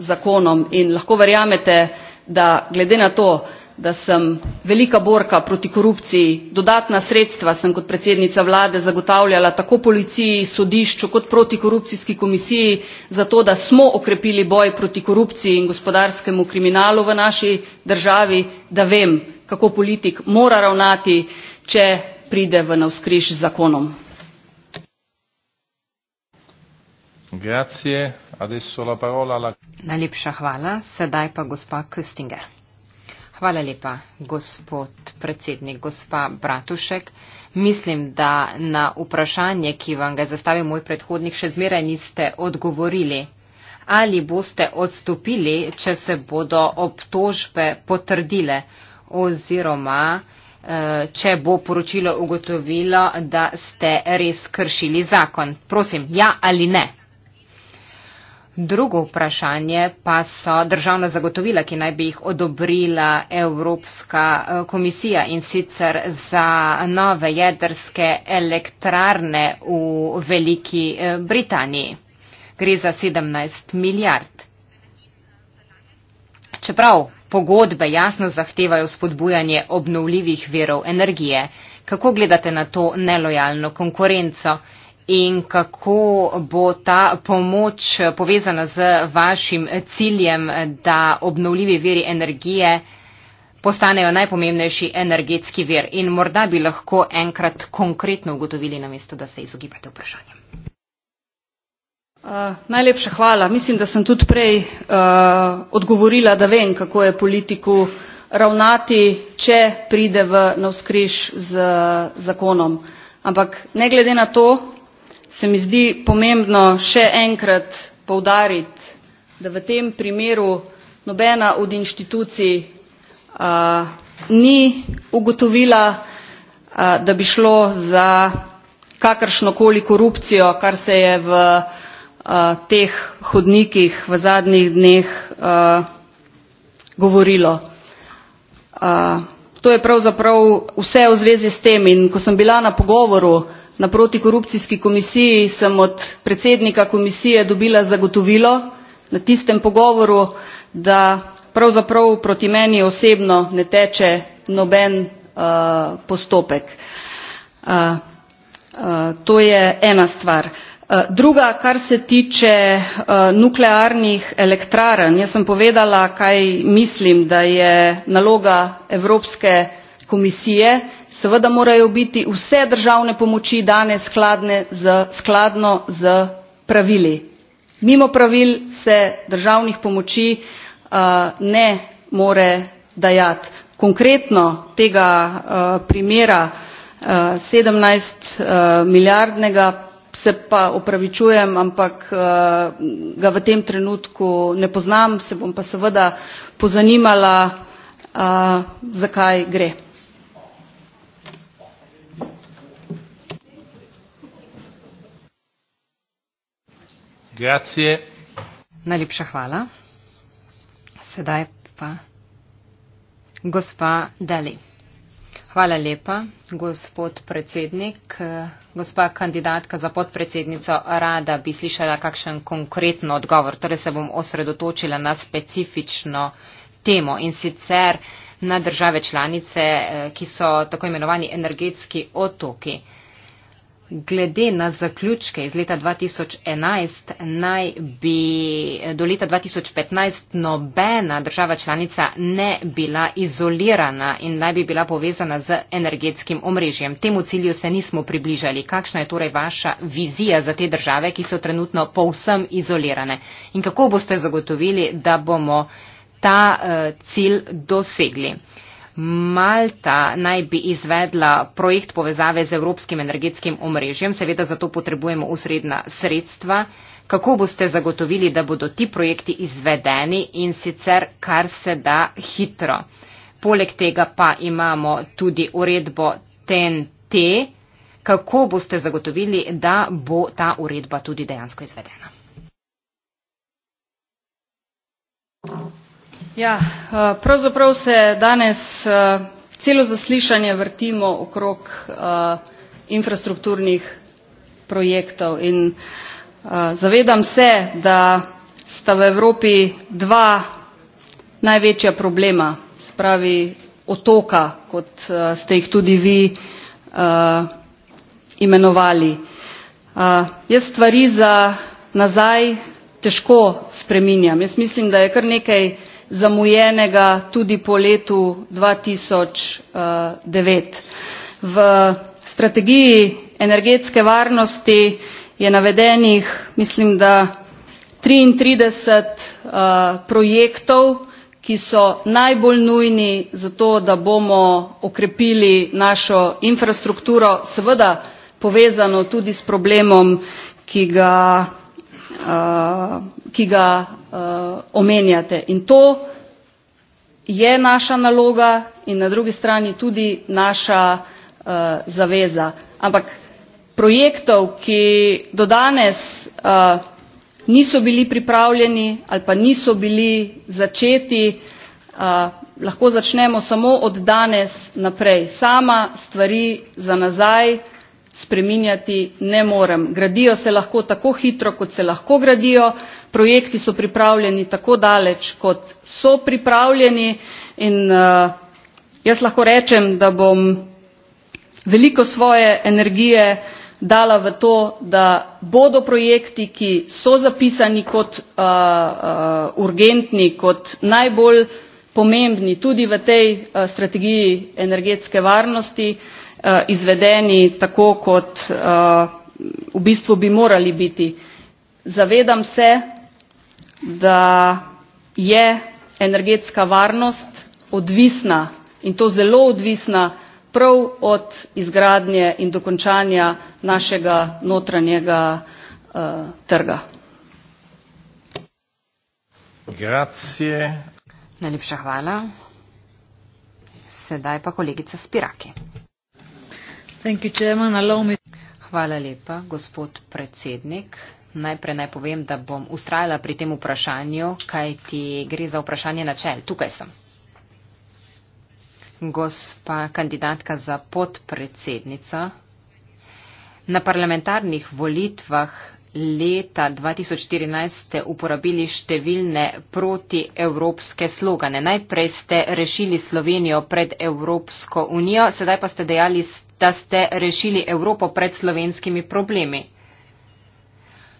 Speaker 2: zakonom in lahko verjamete da glede na to da sem velika borka proti korupciji dodatna sredstva sem kot predsednica vlade zagotavljala tako policiji sodišču kot protikorupcijski komisiji zato da smo okrepili boj proti korupciji in gospodarskemu kriminalu v naši državi da vem kako politik mora ravnati če
Speaker 5: pride v navzkriž z zakonom.
Speaker 3: Grazie alla...
Speaker 5: Najlepša hvala, sedaj pa gospa Köstinger. Hvala lepa, gospod predsednik, gospa Bratušek. Mislim, da na vprašanje, ki vam ga zastavi moj predhodnik, še zmeraj niste odgovorili. Ali boste odstopili, če se bodo obtožbe potrdile oziroma eh, če bo poročilo ugotovilo, da ste res kršili zakon? Prosim, ja ali ne? Drugo vprašanje pa so državna zagotovila, ki naj bi jih odobrila Evropska eh, komisija in sicer za nove jedrske elektrarne v Veliki eh, Britaniji. Gre za 17 milijard. Čeprav pogodbe jasno zahtevajo spodbujanje obnovljivih virov energije, kako gledate na to nelojalno konkurenco? in kako bo ta pomoč povezana z vašim ciljem, da obnovljivi veri energije postanejo najpomembnejši energetski vir. In morda bi lahko enkrat konkretno ugotovili, namesto da se izogibate vprašanje.
Speaker 6: Uh,
Speaker 2: najlepša hvala. Mislim, da sem tudi prej uh, odgovorila, da vem, kako je politiku ravnati, če pride v navskriž z zakonom. Ampak ne glede na to, se mi zdi pomembno še enkrat poudariti, da v tem primeru nobena od inštitucij a, ni ugotovila, a, da bi šlo za kakršnokoli korupcijo, kar se je v a, teh hodnikih v zadnjih dneh a, govorilo. A, to je pravzaprav vse v zvezi s tem in ko sem bila na pogovoru, na protikorupcijski komisiji sem od predsednika komisije dobila zagotovilo na tistem pogovoru da pravzaprav proti meni osebno ne teče noben uh, postopek uh, uh to je ena stvar. Uh, druga, kar se tiče uh, nuklearnih elektrarn, jaz sem povedala, kaj mislim, da je naloga Evropske komisije seveda morajo biti vse državne pomoči dane skladno s pravili mimo pravil se državnih pomoči ne more dajati konkretno tega primera sedemnajst milijardnega se pa opravičujem ampak ga v tem trenutku ne poznam se bom pa seveda pozanimala za kaj gre
Speaker 3: Grazie.
Speaker 5: Najlepša hvala. Sedaj pa gospa Deli. Hvala lepa, gospod predsednik. Gospa kandidatka za podpredsednico, rada bi slišala kakšen konkretno odgovor, torej se bom osredotočila na specifično temo in sicer na države članice, eh, ki so tako imenovani energetski otoki. Glede na zaključke iz leta 2011, naj bi do leta 2015 nobena država članica ne bila izolirana in naj bi bila povezana z energetskim omrežjem. Temu cilju se nismo približali. Kakšna je torej vaša vizija za te države, ki so trenutno povsem izolirane? In kako boste zagotovili, da bomo ta uh, cilj dosegli? Malta naj bi izvedla projekt povezave z evropskim energetskim omrežjem, seveda zato potrebujemo usredna sredstva. Kako boste zagotovili, da bodo ti projekti izvedeni in sicer kar se da hitro? Poleg tega pa imamo tudi uredbo TNT. Kako boste zagotovili, da bo ta uredba tudi dejansko izvedena?
Speaker 2: Ja, eh, pravzaprav se danes eh, celo zaslišanje vrtimo okrog eh, infrastrukturnih projektov in zavedam se da sta v evropi dva največja problema se pravi otoka kot ste jih tudi vi imenovali. jaz stvari za nazaj težko spreminjam jaz mislim da je kar nekaj zamujenega tudi po letu. dva tisoč eh, devet v strategiji energetske varnosti je navedenih mislim da triintrideset eh, projektov ki so najbolj nujni zato da bomo okrepili našo infrastrukturo seveda povezano tudi s problemom ki ga Eh, ki ga uh, omenjate. In to je naša naloga in na drugi strani tudi naša uh, zaveza. Ampak projektov, ki do danes uh, niso bili pripravljeni ali pa niso bili začeti, uh, lahko začnemo samo od danes naprej. Sama stvari za nazaj spreminjati ne morem. Gradijo se lahko tako hitro, kot se lahko gradijo, projekti so pripravljeni tako daleč, kot so pripravljeni in uh, jaz lahko rečem, da bom veliko svoje energije dala v to, da bodo projekti, ki so zapisani kot uh, uh, urgentni, kot najbolj pomembni tudi v tej uh, strategiji energetske varnosti, uh, Eh, izvedeni tako kot eh, v bistvu bi morali biti. Zavedam se, da je energetska varnost odvisna in to zelo odvisna prav od izgradnje in dokončanja našega notranjega uh, trga.
Speaker 3: Grazie.
Speaker 5: Najlepša hvala. Sedaj pa kolegica Spiraki. Hvala lepa, gospod predsednik. Najprej naj povem, da bom ustrajala pri tem vprašanju, kaj ti gre za vprašanje načel. Tukaj sem. Gospa kandidatka za podpredsednico. Na parlamentarnih volitvah leta 2014 ste uporabili številne protievropske slogane. Najprej ste rešili Slovenijo pred Evropsko unijo, sedaj pa ste dejali, da ste rešili Evropo pred slovenskimi problemi.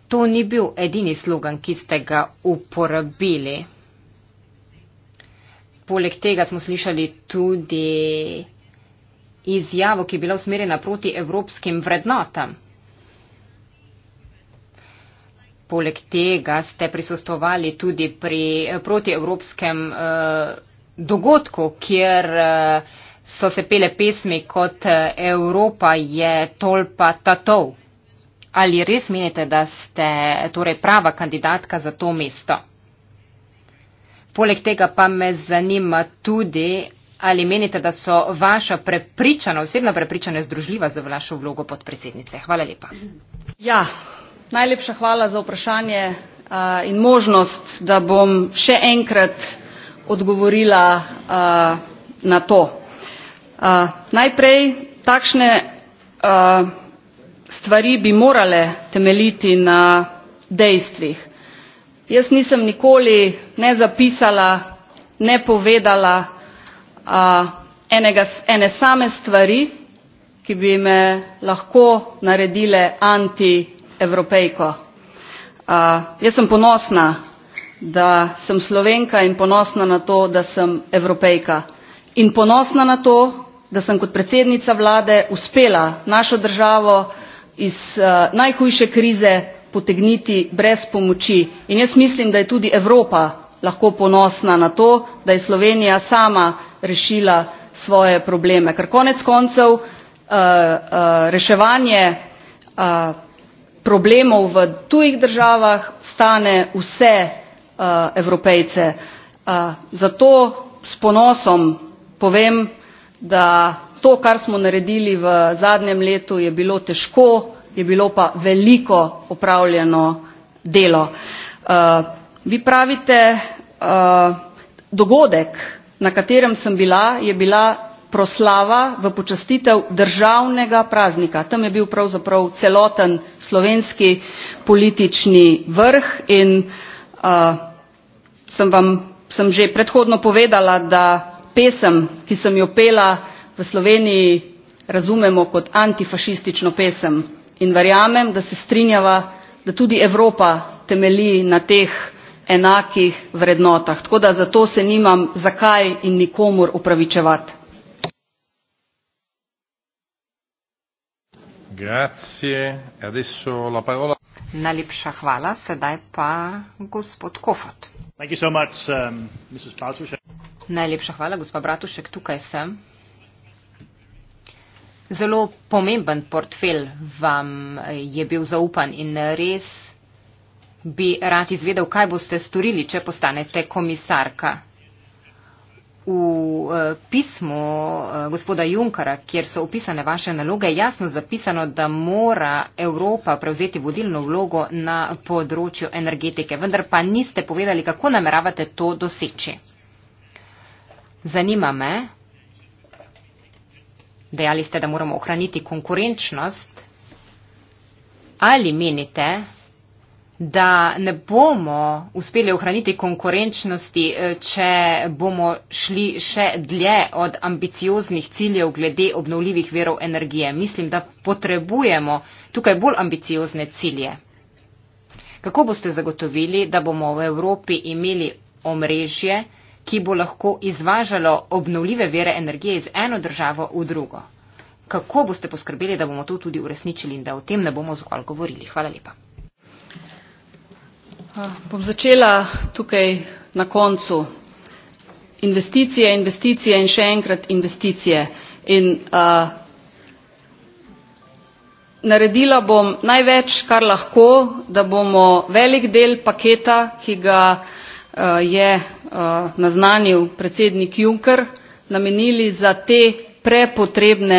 Speaker 5: To ni bil edini slogan, ki ste ga uporabili. Poleg tega smo slišali tudi izjavo, ki je bila usmerjena proti evropskim vrednotam. Poleg tega ste prisostovali tudi pri eh, protievropskem uh, dogodku, kjer uh, so se pele pesmi kot Evropa je tolpa tatov. Ali res menite, da ste torej prava kandidatka za to mesto? Poleg tega pa me zanima tudi, ali menite, da so vaša prepričana, osebna prepričana združljiva za vašo vlogo podpredsednice. Hvala lepa.
Speaker 2: Ja, najlepša hvala za vprašanje in možnost da bom še enkrat odgovorila na to. najprej takšne stvari bi morale temeljiti na dejstvih. jaz nisem nikoli ne zapisala ne povedala enega ene same stvari ki bi me lahko naredile anti jaz sem ponosna da sem slovenka in ponosna na to da sem evropejka in ponosna na to da sem kot predsednica vlade uspela našo državo iz najhujše krize potegniti brez pomoči in jaz mislim da je tudi evropa lahko ponosna na to da je slovenija sama rešila svoje probleme ker konec koncev reševanje problemov v tujih državah stane vse uh, evropejce. Uh, zato s ponosom povem, da to, kar smo naredili v zadnjem letu, je bilo težko, je bilo pa veliko opravljeno delo. Uh, vi pravite, uh, dogodek, na katerem sem bila, je bila proslava v počastitev državnega praznika tam je bil pravzaprav celoten slovenski politični vrh in sem vam sem že predhodno povedala da pesem ki sem jo pela v sloveniji razumemo kot antifašistično pesem in verjamem da se strinjava da tudi evropa temelji na teh enakih vrednotah tako da zato se nimam zakaj in nikomur opravičevati.
Speaker 3: Grazie. Adesso la parola.
Speaker 5: Najlepša hvala, sedaj pa gospod Kofot.
Speaker 3: Thank you so much, um,
Speaker 5: Najlepša hvala, gospod Bratušek, tukaj sem. Zelo pomemben portfelj vam eh, je bil zaupan in res bi rad izvedel, kaj boste storili, če postanete komisarka v eh, pismu eh, gospoda Junkara, kjer so opisane vaše naloge, jasno zapisano, da mora Evropa prevzeti vodilno vlogo na področju energetike. Vendar pa niste povedali, kako nameravate to doseči. Zanima me, dejali ste, da moramo ohraniti konkurenčnost. Ali menite, da ne bomo uspeli ohraniti konkurenčnosti, eh, če bomo šli še dlje od ambicioznih ciljev glede obnovljivih verov energije. Mislim, da potrebujemo tukaj bolj ambiciozne cilje. Kako boste zagotovili, da bomo v Evropi imeli omrežje, ki bo lahko izvažalo obnovljive vere energije iz eno državo v drugo? Kako boste poskrbeli, da bomo to tudi uresničili in da o tem ne bomo zgolj govorili? Hvala lepa. Ah, bom začela tukaj na koncu investicije
Speaker 2: investicije in še enkrat investicije in ah, Naredila bom največ, kar lahko, da bomo velik del paketa, ki ga uh, je uh, naznanil predsednik Juncker, namenili za te prepotrebne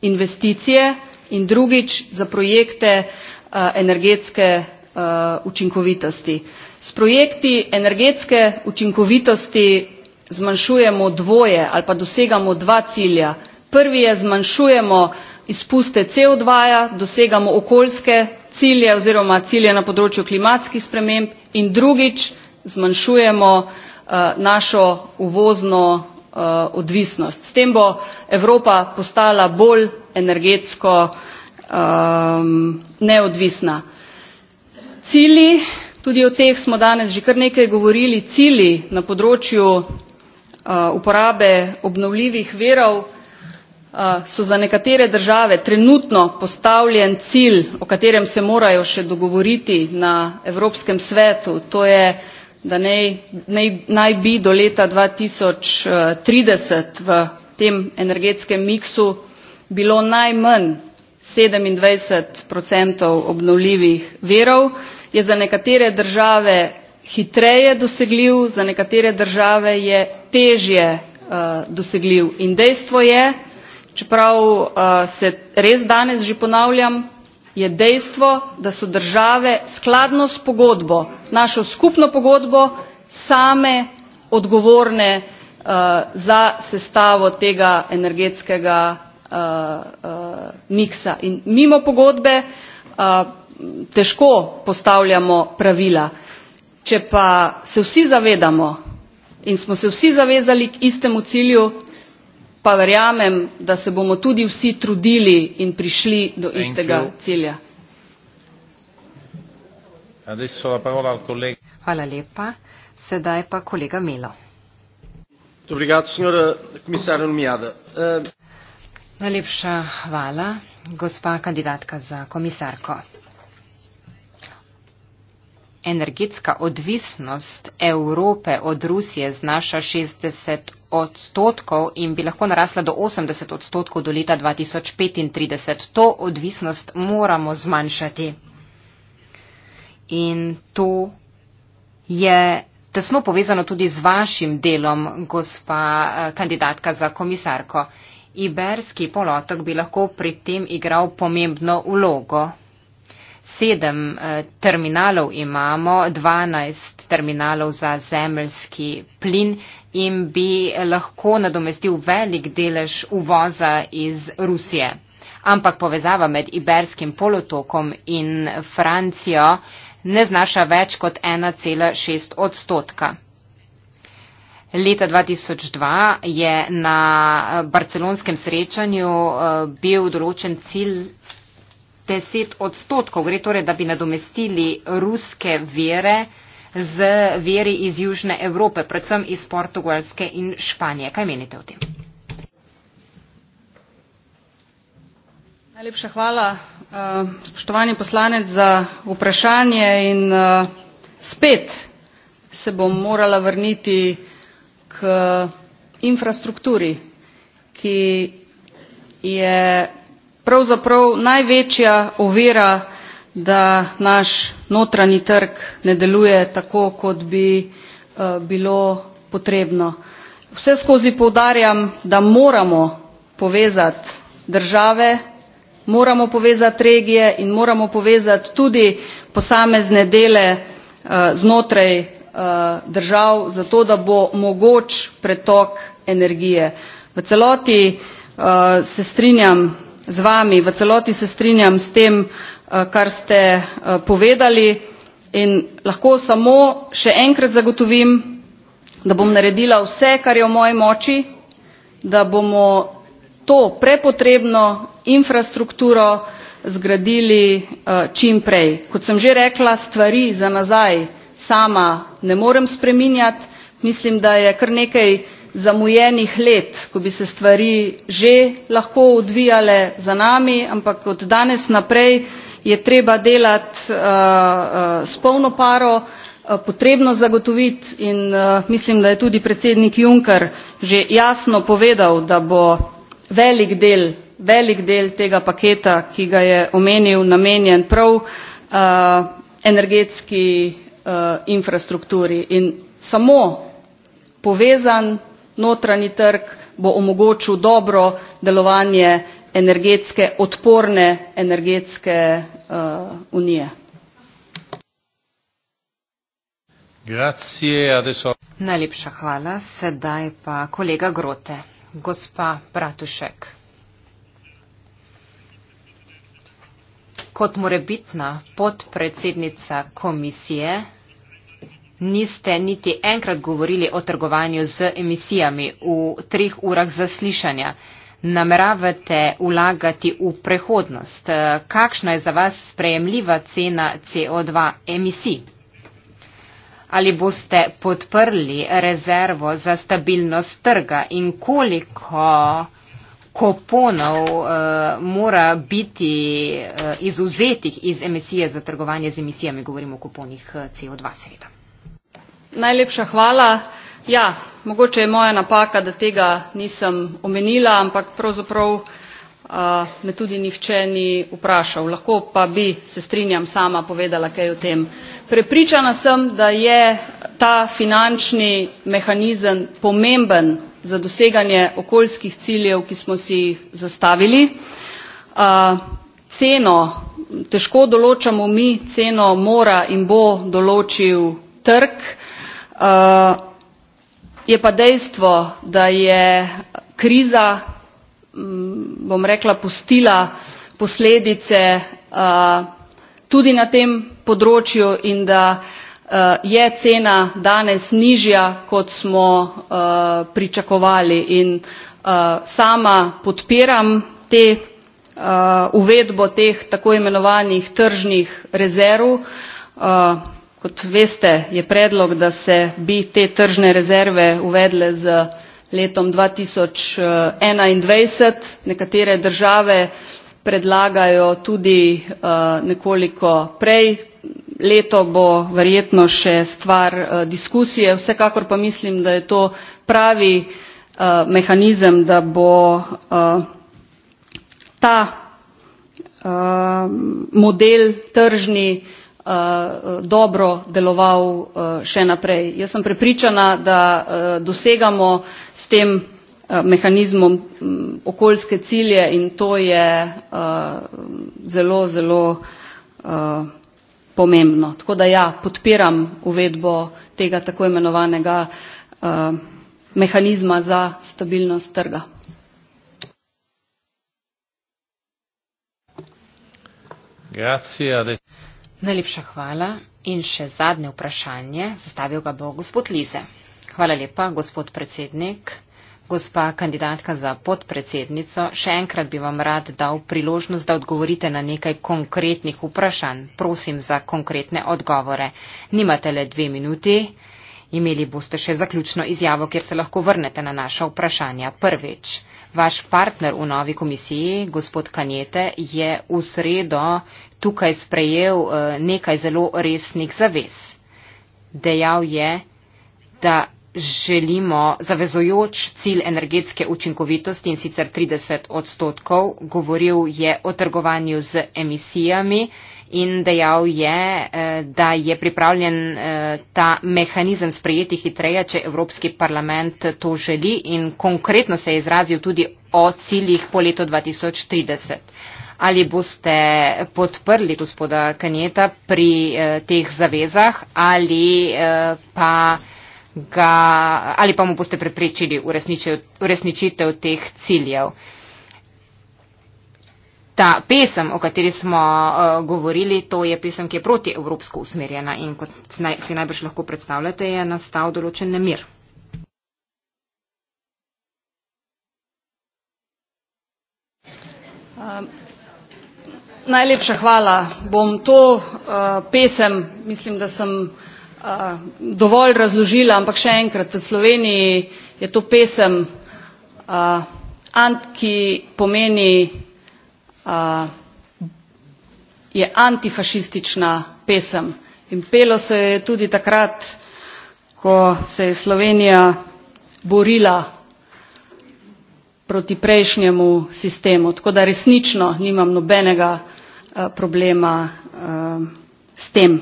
Speaker 2: investicije in drugič za projekte uh, energetske Eh, učinkovitosti. S projekti energetske učinkovitosti zmanjšujemo dvoje ali pa dosegamo dva cilja. Prvi je zmanjšujemo izpuste CO2, -ja, dosegamo okoljske cilje oziroma cilje na področju klimatskih sprememb in drugič zmanjšujemo uh, našo uvozno uh, odvisnost. S tem bo Evropa postala bolj energetsko um, neodvisna cilji tudi o teh smo danes že kar nekaj govorili cilji na področju uporabe obnovljivih virov so za nekatere države trenutno postavljen cilj o katerem se morajo še dogovoriti na evropskem svetu to je da naj, naj bi do leta dva tisoč trideset v tem energetskem miksu bilo najmanj sedemindvajset obnovljivih virov je za nekatere države hitreje dosegljiv za nekatere države je težje eh, dosegljiv in dejstvo je čeprav eh, se res danes že ponavljam je dejstvo da so države skladno s pogodbo našo skupno pogodbo same odgovorne eh, za sestavo tega energetskega Eh, eh, miksa in mimo pogodbe eh, težko postavljamo pravila če pa se vsi zavedamo in smo se vsi zavezali k istemu cilju pa verjamem da se bomo tudi vsi trudili in prišli
Speaker 5: do istega cilja Najlepša hvala, gospa kandidatka za komisarko. Energetska odvisnost Evrope od Rusije znaša 60 odstotkov in bi lahko narasla do 80 odstotkov do leta 2035. To odvisnost moramo zmanjšati. In to je tesno povezano tudi z vašim delom, gospa eh, kandidatka za komisarko. Iberski polotok bi lahko pri tem igral pomembno vlogo. Sedem eh, terminalov imamo, dvanajst terminalov za zemljski plin in bi lahko nadomestil velik delež uvoza iz Rusije. Ampak povezava med Iberskim polotokom in Francijo ne znaša več kot 1,6 odstotka. Leta 2002 je na eh, barcelonskem srečanju eh, bil določen cilj 10 odstotkov. Gre torej, da bi nadomestili ruske vere z veri iz Južne Evrope, predvsem iz Portugalske in Španije. Kaj menite o tem?
Speaker 2: Najlepša hvala, eh, spoštovani poslanec, za vprašanje in spet se bom morala vrniti k eh, infrastrukturi ki je pravzaprav največja ovira da naš notranji trg ne deluje tako kot bi eh, bilo potrebno. vseskozi poudarjam da moramo povezati države moramo povezati regije in moramo povezati tudi posamezne dele eh, znotraj Eh, držav zato da bo mogoč pretok energije. V celoti eh, se strinjam z vami, v celoti se strinjam s tem, eh, kar ste povedali in lahko samo še enkrat zagotovim, da bom naredila vse, kar je v moji moči, da bomo to prepotrebno infrastrukturo zgradili čim prej. Kot sem že rekla, stvari za nazaj sama ne morem spreminjat mislim da je kar nekaj zamujenih let ko bi se stvari že lahko odvijale za nami ampak od danes naprej je treba delat eh, eh, s polno paro eh, potrebno zagotovit in mislim da je tudi predsednik juncker že jasno povedal da bo velik del velik del tega paketa ki ga je omenil namenjen prav energetski Eh, infrastrukturi in samo povezan notranji trg bo omogočil dobro delovanje energetske odporne energetske uh, unije.
Speaker 3: Grazie, adesso...
Speaker 5: Najlepša hvala. Sedaj pa kolega Grote. Gospa Bratušek. Kot morebitna podpredsednica komisije niste niti enkrat govorili o trgovanju z emisijami v treh urah zaslišanja. Nameravate vlagati v prehodnost. Kakšna je za vas sprejemljiva cena CO2 emisij? Ali boste podprli rezervo za stabilnost trga in koliko kuponov eh, mora biti eh, izuzetih iz emisije za trgovanje z emisijami, govorimo o kuponih eh, CO2 seveda.
Speaker 2: Najlepša hvala. Ja, mogoče je moja napaka, da tega nisem omenila, ampak pravzaprav uh, me tudi nihče ni vprašal. Lahko pa bi, se strinjam, sama povedala kaj o tem. Prepričana sem, da je ta finančni mehanizem pomemben za doseganje okoljskih ciljev, ki smo si jih zastavili. Ceno, težko določamo mi, ceno mora in bo določil trg. Je pa dejstvo, da je kriza, mm, bom rekla, pustila posledice tudi na tem področju in da Eh, je cena danes nižja kot smo eh, pričakovali in eh, sama podpiram te uvedbo teh tako imenovanih tržnih rezerv. Kot veste, je predlog, da se bi te tržne rezerve uvedle z letom dva tisoč enaindvajset nekatere države predlagajo tudi nekoliko prej leto bo verjetno še stvar eh, diskusije vsekakor pa mislim da je to pravi eh, mehanizem da bo eh, ta model tržni dobro deloval še naprej. jaz sem prepričana da dosegamo s tem mehanizmom mm, okoljske cilje in to je zelo zelo pomembno. Tako da ja, podpiram uvedbo tega tako imenovanega uh, mehanizma za
Speaker 5: stabilnost trga. Najlepša hvala. In še zadnje vprašanje, zastavil ga bo gospod Lize. Hvala lepa, gospod predsednik. Gospa kandidatka za podpredsednico, še enkrat bi vam rad dal priložnost, da odgovorite na nekaj konkretnih vprašanj. Prosim za konkretne odgovore. Nimate le dve minuti. Imeli boste še zaključno izjavo, kjer se lahko vrnete na naša vprašanja. Prvič, vaš partner v novi komisiji, gospod Kanjete, je v sredo tukaj sprejel eh, nekaj zelo resnih zavez. Dejal je, da želimo zavezojoč cilj energetske učinkovitosti in sicer 30 odstotkov. Govoril je o trgovanju z emisijami in dejal je, eh, da je pripravljen eh, ta mehanizem sprejeti hitreje, če Evropski parlament to želi in konkretno se je izrazil tudi o ciljih po letu 2030. Ali boste podprli gospoda Kanjeta pri eh, teh zavezah ali pa ga, ali pa mu boste preprečili uresničitev teh ciljev. Ta pesem, o kateri smo uh, govorili, to je pesem, ki je protievropsko usmerjena in kot si najbrž lahko predstavljate, je nastal določen nemir.
Speaker 2: Um. Najlepša hvala. Bom to uh, pesem, mislim, da sem uh, Eh, dovolj razložila ampak še enkrat v sloveniji je to pesem eh, ant ki pomeni eh, je antifašistična pesem in pelo se jo je tudi takrat ko se je slovenija borila proti prejšnjemu sistemu tako da resnično nimam nobenega problema s tem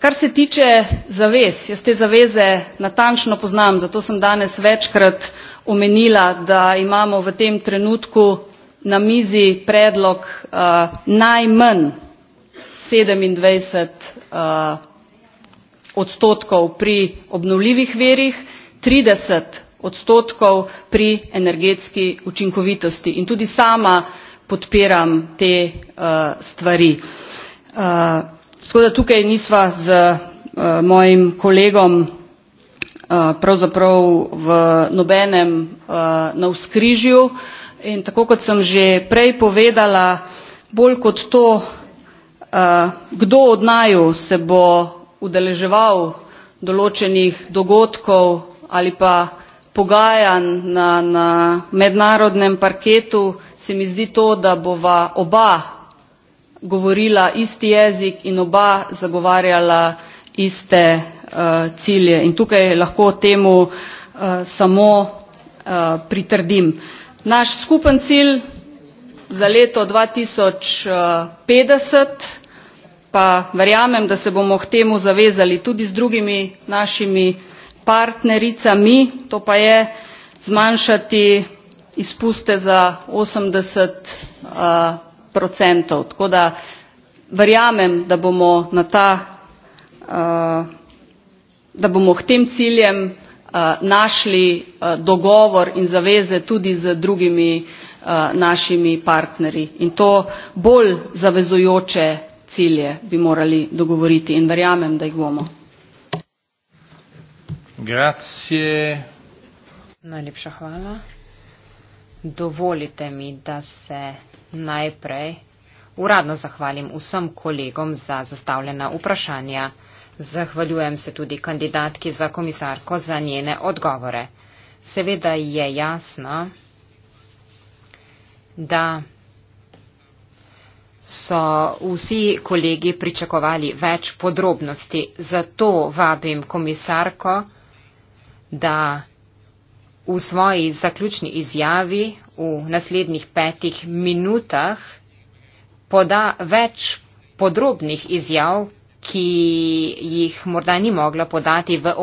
Speaker 2: kar se tiče zavez jaz te zaveze natančno poznam zato sem danes večkrat omenila da imamo v tem trenutku na mizi predlog eh, najmanj sedemindvajset eh, odstotkov pri obnovljivih virih trideset odstotkov pri energetski učinkovitosti in tudi sama podpiram te eh, stvari tako da tukaj nisva z uh, mojim kolegom uh, pravzaprav v nobenem uh, eh, na vzkrižju in tako kot sem že prej povedala, bolj kot to, uh, kdo od naju se bo udeleževal določenih dogodkov ali pa pogajanj na, na mednarodnem parketu, se mi zdi to, da bova oba govorila isti jezik in oba zagovarjala iste uh, cilje. In tukaj lahko temu uh, samo uh, pritrdim. Naš skupen cilj za leto 2050 pa verjamem, da se bomo k temu zavezali tudi z drugimi našimi partnericami, to pa je zmanjšati izpuste za 80 uh, procentov tako da verjamem da bomo na ta eh, da bomo k tem ciljem eh, našli eh, dogovor in zaveze tudi z drugimi našimi partnerji in to bolj zavezujoče cilje bi morali dogovoriti in verjamem da jih
Speaker 5: bomo
Speaker 3: Grazie.
Speaker 5: Najlepša hvala. Dovolite mi, da se najprej uradno zahvalim vsem kolegom za zastavljena vprašanja. Zahvaljujem se tudi kandidatki za komisarko za njene odgovore. Seveda je jasno, da so vsi kolegi pričakovali več podrobnosti. Zato vabim komisarko, da v svoji zaključni izjavi v naslednjih petih minutah poda več podrobnih izjav, ki jih morda ni mogla podati v omenjenem.